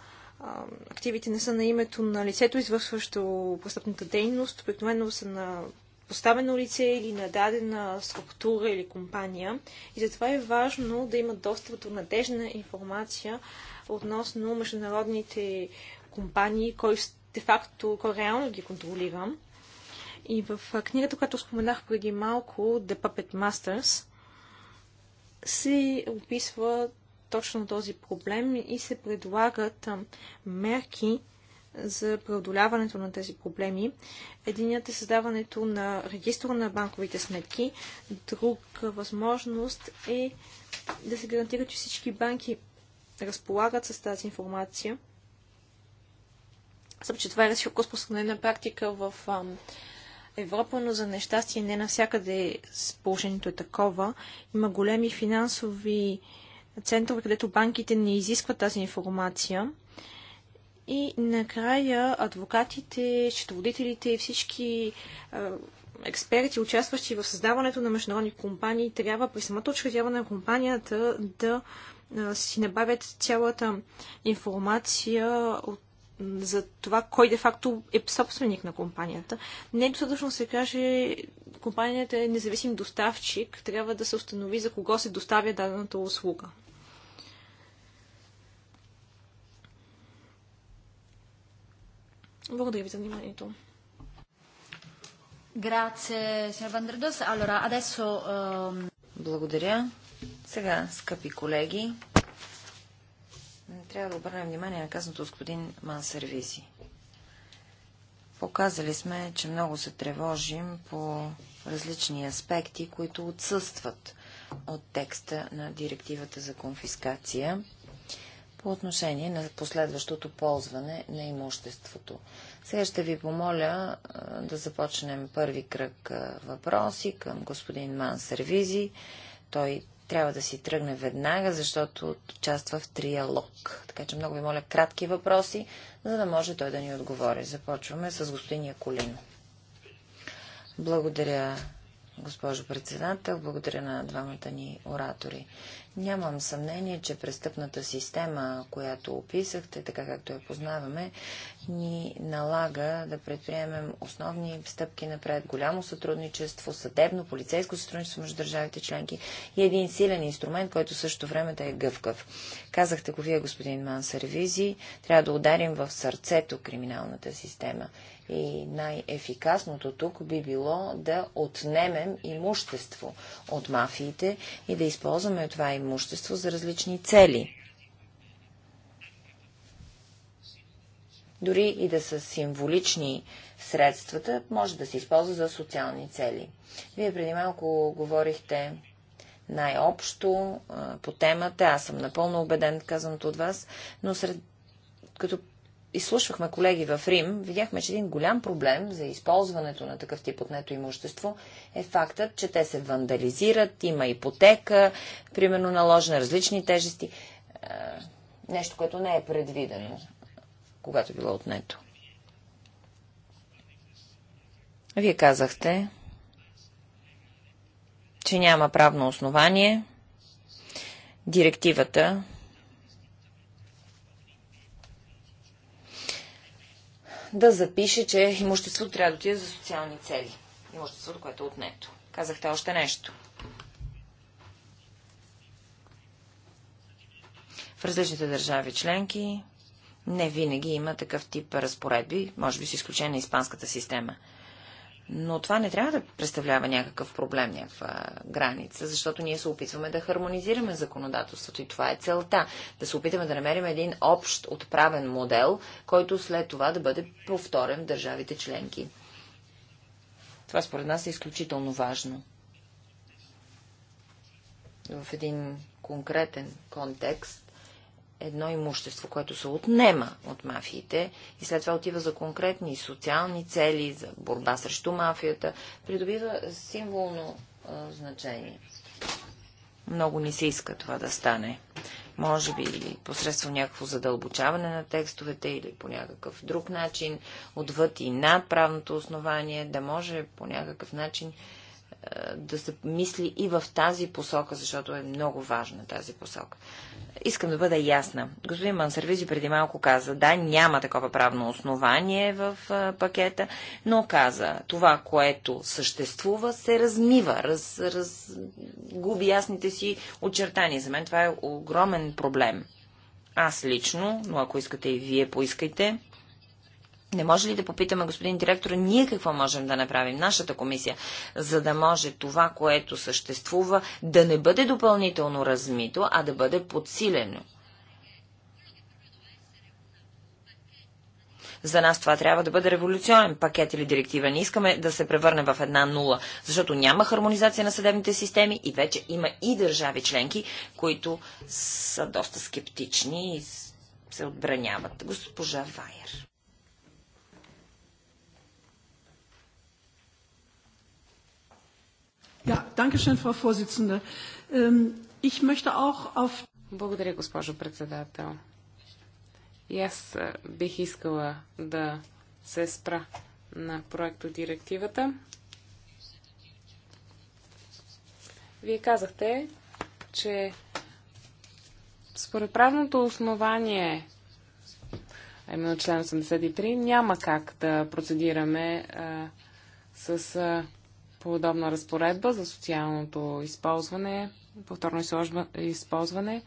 активите не са на името на лицето, извършващо престъпната дейност, обикновено са на поставено лице или на дадена структура или компания. И затова е важно да има достъп до надежна информация относно международните компании, кой де-факто, кой реално ги контролира. И в книгата, която споменах преди малко, The Puppet Masters, се описва точно този проблем и се предлагат мерки за преодоляването на тези проблеми. Единият е създаването на регистра на банковите сметки. Друг възможност е да се гарантира, че всички банки разполагат с тази информация. Съм, че това е широко разпространена практика в ам, Европа, но за нещастие не навсякъде е положението е такова. Има големи финансови центрове, където банките не изискват тази информация. И накрая адвокатите, счетоводителите и всички а, експерти, участващи в създаването на международни компании, трябва при самото учредяване на компанията да си набавят цялата информация от за това кой де-факто е собственик на компанията. Не е достатъчно се каже, компанията е независим доставчик, трябва да се установи за кого се доставя дадената услуга. Благодаря ви за вниманието. Благодаря. Сега, скъпи колеги, трябва да обърнем внимание на казаното от господин Мансервизи. Показали сме, че много се тревожим по различни аспекти, които отсъстват от текста на директивата за конфискация по отношение на последващото ползване на имуществото. Сега ще ви помоля да започнем първи кръг въпроси към господин Мансервизи, Той трябва да си тръгне веднага, защото участва в триалог. Така че много ви моля кратки въпроси, за да може той да ни отговори. Започваме с господин Яколин. Благодаря, госпожо председател. Благодаря на двамата ни оратори. Нямам съмнение, че престъпната система, която описахте, така както я познаваме, ни налага да предприемем основни стъпки напред, голямо сътрудничество, съдебно, полицейско сътрудничество между държавите членки и един силен инструмент, който също време да е гъвкав. Казахте го вие, господин Мансервизи, трябва да ударим в сърцето криминалната система и най-ефикасното тук би било да отнемем имущество от мафиите и да използваме това имущество за различни цели. Дори и да са символични средствата, може да се използва за социални цели. Вие преди малко говорихте най-общо по темата. Аз съм напълно убеден, казаното от вас, но сред, като изслушвахме колеги в Рим, видяхме, че един голям проблем за използването на такъв тип отнето имущество е фактът, че те се вандализират, има ипотека, примерно наложена различни тежести, е, нещо, което не е предвидено, когато било отнето. Вие казахте, че няма правно основание. Директивата да запише, че имуществото трябва да отиде за социални цели. Имуществото, което е отнето. Казахте още нещо. В различните държави членки не винаги има такъв тип разпоредби, може би с изключение на испанската система – но това не трябва да представлява някакъв проблем, някаква граница, защото ние се опитваме да хармонизираме законодателството и това е целта. Да се опитаме да намерим един общ отправен модел, който след това да бъде повторен в държавите членки. Това според нас е изключително важно. В един конкретен контекст едно имущество, което се отнема от мафиите и след това отива за конкретни социални цели, за борба срещу мафията, придобива символно а, значение. Много не се иска това да стане. Може би посредством някакво задълбочаване на текстовете или по някакъв друг начин, отвъд и над правното основание, да може по някакъв начин е, да се мисли и в тази посока, защото е много важна тази посока. Искам да бъда ясна. Господин Мансервизи преди малко каза, да, няма такова правно основание в е, пакета, но каза, това, което съществува, се размива, раз, раз, губи ясните си очертания. За мен това е огромен проблем. Аз лично, но ако искате и вие поискайте, не може ли да попитаме, господин директор, ние какво можем да направим, нашата комисия, за да може това, което съществува, да не бъде допълнително размито, а да бъде подсилено? За нас това трябва да бъде революционен пакет или директива. Не искаме да се превърне в една нула, защото няма хармонизация на съдебните системи и вече има и държави членки, които са доста скептични и се отбраняват. Госпожа Вайер. Frau Vorsitzende. Ähm, ich möchte auch auf... Благодаря, госпожо председател. И аз бих искала да се спра на проекто директивата. Вие казахте, че според правното основание, а именно член 83, няма как да процедираме а, с а, подобна разпоредба за социалното използване, повторно използване,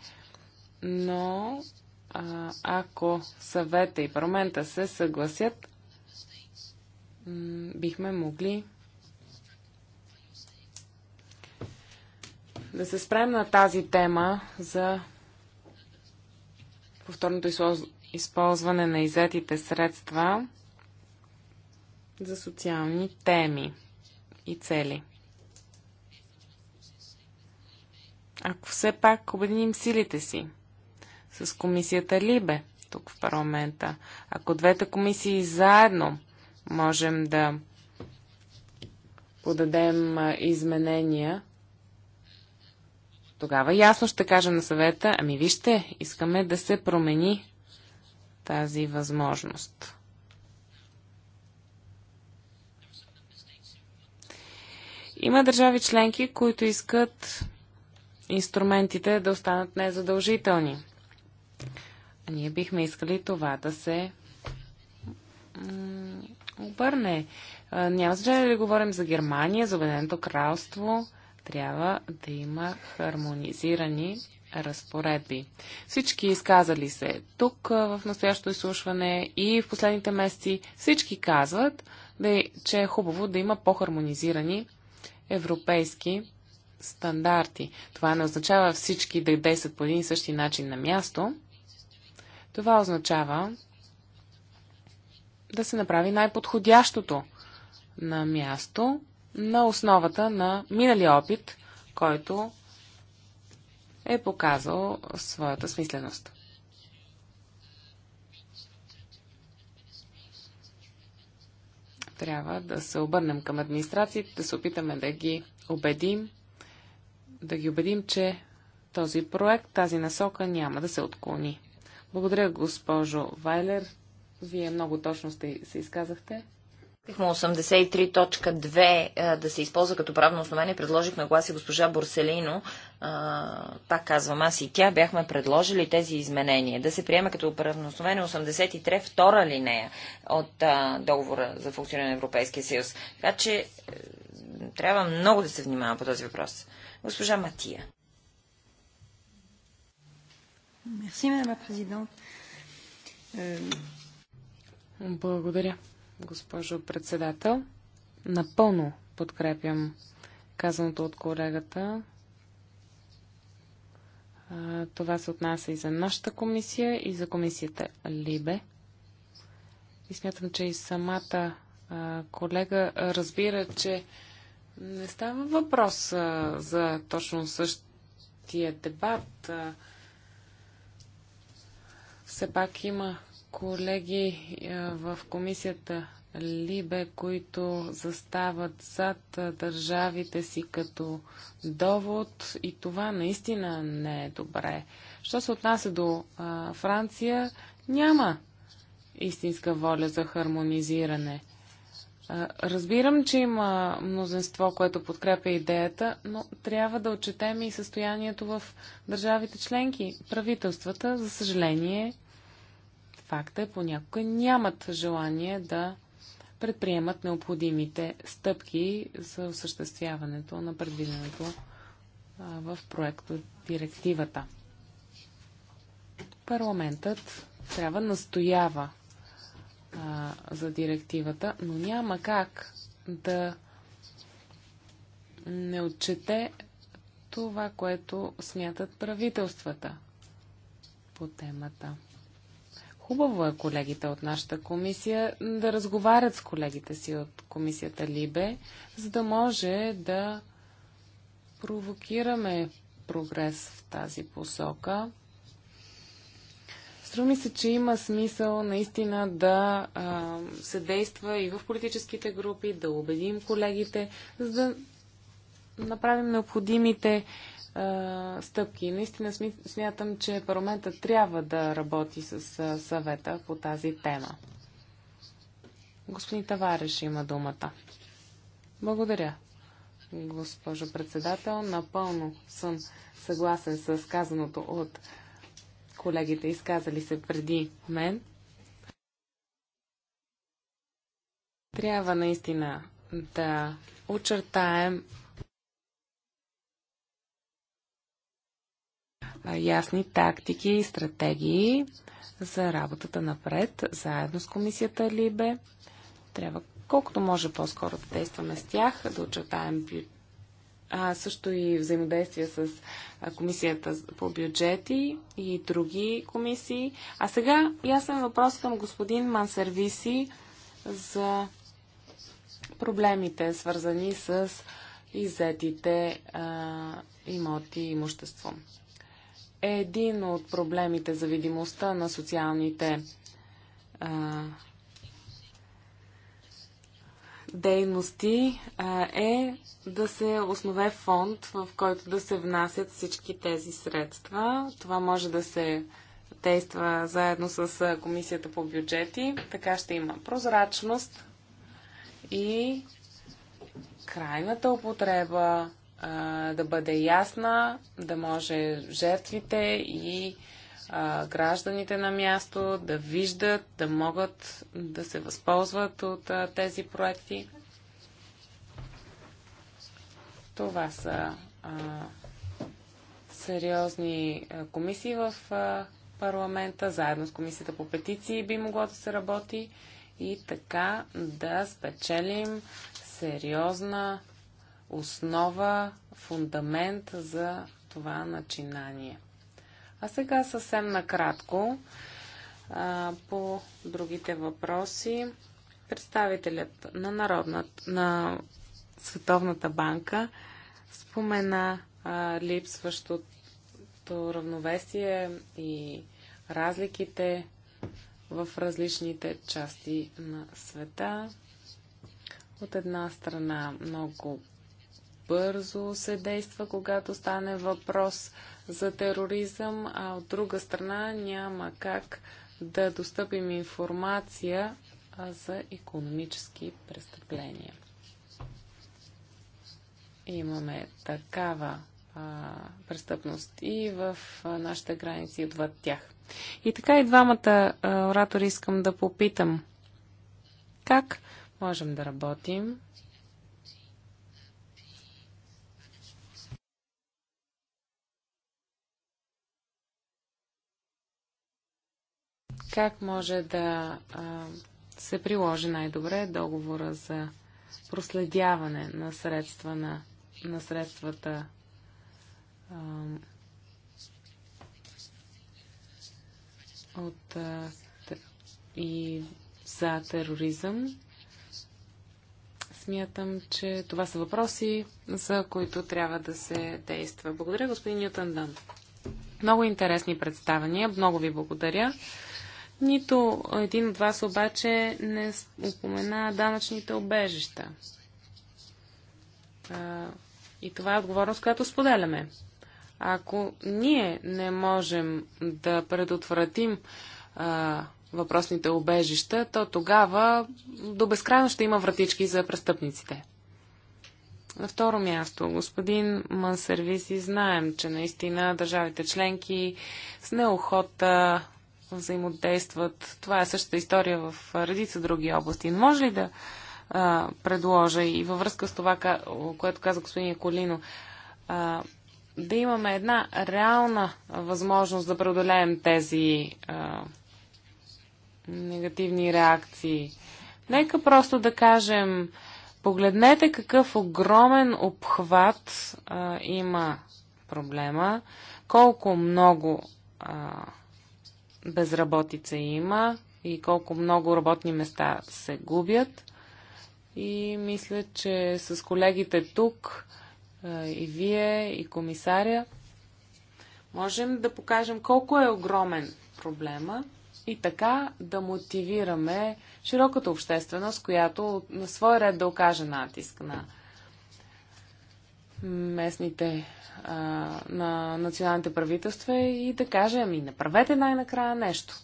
но а, ако съвета и парламента се съгласят, бихме могли да се спрем на тази тема за повторното използване на изетите средства за социални теми и цели. Ако все пак обединим силите си с комисията Либе тук в парламента, ако двете комисии заедно можем да подадем изменения, тогава ясно ще кажем на съвета, ами вижте, искаме да се промени тази възможност. Има държави членки, които искат инструментите да останат незадължителни. А ние бихме искали това да се обърне. Няма значение да говорим за Германия, за Обединеното кралство. Трябва да има хармонизирани разпоредби. Всички изказали се тук в настоящото изслушване и в последните месеци, всички казват, е, че е хубаво да има по-хармонизирани европейски стандарти. Това не означава всички да действат по един и същи начин на място. Това означава да се направи най-подходящото на място на основата на миналия опит, който е показал своята смисленост. трябва да се обърнем към администрациите, да се опитаме да ги убедим, да ги убедим, че този проект, тази насока няма да се отклони. Благодаря, госпожо Вайлер. Вие много точно сте, се изказахте. Бихме 83.2 да се използва като правно основание. Предложих на гласи госпожа Борселино. Пак казвам, аз и тя бяхме предложили тези изменения. Да се приема като правно основание 83 втора линея от договора за функциониране на Европейския съюз. Така че е, трябва много да се внимава по този въпрос. Госпожа Матия. Мерси, мадам президент. Благодаря госпожо председател. Напълно подкрепям казаното от колегата. Това се отнася и за нашата комисия, и за комисията Либе. И смятам, че и самата колега разбира, че не става въпрос за точно същия дебат. Все пак има колеги е, в комисията Либе, които застават зад държавите си като довод и това наистина не е добре. Що се отнася до Франция, няма истинска воля за хармонизиране. разбирам, че има мнозинство, което подкрепя идеята, но трябва да отчетем и състоянието в държавите членки. Правителствата, за съжаление, Факта понякога нямат желание да предприемат необходимите стъпки за осъществяването на предвиденото в проекта директивата. Парламентът трябва настоява а, за директивата, но няма как да не отчете това, което смятат правителствата по темата. Хубаво е колегите от нашата комисия да разговарят с колегите си от комисията Либе, за да може да провокираме прогрес в тази посока. Струми се, че има смисъл наистина да а, се действа и в политическите групи, да убедим колегите, за да направим необходимите стъпки. Наистина смятам, че парламента трябва да работи с съвета по тази тема. Господин Тавареш има думата. Благодаря, госпожо председател. Напълно съм съгласен с казаното от колегите, изказали се преди мен. Трябва наистина да очертаем ясни тактики и стратегии за работата напред, заедно с комисията Либе. Трябва колкото може по-скоро да действаме с тях, да очертаем а, също и взаимодействие с комисията по бюджети и други комисии. А сега ясен въпрос към господин Мансервиси за проблемите, свързани с иззетите а, имоти и имущество е един от проблемите за видимостта на социалните а, дейности а, е да се основе фонд, в който да се внасят всички тези средства. Това може да се действа заедно с Комисията по бюджети. Така ще има прозрачност и крайната употреба а, да бъде ясна, да може жертвите и а, гражданите на място да виждат, да могат да се възползват от а, тези проекти. Това са а, сериозни а, комисии в а, парламента, заедно с комисията по петиции би могло да се работи и така да спечелим сериозна основа, фундамент за това начинание. А сега съвсем накратко а, по другите въпроси. Представителят на, Народнат, на Световната банка спомена а, липсващото равновесие и разликите в различните части на света. От една страна много бързо се действа, когато стане въпрос за тероризъм, а от друга страна няма как да достъпим информация за економически престъпления. Имаме такава а, престъпност и в а, нашите граници, отвъд тях. И така и двамата а, оратори искам да попитам как можем да работим как може да а, се приложи най-добре договора за проследяване на, средства на, на средствата а, от, а, и за тероризъм. Смятам, че това са въпроси, за които трябва да се действа. Благодаря, господин Нютън Дън. Много интересни представения. Много ви благодаря. Нито един от вас обаче не упомена данъчните обежища. И това е отговорност, която споделяме. Ако ние не можем да предотвратим въпросните обежища, то тогава до безкрайно ще има вратички за престъпниците. На второ място, господин Мансервиси, знаем, че наистина държавите членки с неохота взаимодействат. Това е същата история в редица други области. Може ли да а, предложа и във връзка с това, което каза господин Колино, а, да имаме една реална възможност да преодолеем тези а, негативни реакции. Нека просто да кажем, погледнете какъв огромен обхват а, има проблема, колко много а, безработица има и колко много работни места се губят. И мисля, че с колегите тук, и вие, и комисаря, можем да покажем колко е огромен проблема и така да мотивираме широката общественост, която на свой ред да окаже натиск на местните, а, на националните правителства и да каже, ами направете най-накрая нещо.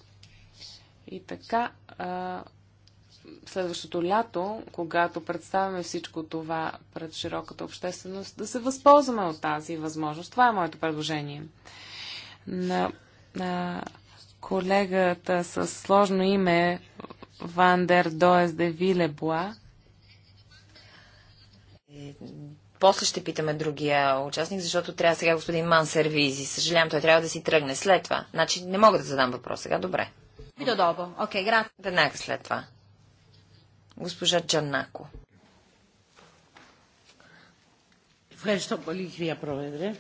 И така, а, следващото лято, когато представяме всичко това пред широката общественост, да се възползваме от тази възможност. Това е моето предложение. На, на колегата с сложно име Вандер Доес де Вилебла. Е, после ще питаме другия участник, защото трябва сега господин Ман Сервизи. Съжалявам, той трябва да си тръгне след това. Значи не мога да задам въпрос сега. Добре. Видо добро. Окей, град. Веднага след това. Госпожа Джанако. Ευχαριστώ πολύ, κυρία Πρόεδρε.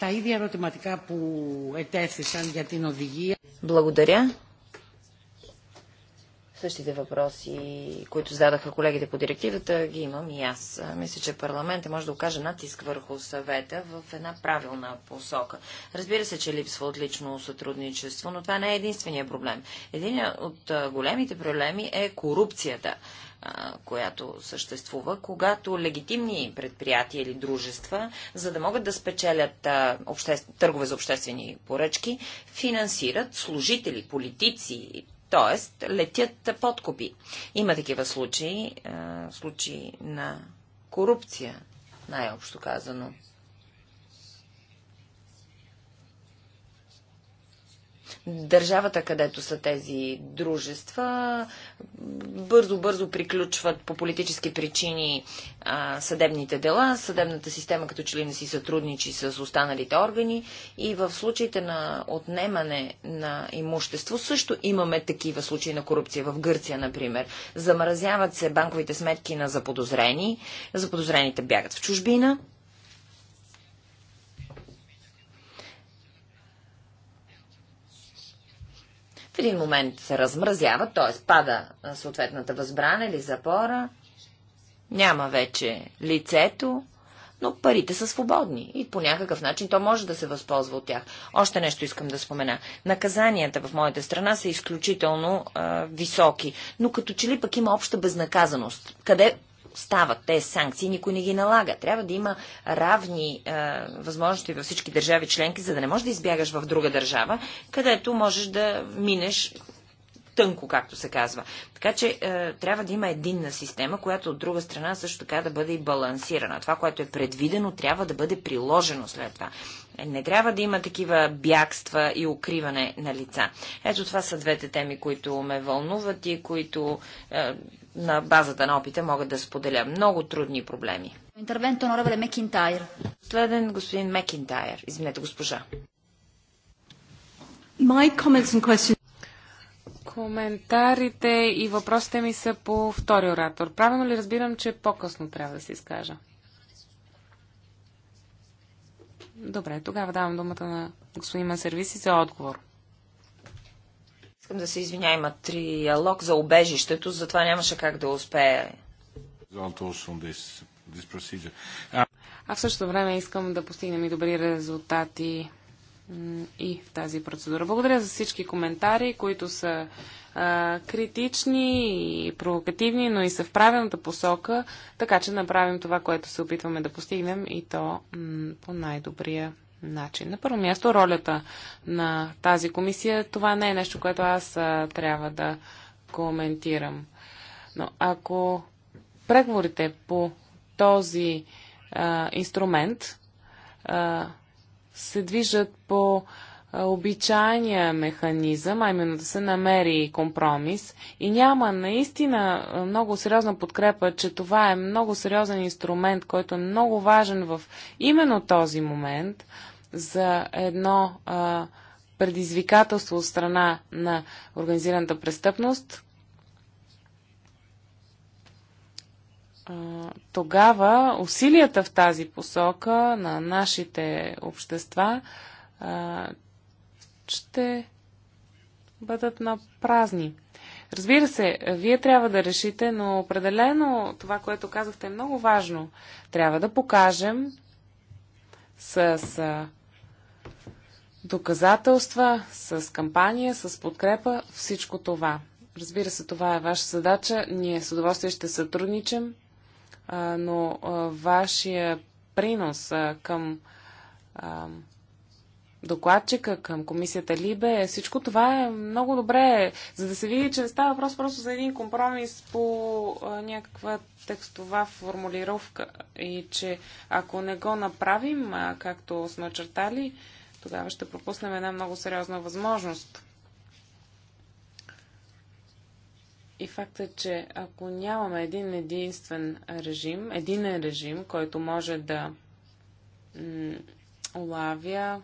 Τα ίδια ερωτηματικά που ετέθησαν για την οδηγία. Благодаря. Същите въпроси, които зададаха колегите по директивата, ги имам и аз. Мисля, че парламентът може да окаже натиск върху съвета в една правилна посока. Разбира се, че липсва отлично сътрудничество, но това не е единствения проблем. Един от големите проблеми е корупцията която съществува, когато легитимни предприятия или дружества, за да могат да спечелят търгове за обществени поръчки, финансират служители, политици, т.е. летят подкупи. Има такива случаи, случаи на корупция, най-общо казано. държавата, където са тези дружества, бързо-бързо приключват по политически причини а, съдебните дела, съдебната система като че ли не си сътрудничи с останалите органи и в случаите на отнемане на имущество също имаме такива случаи на корупция. В Гърция, например, замразяват се банковите сметки на заподозрени, заподозрените бягат в чужбина, един момент се размразява, т.е. пада съответната възбрана или запора, няма вече лицето, но парите са свободни и по някакъв начин то може да се възползва от тях. Още нещо искам да спомена. Наказанията в моята страна са изключително а, високи, но като че ли пък има обща безнаказаност. Къде стават тези санкции, никой не ги налага. Трябва да има равни е, възможности във всички държави членки, за да не можеш да избягаш в друга държава, където можеш да минеш тънко, както се казва. Така че е, трябва да има единна система, която от друга страна също така да бъде и балансирана. Това, което е предвидено, трябва да бъде приложено след това. Е, не трябва да има такива бягства и укриване на лица. Ето това са двете теми, които ме вълнуват и които е, на базата на опита могат да споделя. Много трудни проблеми. Интервенто на Мекинтайр. Следен господин Мекинтайр. Извинете, госпожа. My comments and questions Коментарите и въпросите ми са по втори оратор. Правилно ли разбирам, че по-късно трябва да се изкажа? Добре, тогава давам думата на господин Масервиси за отговор. Искам да се извиня, има триалог за обежището, затова нямаше как да успее. А в същото време искам да постигнем и добри резултати и в тази процедура. Благодаря за всички коментари, които са а, критични и провокативни, но и са в правилната посока, така че направим това, което се опитваме да постигнем и то по най-добрия начин. На първо място, ролята на тази комисия, това не е нещо, което аз а, трябва да коментирам. Но ако преговорите по този а, инструмент а, се движат по обичайния механизъм, а именно да се намери компромис. И няма наистина много сериозна подкрепа, че това е много сериозен инструмент, който е много важен в именно този момент за едно а, предизвикателство от страна на организираната престъпност, тогава усилията в тази посока на нашите общества ще бъдат на празни. Разбира се, вие трябва да решите, но определено това, което казахте е много важно. Трябва да покажем с доказателства, с кампания, с подкрепа всичко това. Разбира се, това е ваша задача. Ние с удоволствие ще сътрудничим но вашия принос към докладчика, към комисията Либе, е всичко това е много добре, за да се види, че не става въпрос просто за един компромис по някаква текстова формулировка и че ако не го направим, както сме очертали, тогава ще пропуснем една много сериозна възможност. И факта, че ако нямаме един единствен режим, единен режим, който може да улавя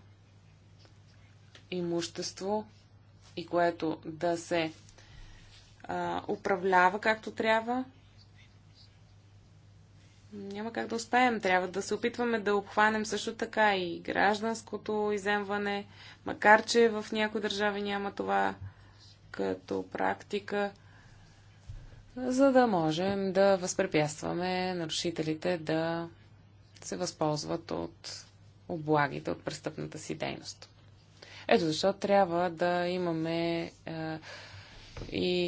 имущество и което да се а, управлява както трябва, няма как да успеем. Трябва да се опитваме да обхванем също така и гражданското иземване, макар че в някои държави няма това като практика за да можем да възпрепятстваме нарушителите да се възползват от облагите от престъпната си дейност. Ето защо трябва да имаме е, и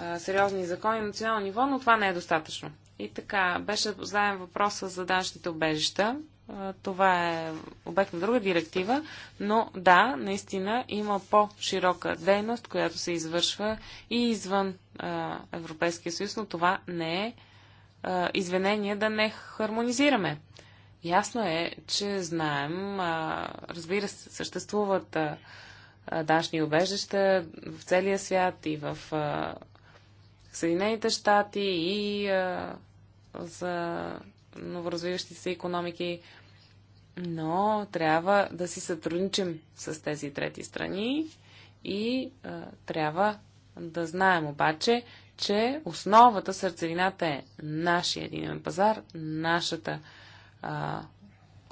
е, сериозни закони на национално ниво, но това не е достатъчно. И така, беше задаем въпроса за данъчните обежища. Това е обект на друга директива, но да, наистина има по-широка дейност, която се извършва и извън а, Европейския съюз, но това не е а, извинение да не хармонизираме. Ясно е, че знаем, а, разбира се, съществуват а, дашни убежища в целия свят и в а, Съединените щати и а, за новоразвиващите се економики, но трябва да си сътрудничим с тези трети страни и а, трябва да знаем обаче, че основата, сърцевината е нашия единен пазар, нашата а,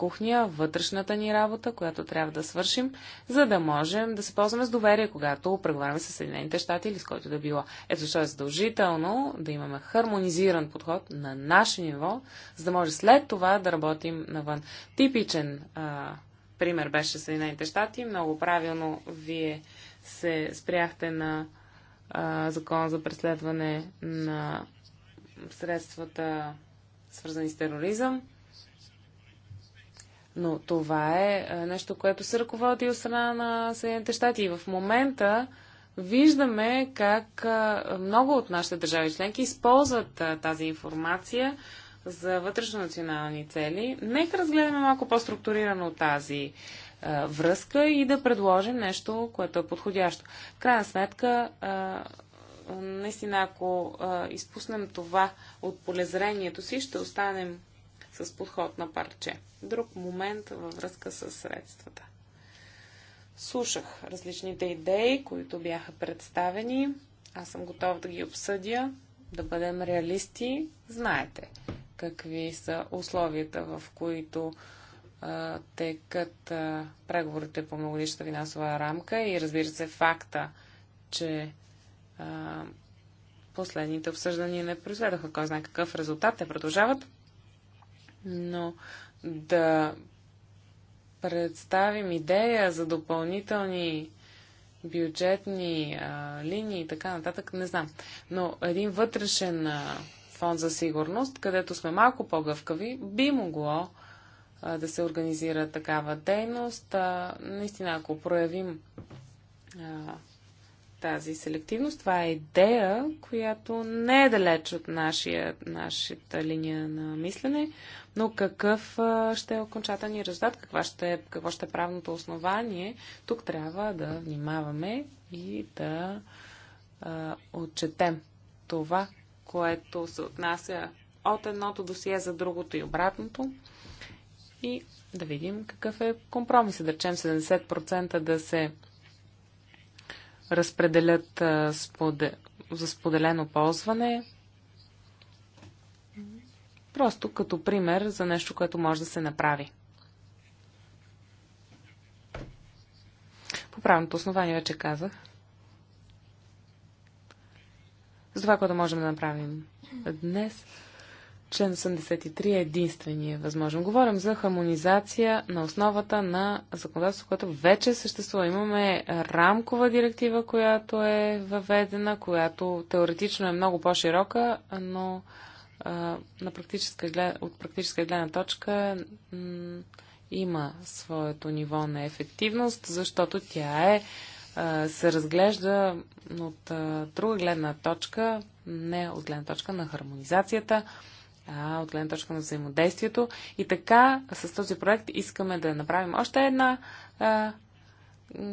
кухня, вътрешната ни работа, която трябва да свършим, за да можем да се ползваме с доверие, когато преговаряме с Съединените щати или с който да било. Ето защо е задължително да имаме хармонизиран подход на наше ниво, за да може след това да работим навън. Типичен а, пример беше Съединените щати. Много правилно вие се спряхте на а, закон за преследване на средствата свързани с тероризъм. Но това е, е нещо, което се ръководи от страна на Съединените щати. И в момента виждаме как е, много от нашите държави членки използват е, тази информация за вътрешно-национални цели. Нека разгледаме малко по-структурирано тази връзка и да предложим нещо, което е подходящо. В крайна сметка, наистина, ако изпуснем това от полезрението си, ще останем с подход на парче. Друг момент във връзка с средствата. Слушах различните идеи, които бяха представени. Аз съм готов да ги обсъдя, да бъдем реалисти. Знаете какви са условията, в които текат преговорите по многогодишната финансова рамка и разбира се факта, че а, последните обсъждания не произведоха кой знае какъв резултат. Те продължават но да представим идея за допълнителни бюджетни а, линии и така нататък, не знам. Но един вътрешен а, фонд за сигурност, където сме малко по-гъвкави, би могло а, да се организира такава дейност. А, наистина, ако проявим а, тази селективност. Това е идея, която не е далеч от нашия, нашата линия на мислене, но какъв ще е окончателният резултат, каква ще, какво ще е правното основание, тук трябва да внимаваме и да а, отчетем това, което се отнася от едното досие за другото и обратното. И да видим какъв е компромисът. Да речем 70% да се разпределят а, споде... за споделено ползване. Просто като пример за нещо, което може да се направи. По правното основание вече казах. За това, което можем да направим днес. Член 83 е единствения възможен. Говорим за хармонизация на основата на законодателство, което вече съществува. Имаме рамкова директива, която е въведена, която теоретично е много по-широка, но а, на практическа, от практическа гледна точка има своето ниво на ефективност, защото тя е се разглежда от друга гледна точка, не от гледна точка на хармонизацията а, от гледна точка на взаимодействието. И така, с този проект искаме да направим още една а,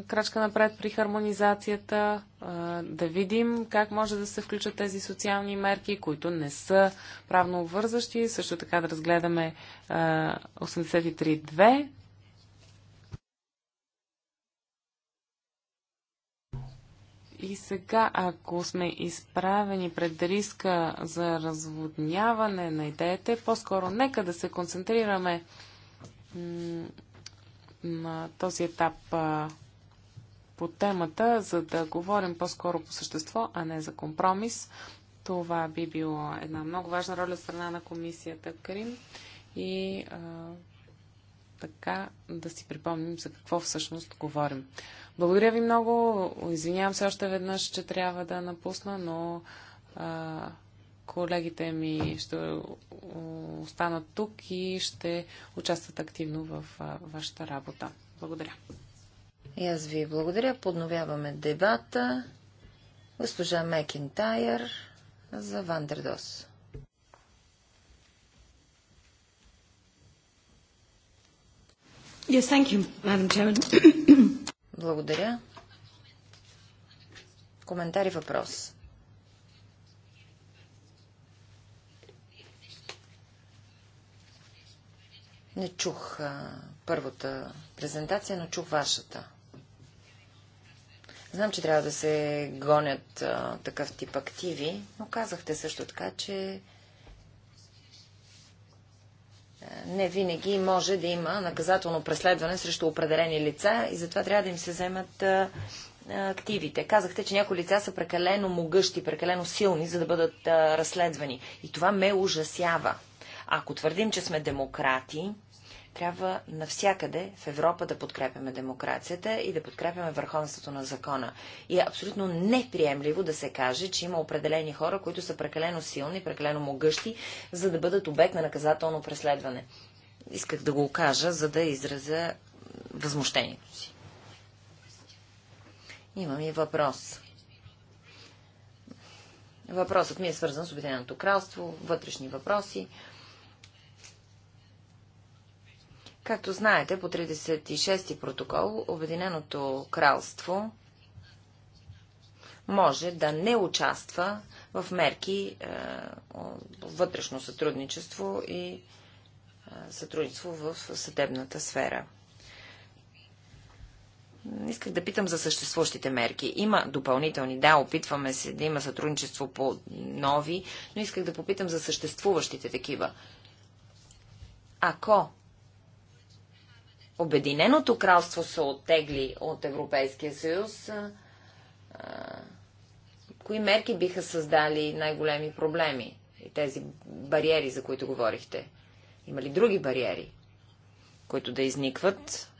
крачка напред при хармонизацията, а, да видим как може да се включат тези социални мерки, които не са правно обвързащи. Също така да разгледаме 83.2 И сега, ако сме изправени пред риска за разводняване на идеите, по-скоро нека да се концентрираме на този етап по темата, за да говорим по-скоро по същество, а не за компромис. Това би било една много важна роля в страна на комисията Крим и а, така да си припомним за какво всъщност говорим. Благодаря ви много. Извинявам се още веднъж, че трябва да напусна, но а, колегите ми ще останат тук и ще участват активно в а, вашата работа. Благодаря. И аз ви благодаря. Подновяваме дебата. Госпожа Мекинтайр за Вандердос. Yes, thank you, Madam Chairman. Благодаря. Коментар и въпрос. Не чух а, първата презентация, но чух вашата. Знам, че трябва да се гонят а, такъв тип активи, но казахте също така, че не винаги може да има наказателно преследване срещу определени лица и затова трябва да им се вземат активите. Казахте, че някои лица са прекалено могъщи, прекалено силни, за да бъдат разследвани. И това ме ужасява. Ако твърдим, че сме демократи, трябва навсякъде в Европа да подкрепяме демокрацията и да подкрепяме върховенството на закона. И е абсолютно неприемливо да се каже, че има определени хора, които са прекалено силни, прекалено могъщи, за да бъдат обект на наказателно преследване. Исках да го кажа, за да изразя възмущението си. Имам и въпрос. Въпросът ми е свързан с Обединеното кралство, вътрешни въпроси. Както знаете, по 36-ти протокол Обединеното кралство може да не участва в мерки е, вътрешно сътрудничество и е, сътрудничество в съдебната сфера. Исках да питам за съществуващите мерки. Има допълнителни, да, опитваме се да има сътрудничество по нови, но исках да попитам за съществуващите такива. Ако Обединеното кралство се оттегли от Европейския съюз, кои мерки биха създали най-големи проблеми и тези бариери, за които говорихте? Има ли други бариери, които да изникват?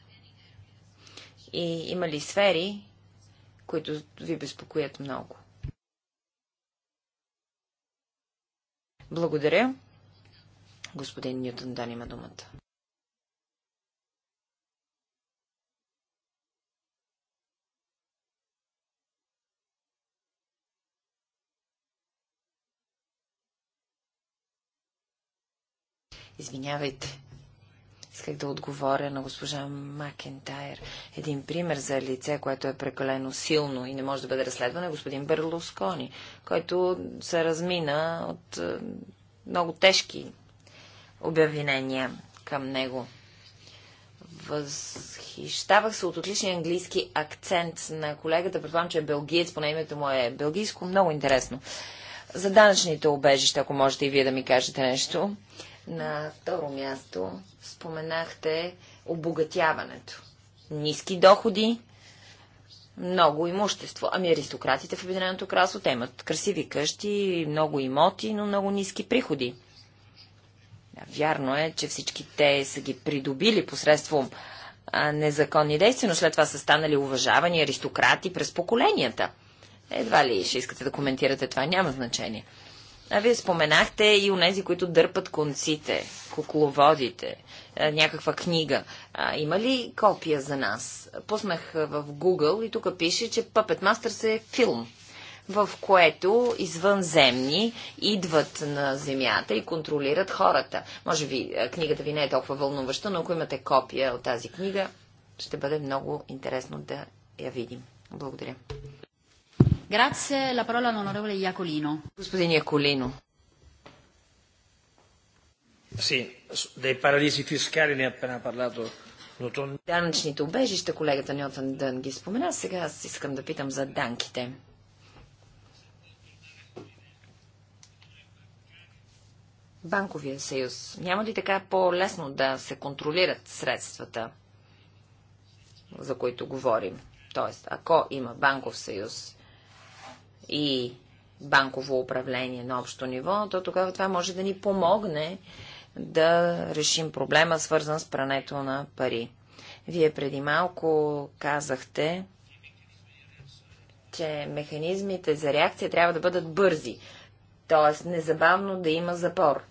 И има ли сфери, които ви безпокоят много? Благодаря. Господин Ньютон, Дан има думата. Извинявайте. Исках да отговоря на госпожа Макентайр. Един пример за лице, което е прекалено силно и не може да бъде разследвано е господин Берлускони, който се размина от е, много тежки обявинения към него. Възхищавах се от отличния английски акцент на колегата. Предполагам, че е белгиец, поне името му е белгийско. Много интересно. За данъчните обежища, ако можете и вие да ми кажете нещо. На второ място споменахте обогатяването. Ниски доходи, много имущество. Ами аристократите в Обединеното кралство, те имат красиви къщи, много имоти, но много ниски приходи. Вярно е, че всички те са ги придобили посредством незаконни действия, но след това са станали уважавани аристократи през поколенията. Едва ли ще искате да коментирате това, няма значение. А вие споменахте и у нези, които дърпат конците, кукловодите, някаква книга. А, има ли копия за нас? Пуснах в Google и тук пише, че Puppet Masters е филм в което извънземни идват на земята и контролират хората. Може би книгата ви не е толкова вълнуваща, но ако имате копия от тази книга, ще бъде много интересно да я видим. Благодаря. Grazie, la parola all'onorevole Iacolino. Господин Яколино. Sì, dei paradisi fiscali ne ha appena parlato Данъчните убежища, колегата Ньотън Дън ги спомена. Сега аз искам да питам за данките. Банковия съюз. Няма ли така по-лесно да се контролират средствата, за които говорим? Тоест, ако има банков съюз, и банково управление на общо ниво, то тогава това може да ни помогне да решим проблема, свързан с прането на пари. Вие преди малко казахте, че механизмите за реакция трябва да бъдат бързи, т.е. незабавно да има запор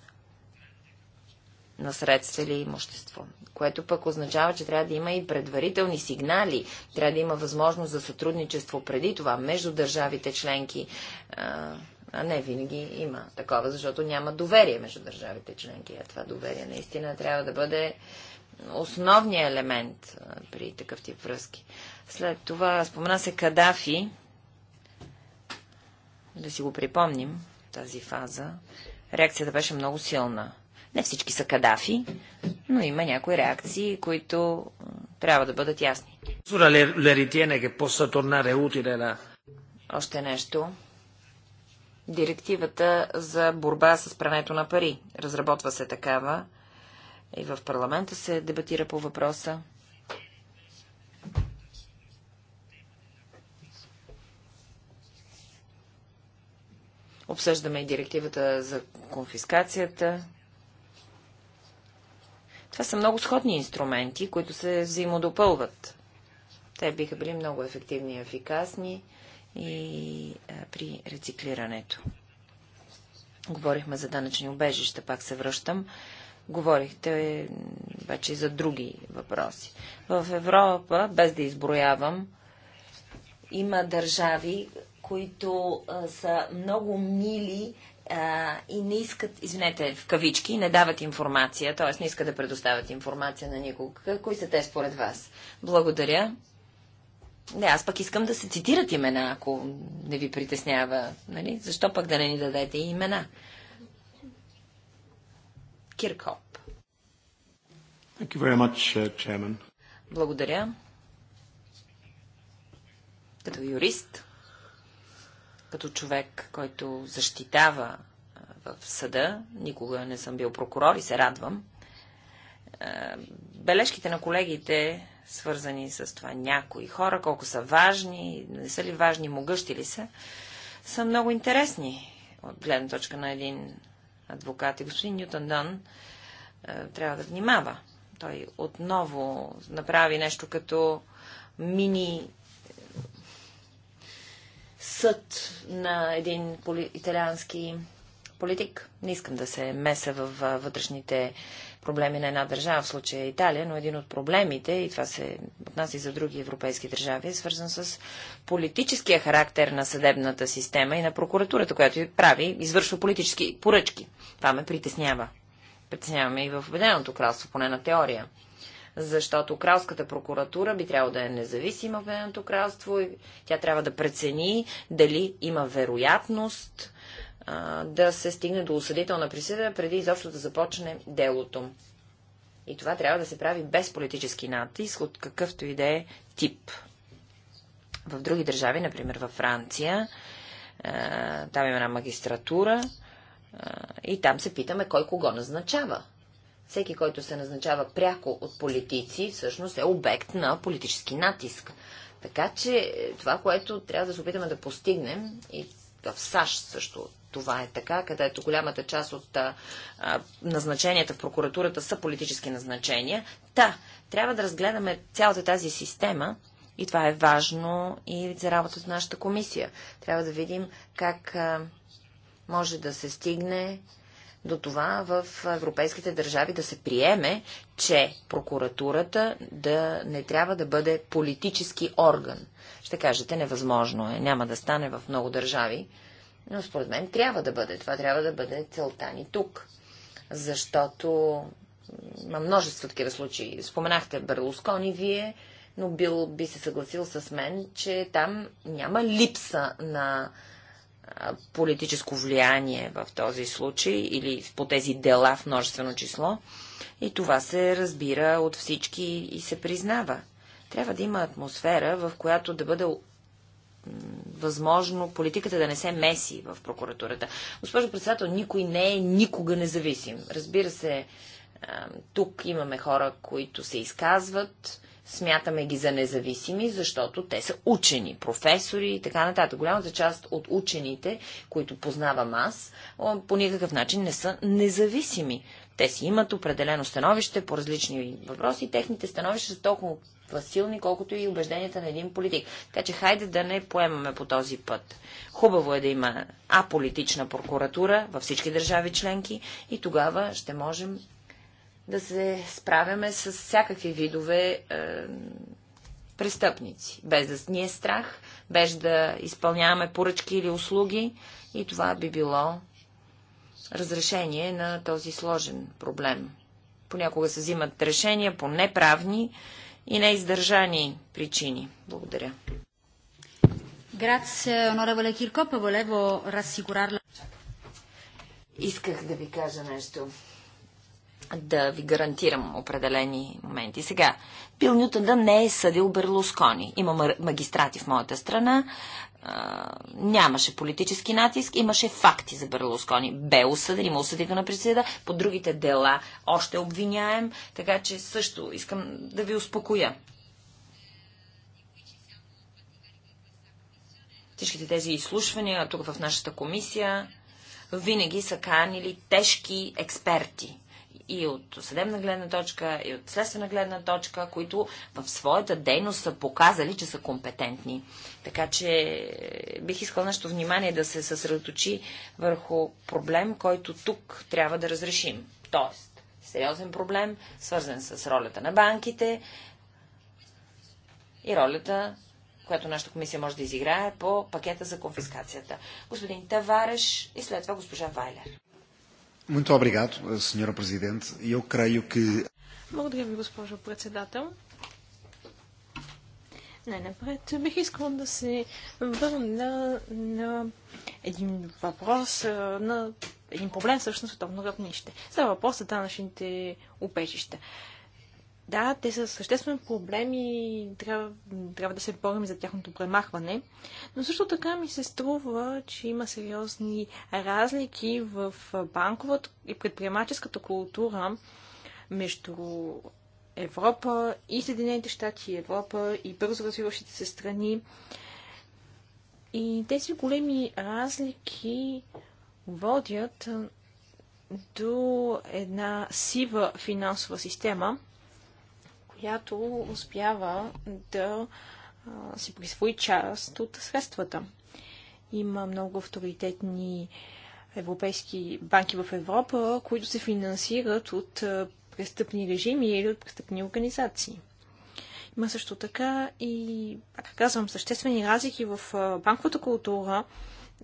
на средства или имущество което пък означава, че трябва да има и предварителни сигнали, трябва да има възможност за сътрудничество преди това между държавите членки. А не винаги има такова, защото няма доверие между държавите членки. А това доверие наистина трябва да бъде основният елемент при такъв тип връзки. След това спомена се Кадафи. Да си го припомним, тази фаза. Реакцията беше много силна. Не всички са Кадафи, но има някои реакции, които трябва да бъдат ясни. Още нещо. Директивата за борба с прането на пари. Разработва се такава. И в парламента се дебатира по въпроса. Обсъждаме и директивата за конфискацията. Това са много сходни инструменти, които се взаимодопълват. Те биха били много ефективни и ефикасни и а, при рециклирането. Говорихме за данъчни убежища, пак се връщам. Говорихте вече и за други въпроси. В Европа, без да изброявам, има държави, които а, са много мили а, и не искат, извинете, в кавички, не дават информация, т.е. не искат да предоставят информация на никого. Кои са те според вас? Благодаря. Не, аз пък искам да се цитират имена, ако не ви притеснява. Нали? Защо пък да не ни дадете и имена? Киркоп. Thank you very much, uh, Chairman. Благодаря. Като юрист, като човек, който защитава в съда, никога не съм бил прокурор и се радвам, бележките на колегите, свързани с това някои хора, колко са важни, не са ли важни, могъщи ли са, са много интересни от гледна точка на един адвокат. И господин Ньютон Дън трябва да внимава. Той отново направи нещо като мини съд на един поли... италиански политик. Не искам да се меса в вътрешните проблеми на една държава, в случая Италия, но един от проблемите, и това се отнася и за други европейски държави, е свързан с политическия характер на съдебната система и на прокуратурата, която прави, извършва политически поръчки. Това ме притеснява. Притесняваме и в Обединеното кралство, поне на теория защото кралската прокуратура би трябвало да е независима в Едното кралство и тя трябва да прецени дали има вероятност а, да се стигне до осъдителна присъда преди изобщо да започне делото. И това трябва да се прави без политически натиск от какъвто и да е тип. В други държави, например във Франция, там има една магистратура и там се питаме кой кого назначава. Всеки, който се назначава пряко от политици, всъщност е обект на политически натиск. Така че е, това, което трябва да се опитаме да постигнем и в САЩ също това е така, където голямата част от а, назначенията в прокуратурата са политически назначения. Та, трябва да разгледаме цялата тази система и това е важно и за работата на нашата комисия. Трябва да видим как а, може да се стигне до това в европейските държави да се приеме, че прокуратурата да не трябва да бъде политически орган. Ще кажете, невъзможно е, няма да стане в много държави, но според мен трябва да бъде. Това трябва да бъде целта ни тук. Защото има множество такива случаи. Споменахте Берлускони вие, но бил би се съгласил с мен, че там няма липса на политическо влияние в този случай или по тези дела в множествено число. И това се разбира от всички и се признава. Трябва да има атмосфера, в която да бъде възможно политиката да не се меси в прокуратурата. Госпожо председател, никой не е никога независим. Разбира се, тук имаме хора, които се изказват, Смятаме ги за независими, защото те са учени, професори и така нататък. Голямата част от учените, които познавам аз, по никакъв начин не са независими. Те си имат определено становище по различни въпроси. Техните становища са толкова силни, колкото и убежденията на един политик. Така че хайде да не поемаме по този път. Хубаво е да има аполитична прокуратура във всички държави членки и тогава ще можем да се справяме с всякакви видове е, престъпници, без да ни е страх, без да изпълняваме поръчки или услуги и това би било разрешение на този сложен проблем. Понякога се взимат решения по неправни и неиздържани причини. Благодаря. Grazie, onorevole Kirkop. Volevo rassicurarla. Исках да ви кажа нещо да ви гарантирам определени моменти. Сега, бил Нютън да не е съдил Берлускони. Има магистрати в моята страна, а, нямаше политически натиск, имаше факти за Берлускони. Бе осъден, има осъдителна присъда, по другите дела още обвиняем, така че също искам да ви успокоя. Всичките тези изслушвания тук в нашата комисия винаги са канили тежки експерти и от съдебна гледна точка, и от следствена гледна точка, които в своята дейност са показали, че са компетентни. Така че е, бих искал нашето внимание да се съсредоточи върху проблем, който тук трябва да разрешим. Тоест, сериозен проблем, свързан с ролята на банките и ролята която нашата комисия може да изиграе по пакета за конфискацията. Господин Тавареш и след това госпожа Вайлер. Muito obrigado, Sra. Presidente. Eu creio que... Благодаря ви, госпожо председател. Най-напред бих искала да се върна на един въпрос, на един проблем всъщност световно равнище. Става въпрос за данъчните убежища. Да, те са съществен проблем и трябва, трябва да се борим за тяхното премахване. Но също така ми се струва, че има сериозни разлики в банковата и предприемаческата култура между Европа и Съединените щати, Европа и бързо развиващите се страни. И тези големи разлики водят до една сива финансова система, която успява да а, си присвои част от средствата. Има много авторитетни европейски банки в Европа, които се финансират от престъпни режими или от престъпни организации. Има също така и, как казвам, съществени разлики в банковата култура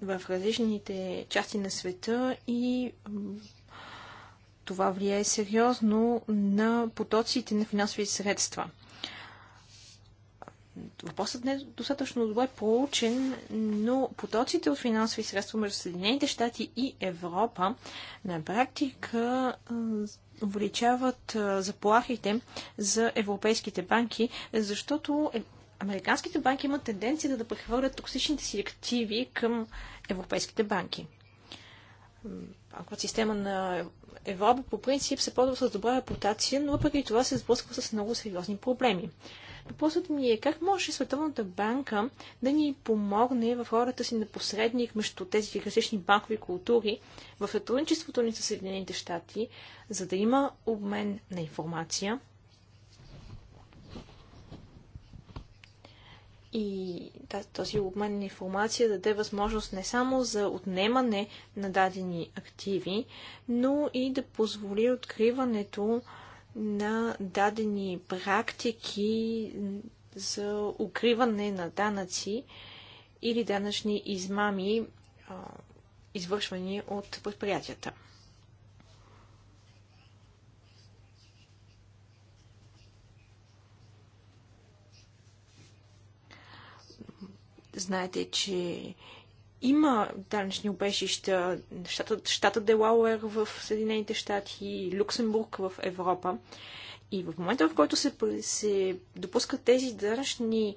в различните части на света и това влияе сериозно на потоците на финансови средства. Въпросът не е достатъчно добре проучен, но потоците от финансови средства между Съединените щати и Европа на практика увеличават заплахите за европейските банки, защото е, американските банки имат тенденция да прехвърлят токсичните си активи към европейските банки банковата система на Европа по принцип се ползва с добра репутация, но въпреки това се сблъсква с много сериозни проблеми. Въпросът ми е как може Световната банка да ни помогне в ролята си на посредник между тези различни банкови култури в сътрудничеството ни с Съединените щати, за да има обмен на информация, И този обмен на информация даде възможност не само за отнемане на дадени активи, но и да позволи откриването на дадени практики за укриване на данъци или данъчни измами, извършвани от предприятията. Знаете, че има данъчни обежища, щата, щата Делауер в Съединените щати и Люксембург в Европа. И в момента, в който се, се допускат тези данъчни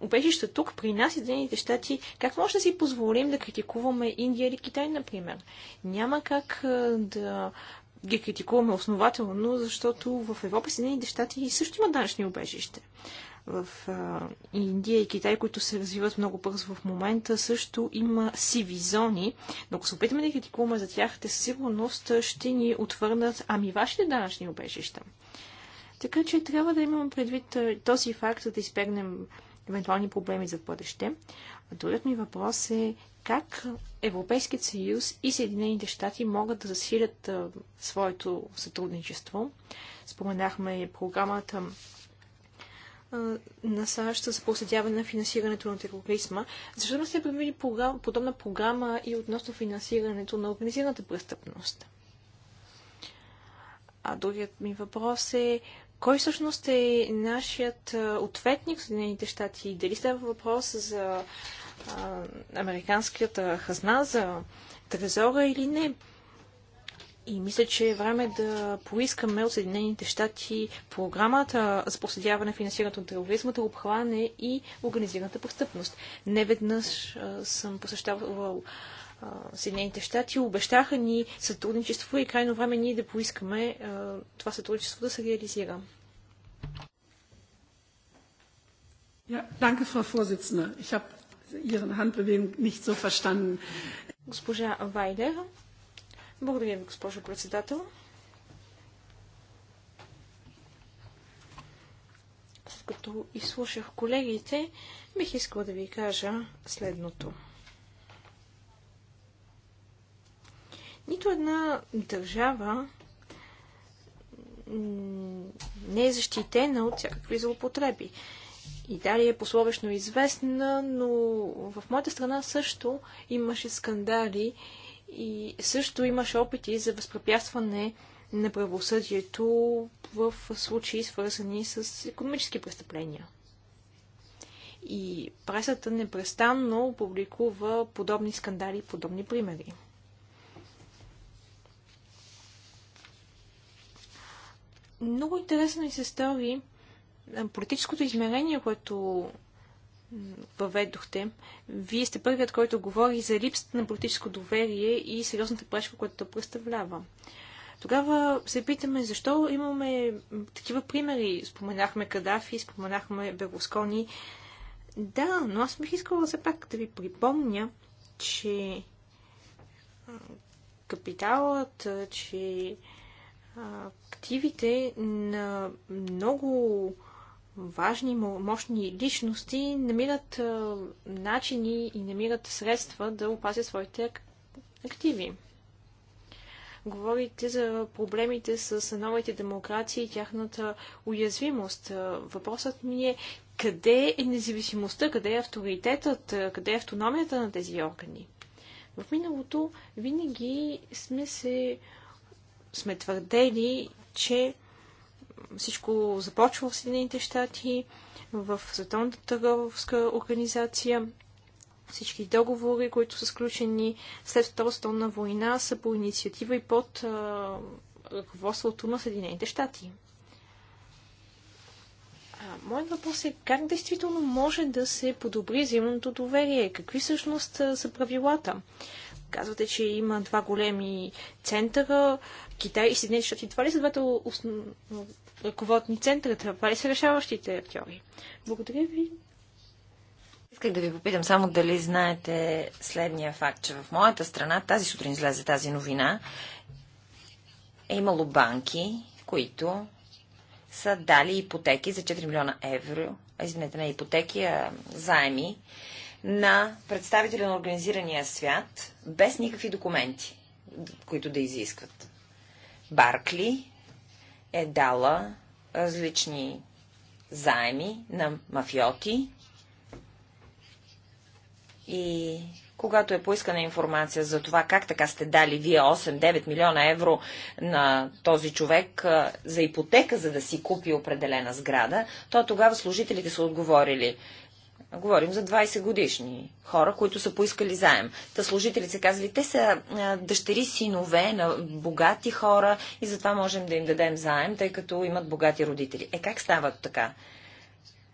убежища тук, при нас, Съединените щати, как може да си позволим да критикуваме Индия или Китай, например? Няма как да ги критикуваме основателно, защото в Европа и Съединените щати също има данъчни убежища в Индия и Китай, които се развиват много бързо в момента, също има сиви зони. Но ако се опитаме да критикуваме за тях, те със сигурност ще ни отвърнат, ами вашите данъчни обежища. Така че трябва да имаме предвид този факт, за да избегнем евентуални проблеми за бъдеще. Другият ми въпрос е как Европейският съюз и Съединените щати могат да засилят а, своето сътрудничество. Споменахме програмата на САЩ за проследяване на финансирането на тероризма. Защо не сте предвидили подобна програма и относно финансирането на организираната престъпност? А другият ми въпрос е кой всъщност е нашият ответник в Съединените щати? Дали става въпрос за а, американската хазна, за трезора или не? И мисля, че е време да поискаме от Съединените щати програмата за проследяване финансирането на тероризма да обхване и организираната престъпност. Не веднъж съм посещавал Съединените щати, обещаха ни сътрудничество и е крайно време ние да поискаме а, това сътрудничество да се реализира. Госпожа Вайлер, благодаря ви, госпожо председател. След като изслушах колегите, бих искала да ви кажа следното. Нито една държава не е защитена от всякакви злоупотреби. дали е пословечно известна, но в моята страна също имаше скандали и също имаше опити за възпрепятстване на правосъдието в случаи свързани с економически престъпления. И пресата непрестанно публикува подобни скандали, подобни примери. Много интересно ми се стави политическото измерение, което въведохте. Вие сте първият, който говори за липсата на политическо доверие и сериозната прачка, която то представлява. Тогава се питаме защо имаме такива примери. Споменахме Кадафи, споменахме Белоскони, Да, но аз бих искала все пак да ви припомня, че капиталът, че активите на много важни, мощни личности намират начини и намират средства да опазят своите активи. Говорите за проблемите с новите демокрации и тяхната уязвимост. Въпросът ми е къде е независимостта, къде е авторитетът, къде е автономията на тези органи. В миналото винаги сме се сме твърдели, че всичко започва в Съединените щати, в Световната търговска организация. Всички договори, които са сключени след Втората столна война, са по инициатива и под а, ръководството на Съединените щати. Моят въпрос е как действително може да се подобри взаимното доверие? Какви всъщност са правилата? Казвате, че има два големи центъра, Китай и Съединените щати. Това ли са двата ръководни центъра, Това ли са решаващите актьори? Благодаря ви. Исках да ви попитам само дали знаете следния факт, че в моята страна тази сутрин излезе тази новина. Е имало банки, които са дали ипотеки за 4 милиона евро, извинете, не ипотеки, а заеми на представители на организирания свят без никакви документи, които да изискват. Баркли е дала различни заеми на мафиоти и когато е поискана информация за това как така сте дали вие 8-9 милиона евро на този човек за ипотека, за да си купи определена сграда, то тогава служителите са отговорили. Говорим за 20 годишни хора, които са поискали заем. Та служители се казали, те са дъщери, синове на богати хора и затова можем да им дадем заем, тъй като имат богати родители. Е, как става така?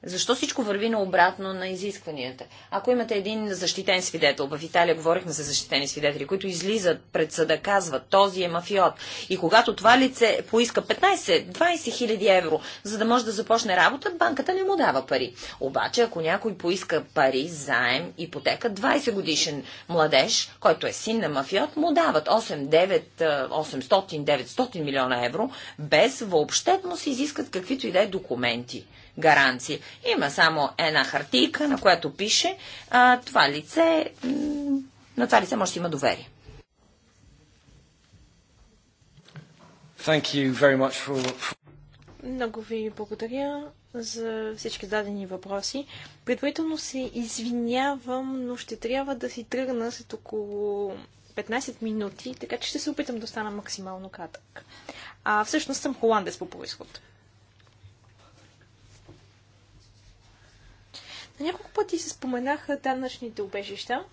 Защо всичко върви наобратно на изискванията? Ако имате един защитен свидетел, в Италия говорихме за защитени свидетели, които излизат пред съда, казват, този е мафиот. И когато това лице поиска 15-20 хиляди евро, за да може да започне работа, банката не му дава пари. Обаче, ако някой поиска пари, заем, ипотека, 20 годишен младеж, който е син на мафиот, му дават 8-9-800-900 милиона евро, без въобще му се изискат каквито и да е документи гаранция. Има само една хартийка, на която пише а, това лице, на това лице може да има доверие. Thank you very much for... Много ви благодаря за всички дадени въпроси. Предварително се извинявам, но ще трябва да си тръгна след около 15 минути, така че ще се опитам да стана максимално кратък. А всъщност съм холандец по происход. Няколко пъти се споменаха данъчните убежища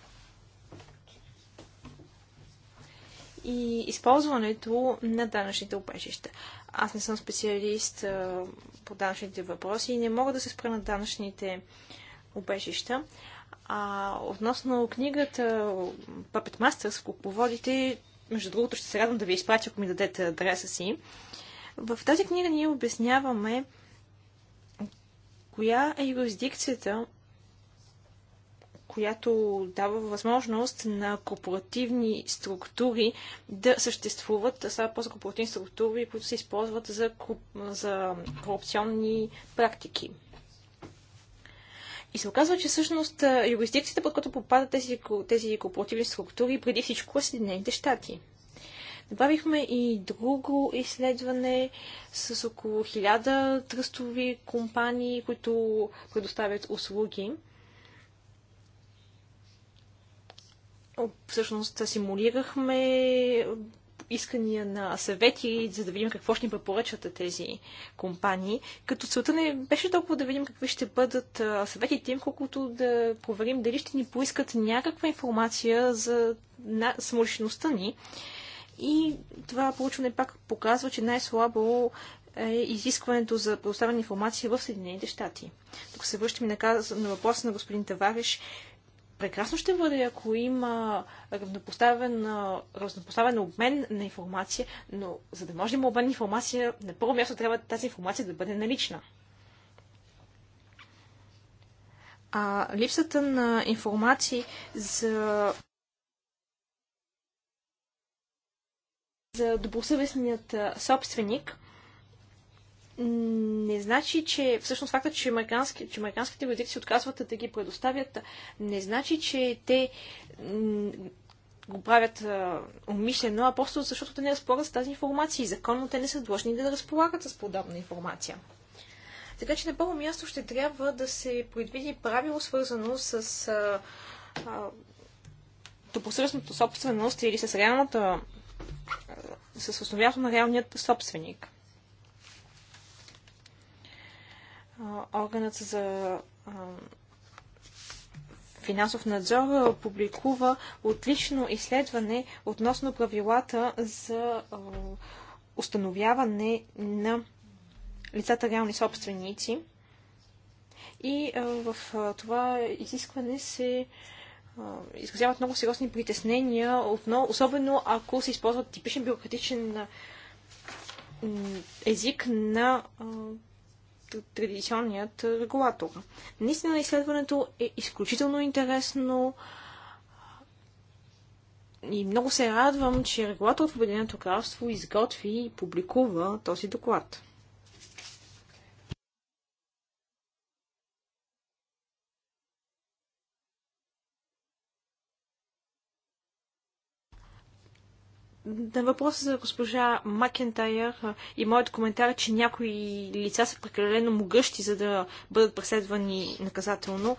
и използването на данъчните убежища. Аз не съм специалист а, по данъчните въпроси и не мога да се спра на данъчните убежища. А относно книгата Puppet Masters, ако поводите, между другото ще се радвам да ви изпратя, ако ми дадете адреса си. В тази книга ние обясняваме коя е юрисдикцията, която дава възможност на корпоративни структури да съществуват, са по-корпоративни структури, които се използват за, за корупционни практики. И се оказва, че всъщност юрисдикцията, под която попадат тези, тези корпоративни структури, преди всичко е Съединените щати. Добавихме и друго изследване с около 1000 тръстови компании, които предоставят услуги. всъщност симулирахме искания на съвети, за да видим какво ще ни препоръчат тези компании. Като целта не беше толкова да видим какви ще бъдат съветите им, колкото да проверим дали ще ни поискат някаква информация за самоличността ни. И това получване пак показва, че най-слабо е изискването за предоставяне информация в Съединените щати. Тук се връщаме на, на въпроса на господин Тавариш прекрасно ще бъде, ако има равнопоставен, равнопоставен обмен на информация, но за да може да има обмен на информация, на първо място трябва тази информация да бъде налична. А липсата на информации за за добросъвестният собственик не значи, че всъщност факта, че, американски, че американските юрисдикции отказват да ги предоставят, не значи, че те го правят а, умишлено, а просто защото те не разполагат с тази информация и законно те не са длъжни да разполагат с подобна информация. Така че на първо място ще трябва да се предвиди правило, свързано с а, а, собственост или с реалната, с основяването на реалният собственик. органът за финансов надзор публикува отлично изследване относно правилата за установяване на лицата реални собственици. И в това изискване се изразяват много сериозни притеснения, особено ако се използват типичен бюрократичен език на традиционният регулатор. Наистина изследването е изключително интересно и много се радвам, че регулаторът в Обединеното кралство изготви и публикува този доклад. на въпроса за госпожа Макентайер и моят коментар, е, че някои лица са прекалено могъщи, за да бъдат преследвани наказателно.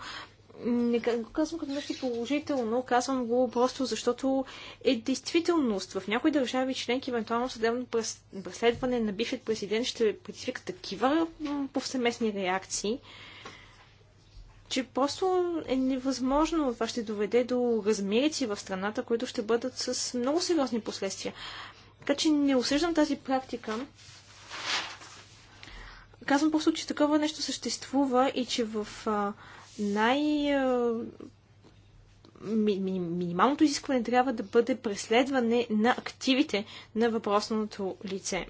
Не го казвам като нещо положително, казвам го просто защото е действителност. В някои държави членки, евентуално съдебно преследване на бившият президент ще предизвика такива повсеместни реакции, че просто е невъзможно. Това ще доведе до размерици в страната, които ще бъдат с много сериозни последствия. Така че не осъждам тази практика. Казвам просто, че такова нещо съществува и че в а, най- а, ми, ми, минималното изискване трябва да бъде преследване на активите на въпросното лице.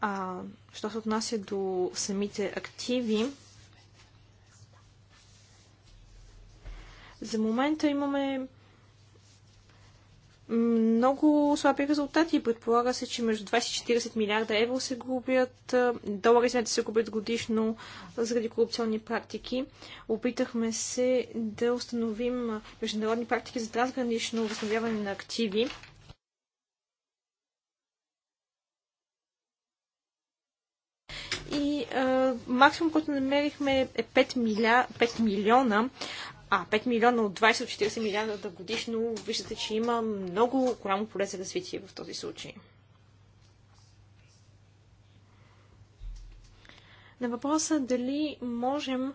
А, що се отнася до самите активи, За момента имаме много слаби резултати. Предполага се, че между 20 и 40 милиарда евро се губят, долари знаете се губят годишно заради корупционни практики. Опитахме се да установим международни практики за трансгранично възстановяване на активи. И а, максимум, който намерихме е 5, миля, 5 милиона, а 5 милиона от 20 от 40 милиарда годишно, виждате, че има много голямо поле за развитие в този случай. На въпроса дали можем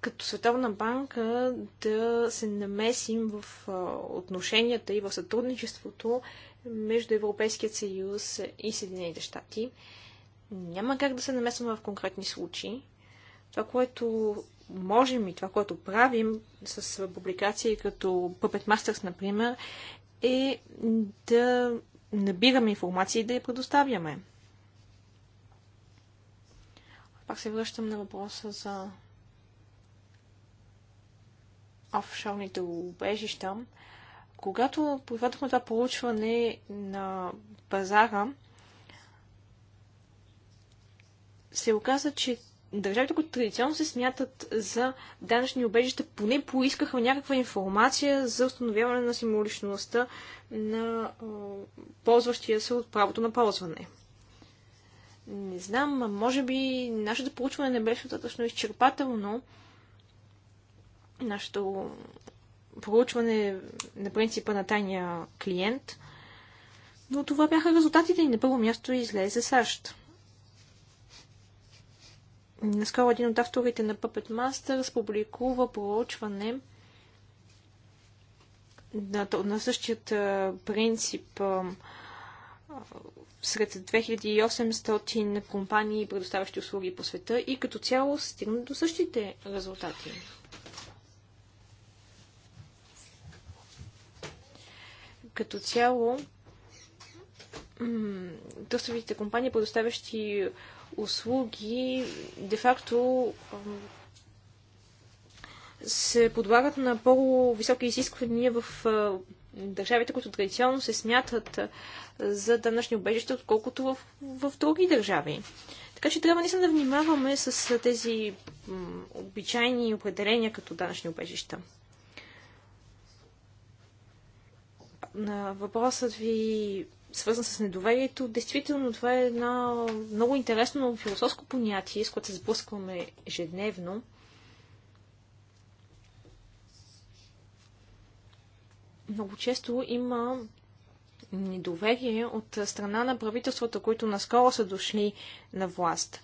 като Световна банка да се намесим в отношенията и в сътрудничеството между Европейския съюз и Съединените щати. Няма как да се намесваме в конкретни случаи. Това, което можем и това, което правим с публикации като Puppet Masters, например, е да набираме информация и да я предоставяме. Пак се връщам на въпроса за офшорните убежища. Когато проведохме това получване на пазара, се оказа, че държавите, които традиционно се смятат за данъчни обежища, поне поискаха някаква информация за установяване на символичността на о, ползващия се от правото на ползване. Не знам, може би нашето проучване не беше достатъчно изчерпателно. Нашето проучване на принципа на тайния клиент. Но това бяха резултатите и на първо място излезе САЩ. Наскоро един от авторите на Puppet Master публикува проучване на, на същият принцип сред 2800 компании, предоставящи услуги по света и като цяло стигна до същите резултати. Като цяло, търсовите компании, предоставящи услуги де-факто се подлагат на по-високи изисквания в държавите, които традиционно се смятат за данъчни убежища, отколкото в, в други държави. Така че трябва наистина да внимаваме с тези обичайни определения като данъчни убежища. На въпросът ви свързан с недоверието, действително това е едно много интересно философско понятие, с което се сблъскваме ежедневно. Много често има недоверие от страна на правителствата, които наскоро са дошли на власт.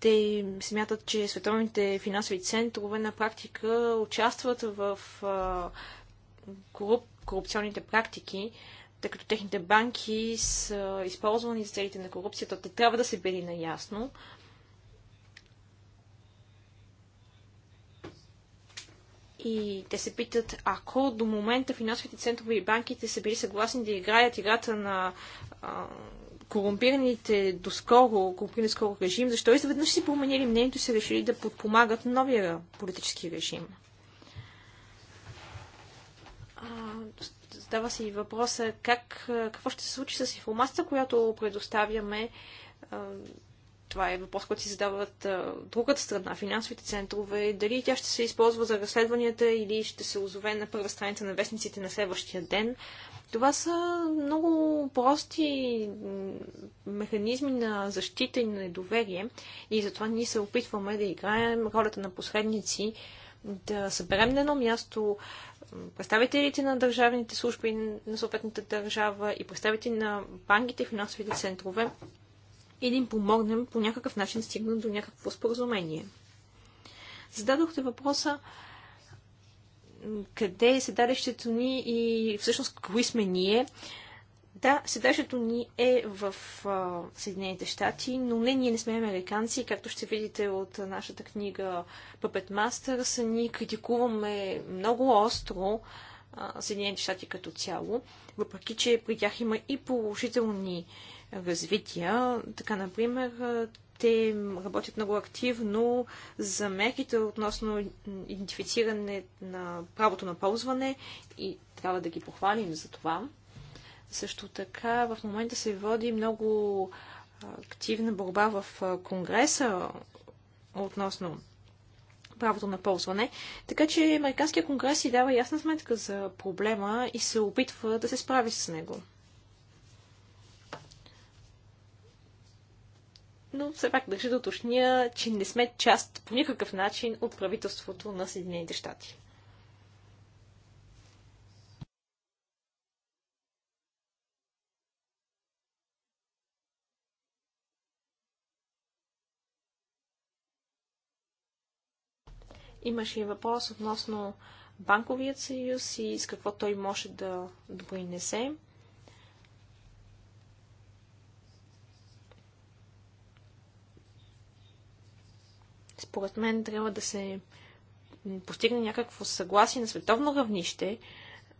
Те смятат, че световните финансови центрове на практика участват в а, коруп, корупционните практики тъй като техните банки са използвани за целите на корупцията, те трябва да се били наясно. И те се питат, ако до момента финансовите центрове и банките са били съгласни да играят играта на а, корумпираните доскоро, корумпираните скоро режим, защо изведнъж си променили мнението и са решили да подпомагат новия политически режим? А, Задава се и въпроса как, какво ще се случи с информацията, която предоставяме. Това е въпрос, който си задават другата страна, финансовите центрове. Дали тя ще се използва за разследванията или ще се озове на първа страница на вестниците на следващия ден. Това са много прости механизми на защита и на недоверие и затова ние се опитваме да играем ролята на посредници, да съберем на едно място представителите на държавните служби на съответната държава и представители на банките и финансовите центрове и да им помогнем по някакъв начин стигнат до някакво споразумение. Зададохте въпроса къде е седалището ни и всъщност кои сме ние. Да, седащето ни е в а, Съединените щати, но не, ние не сме американци. Както ще видите от нашата книга Puppet Masters, ни критикуваме много остро а, Съединените щати като цяло, въпреки че при тях има и положителни развития. Така, например, те работят много активно за мерките относно идентифициране на правото на ползване и трябва да ги похвалим за това. Също така в момента се води много активна борба в Конгреса относно правото на ползване. Така че Американския конгрес си дава ясна сметка за проблема и се опитва да се справи с него. Но все пак държа да уточня, че не сме част по никакъв начин от правителството на Съединените щати. Имаше и въпрос относно банковият съюз и с какво той може да допринесе. Според мен трябва да се постигне някакво съгласие на световно равнище,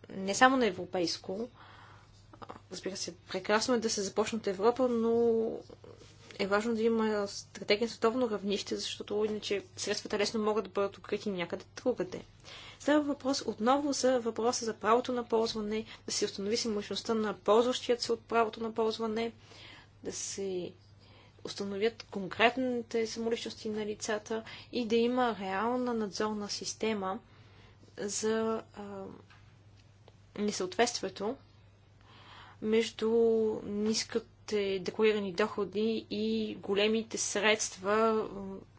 не само на европейско. Разбира се, прекрасно е да се започне от Европа, но е важно да има стратегия на световно равнище, защото иначе средствата лесно могат да бъдат открити някъде другаде. Става въпрос отново за въпроса за правото на ползване, да се установи самоличността на ползващият се от правото на ползване, да се установят конкретните самоличности на лицата и да има реална надзорна система за а, несъответствието между ниската високите декларирани доходи и големите средства,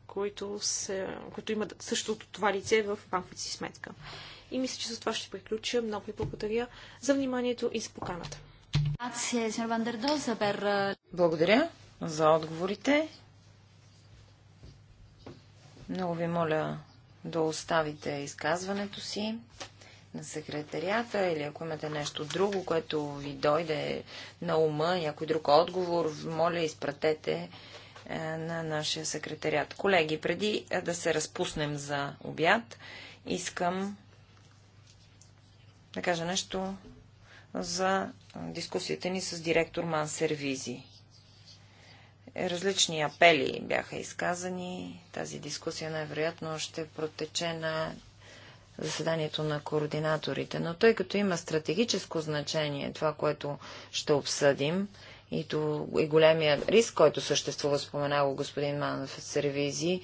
които, се, които имат същото това лице в банковата си сметка. И мисля, че с това ще приключа. Много ви благодаря за вниманието и за поканата. Е, благодаря за отговорите. Много ви моля да оставите изказването си на секретарията или ако имате нещо друго, което ви дойде на ума, някой друг отговор, моля изпратете е, на нашия секретарият. Колеги, преди е, да се разпуснем за обяд, искам да кажа нещо за дискусията ни с директор Ман Сервизи. Различни апели бяха изказани. Тази дискусия най-вероятно ще протече на заседанието на координаторите. Но тъй като има стратегическо значение това, което ще обсъдим, и, то, и големия риск, който съществува, споменава господин Манов в сервизи,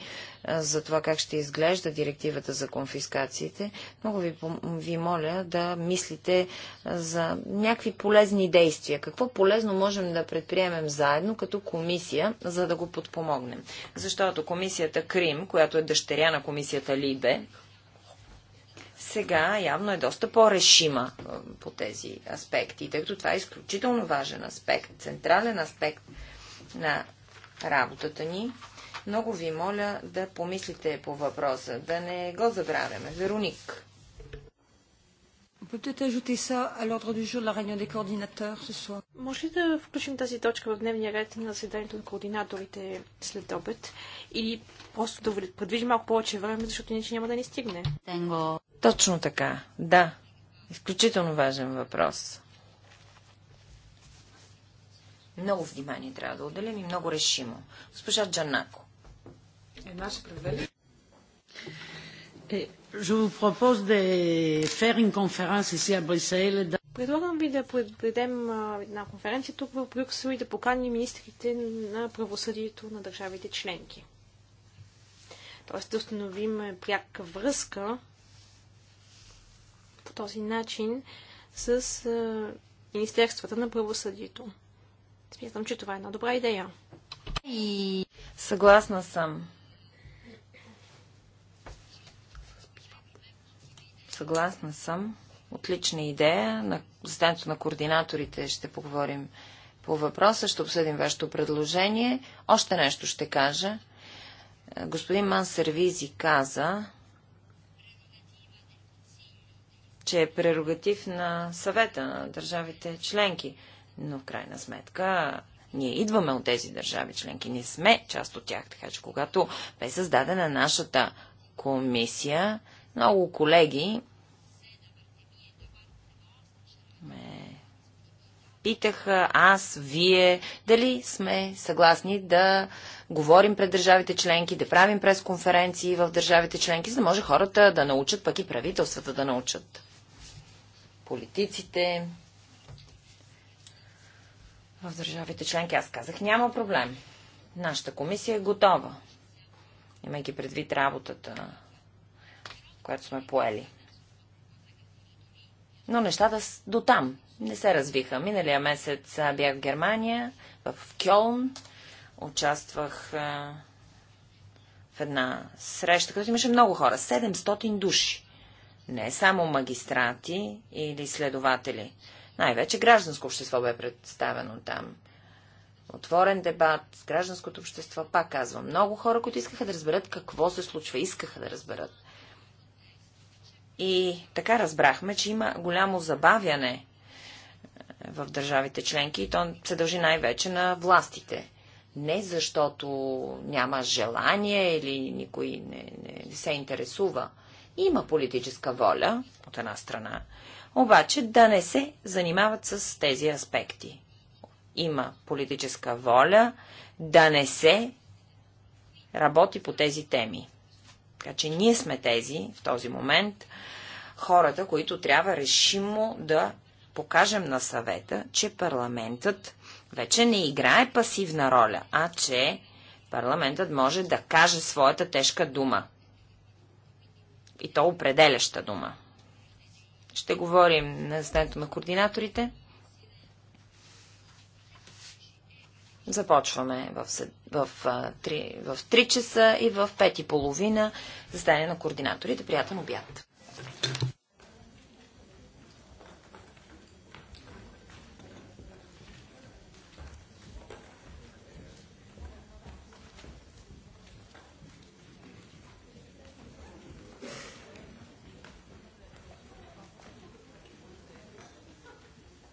за това как ще изглежда директивата за конфискациите, много ви, ви моля да мислите за някакви полезни действия. Какво полезно можем да предприемем заедно като комисия, за да го подпомогнем? Защото комисията Крим, която е дъщеря на комисията Либе, сега явно е доста по-решима е, по тези аспекти, тъй като това е изключително важен аспект, централен аспект на работата ни. Много ви моля да помислите по въпроса, да не го забравяме. Вероник. Може ли да включим тази точка в дневния ред на заседанието на координаторите след обед? и просто да предвижи малко повече време, защото иначе няма да ни стигне. Точно така, да. Изключително важен въпрос. Много внимание трябва да отделим и много решимо. Госпожа Джанако. Една ще превели. Е, Предлагам ви да предпредем една конференция тук в Брюксел и да поканим министрите на правосъдието на държавите членки. Тоест да установим пряка връзка по този начин с а, Министерствата на правосъдието. Смятам, че това е една добра идея. И съгласна съм. Съгласна съм. Отлична идея. На заседанието на координаторите ще поговорим по въпроса, ще обсъдим вашето предложение. Още нещо ще кажа. Господин Мансервизи каза, че е прерогатив на съвета на държавите членки, но в крайна сметка ние идваме от тези държави членки, ние сме част от тях, така че когато бе създадена нашата комисия, много колеги питаха аз, вие, дали сме съгласни да говорим пред държавите членки, да правим пресконференции в държавите членки, за да може хората да научат, пък и правителствата да научат. Политиците в държавите членки. Аз казах, няма проблем. Нашата комисия е готова, имайки предвид работата, която сме поели. Но нещата до там не се развиха. Миналия месец бях в Германия, в Кьолн. Участвах в една среща, където имаше много хора. 700 души. Не само магистрати или следователи. Най-вече гражданско общество бе представено там. Отворен дебат с гражданското общество, пак казвам. Много хора, които искаха да разберат какво се случва, искаха да разберат. И така разбрахме, че има голямо забавяне в държавите членки и то се дължи най-вече на властите. Не защото няма желание или никой не, не се интересува. Има политическа воля от една страна, обаче да не се занимават с тези аспекти. Има политическа воля да не се работи по тези теми. Така че ние сме тези в този момент, хората, които трябва решимо да покажем на съвета, че парламентът вече не играе пасивна роля, а че парламентът може да каже своята тежка дума. И то определяща дума. Ще говорим на заседанието на координаторите. Започваме в, в, в, 3, в 3 часа и в 5 и половина заседание на координаторите. Приятен обяд!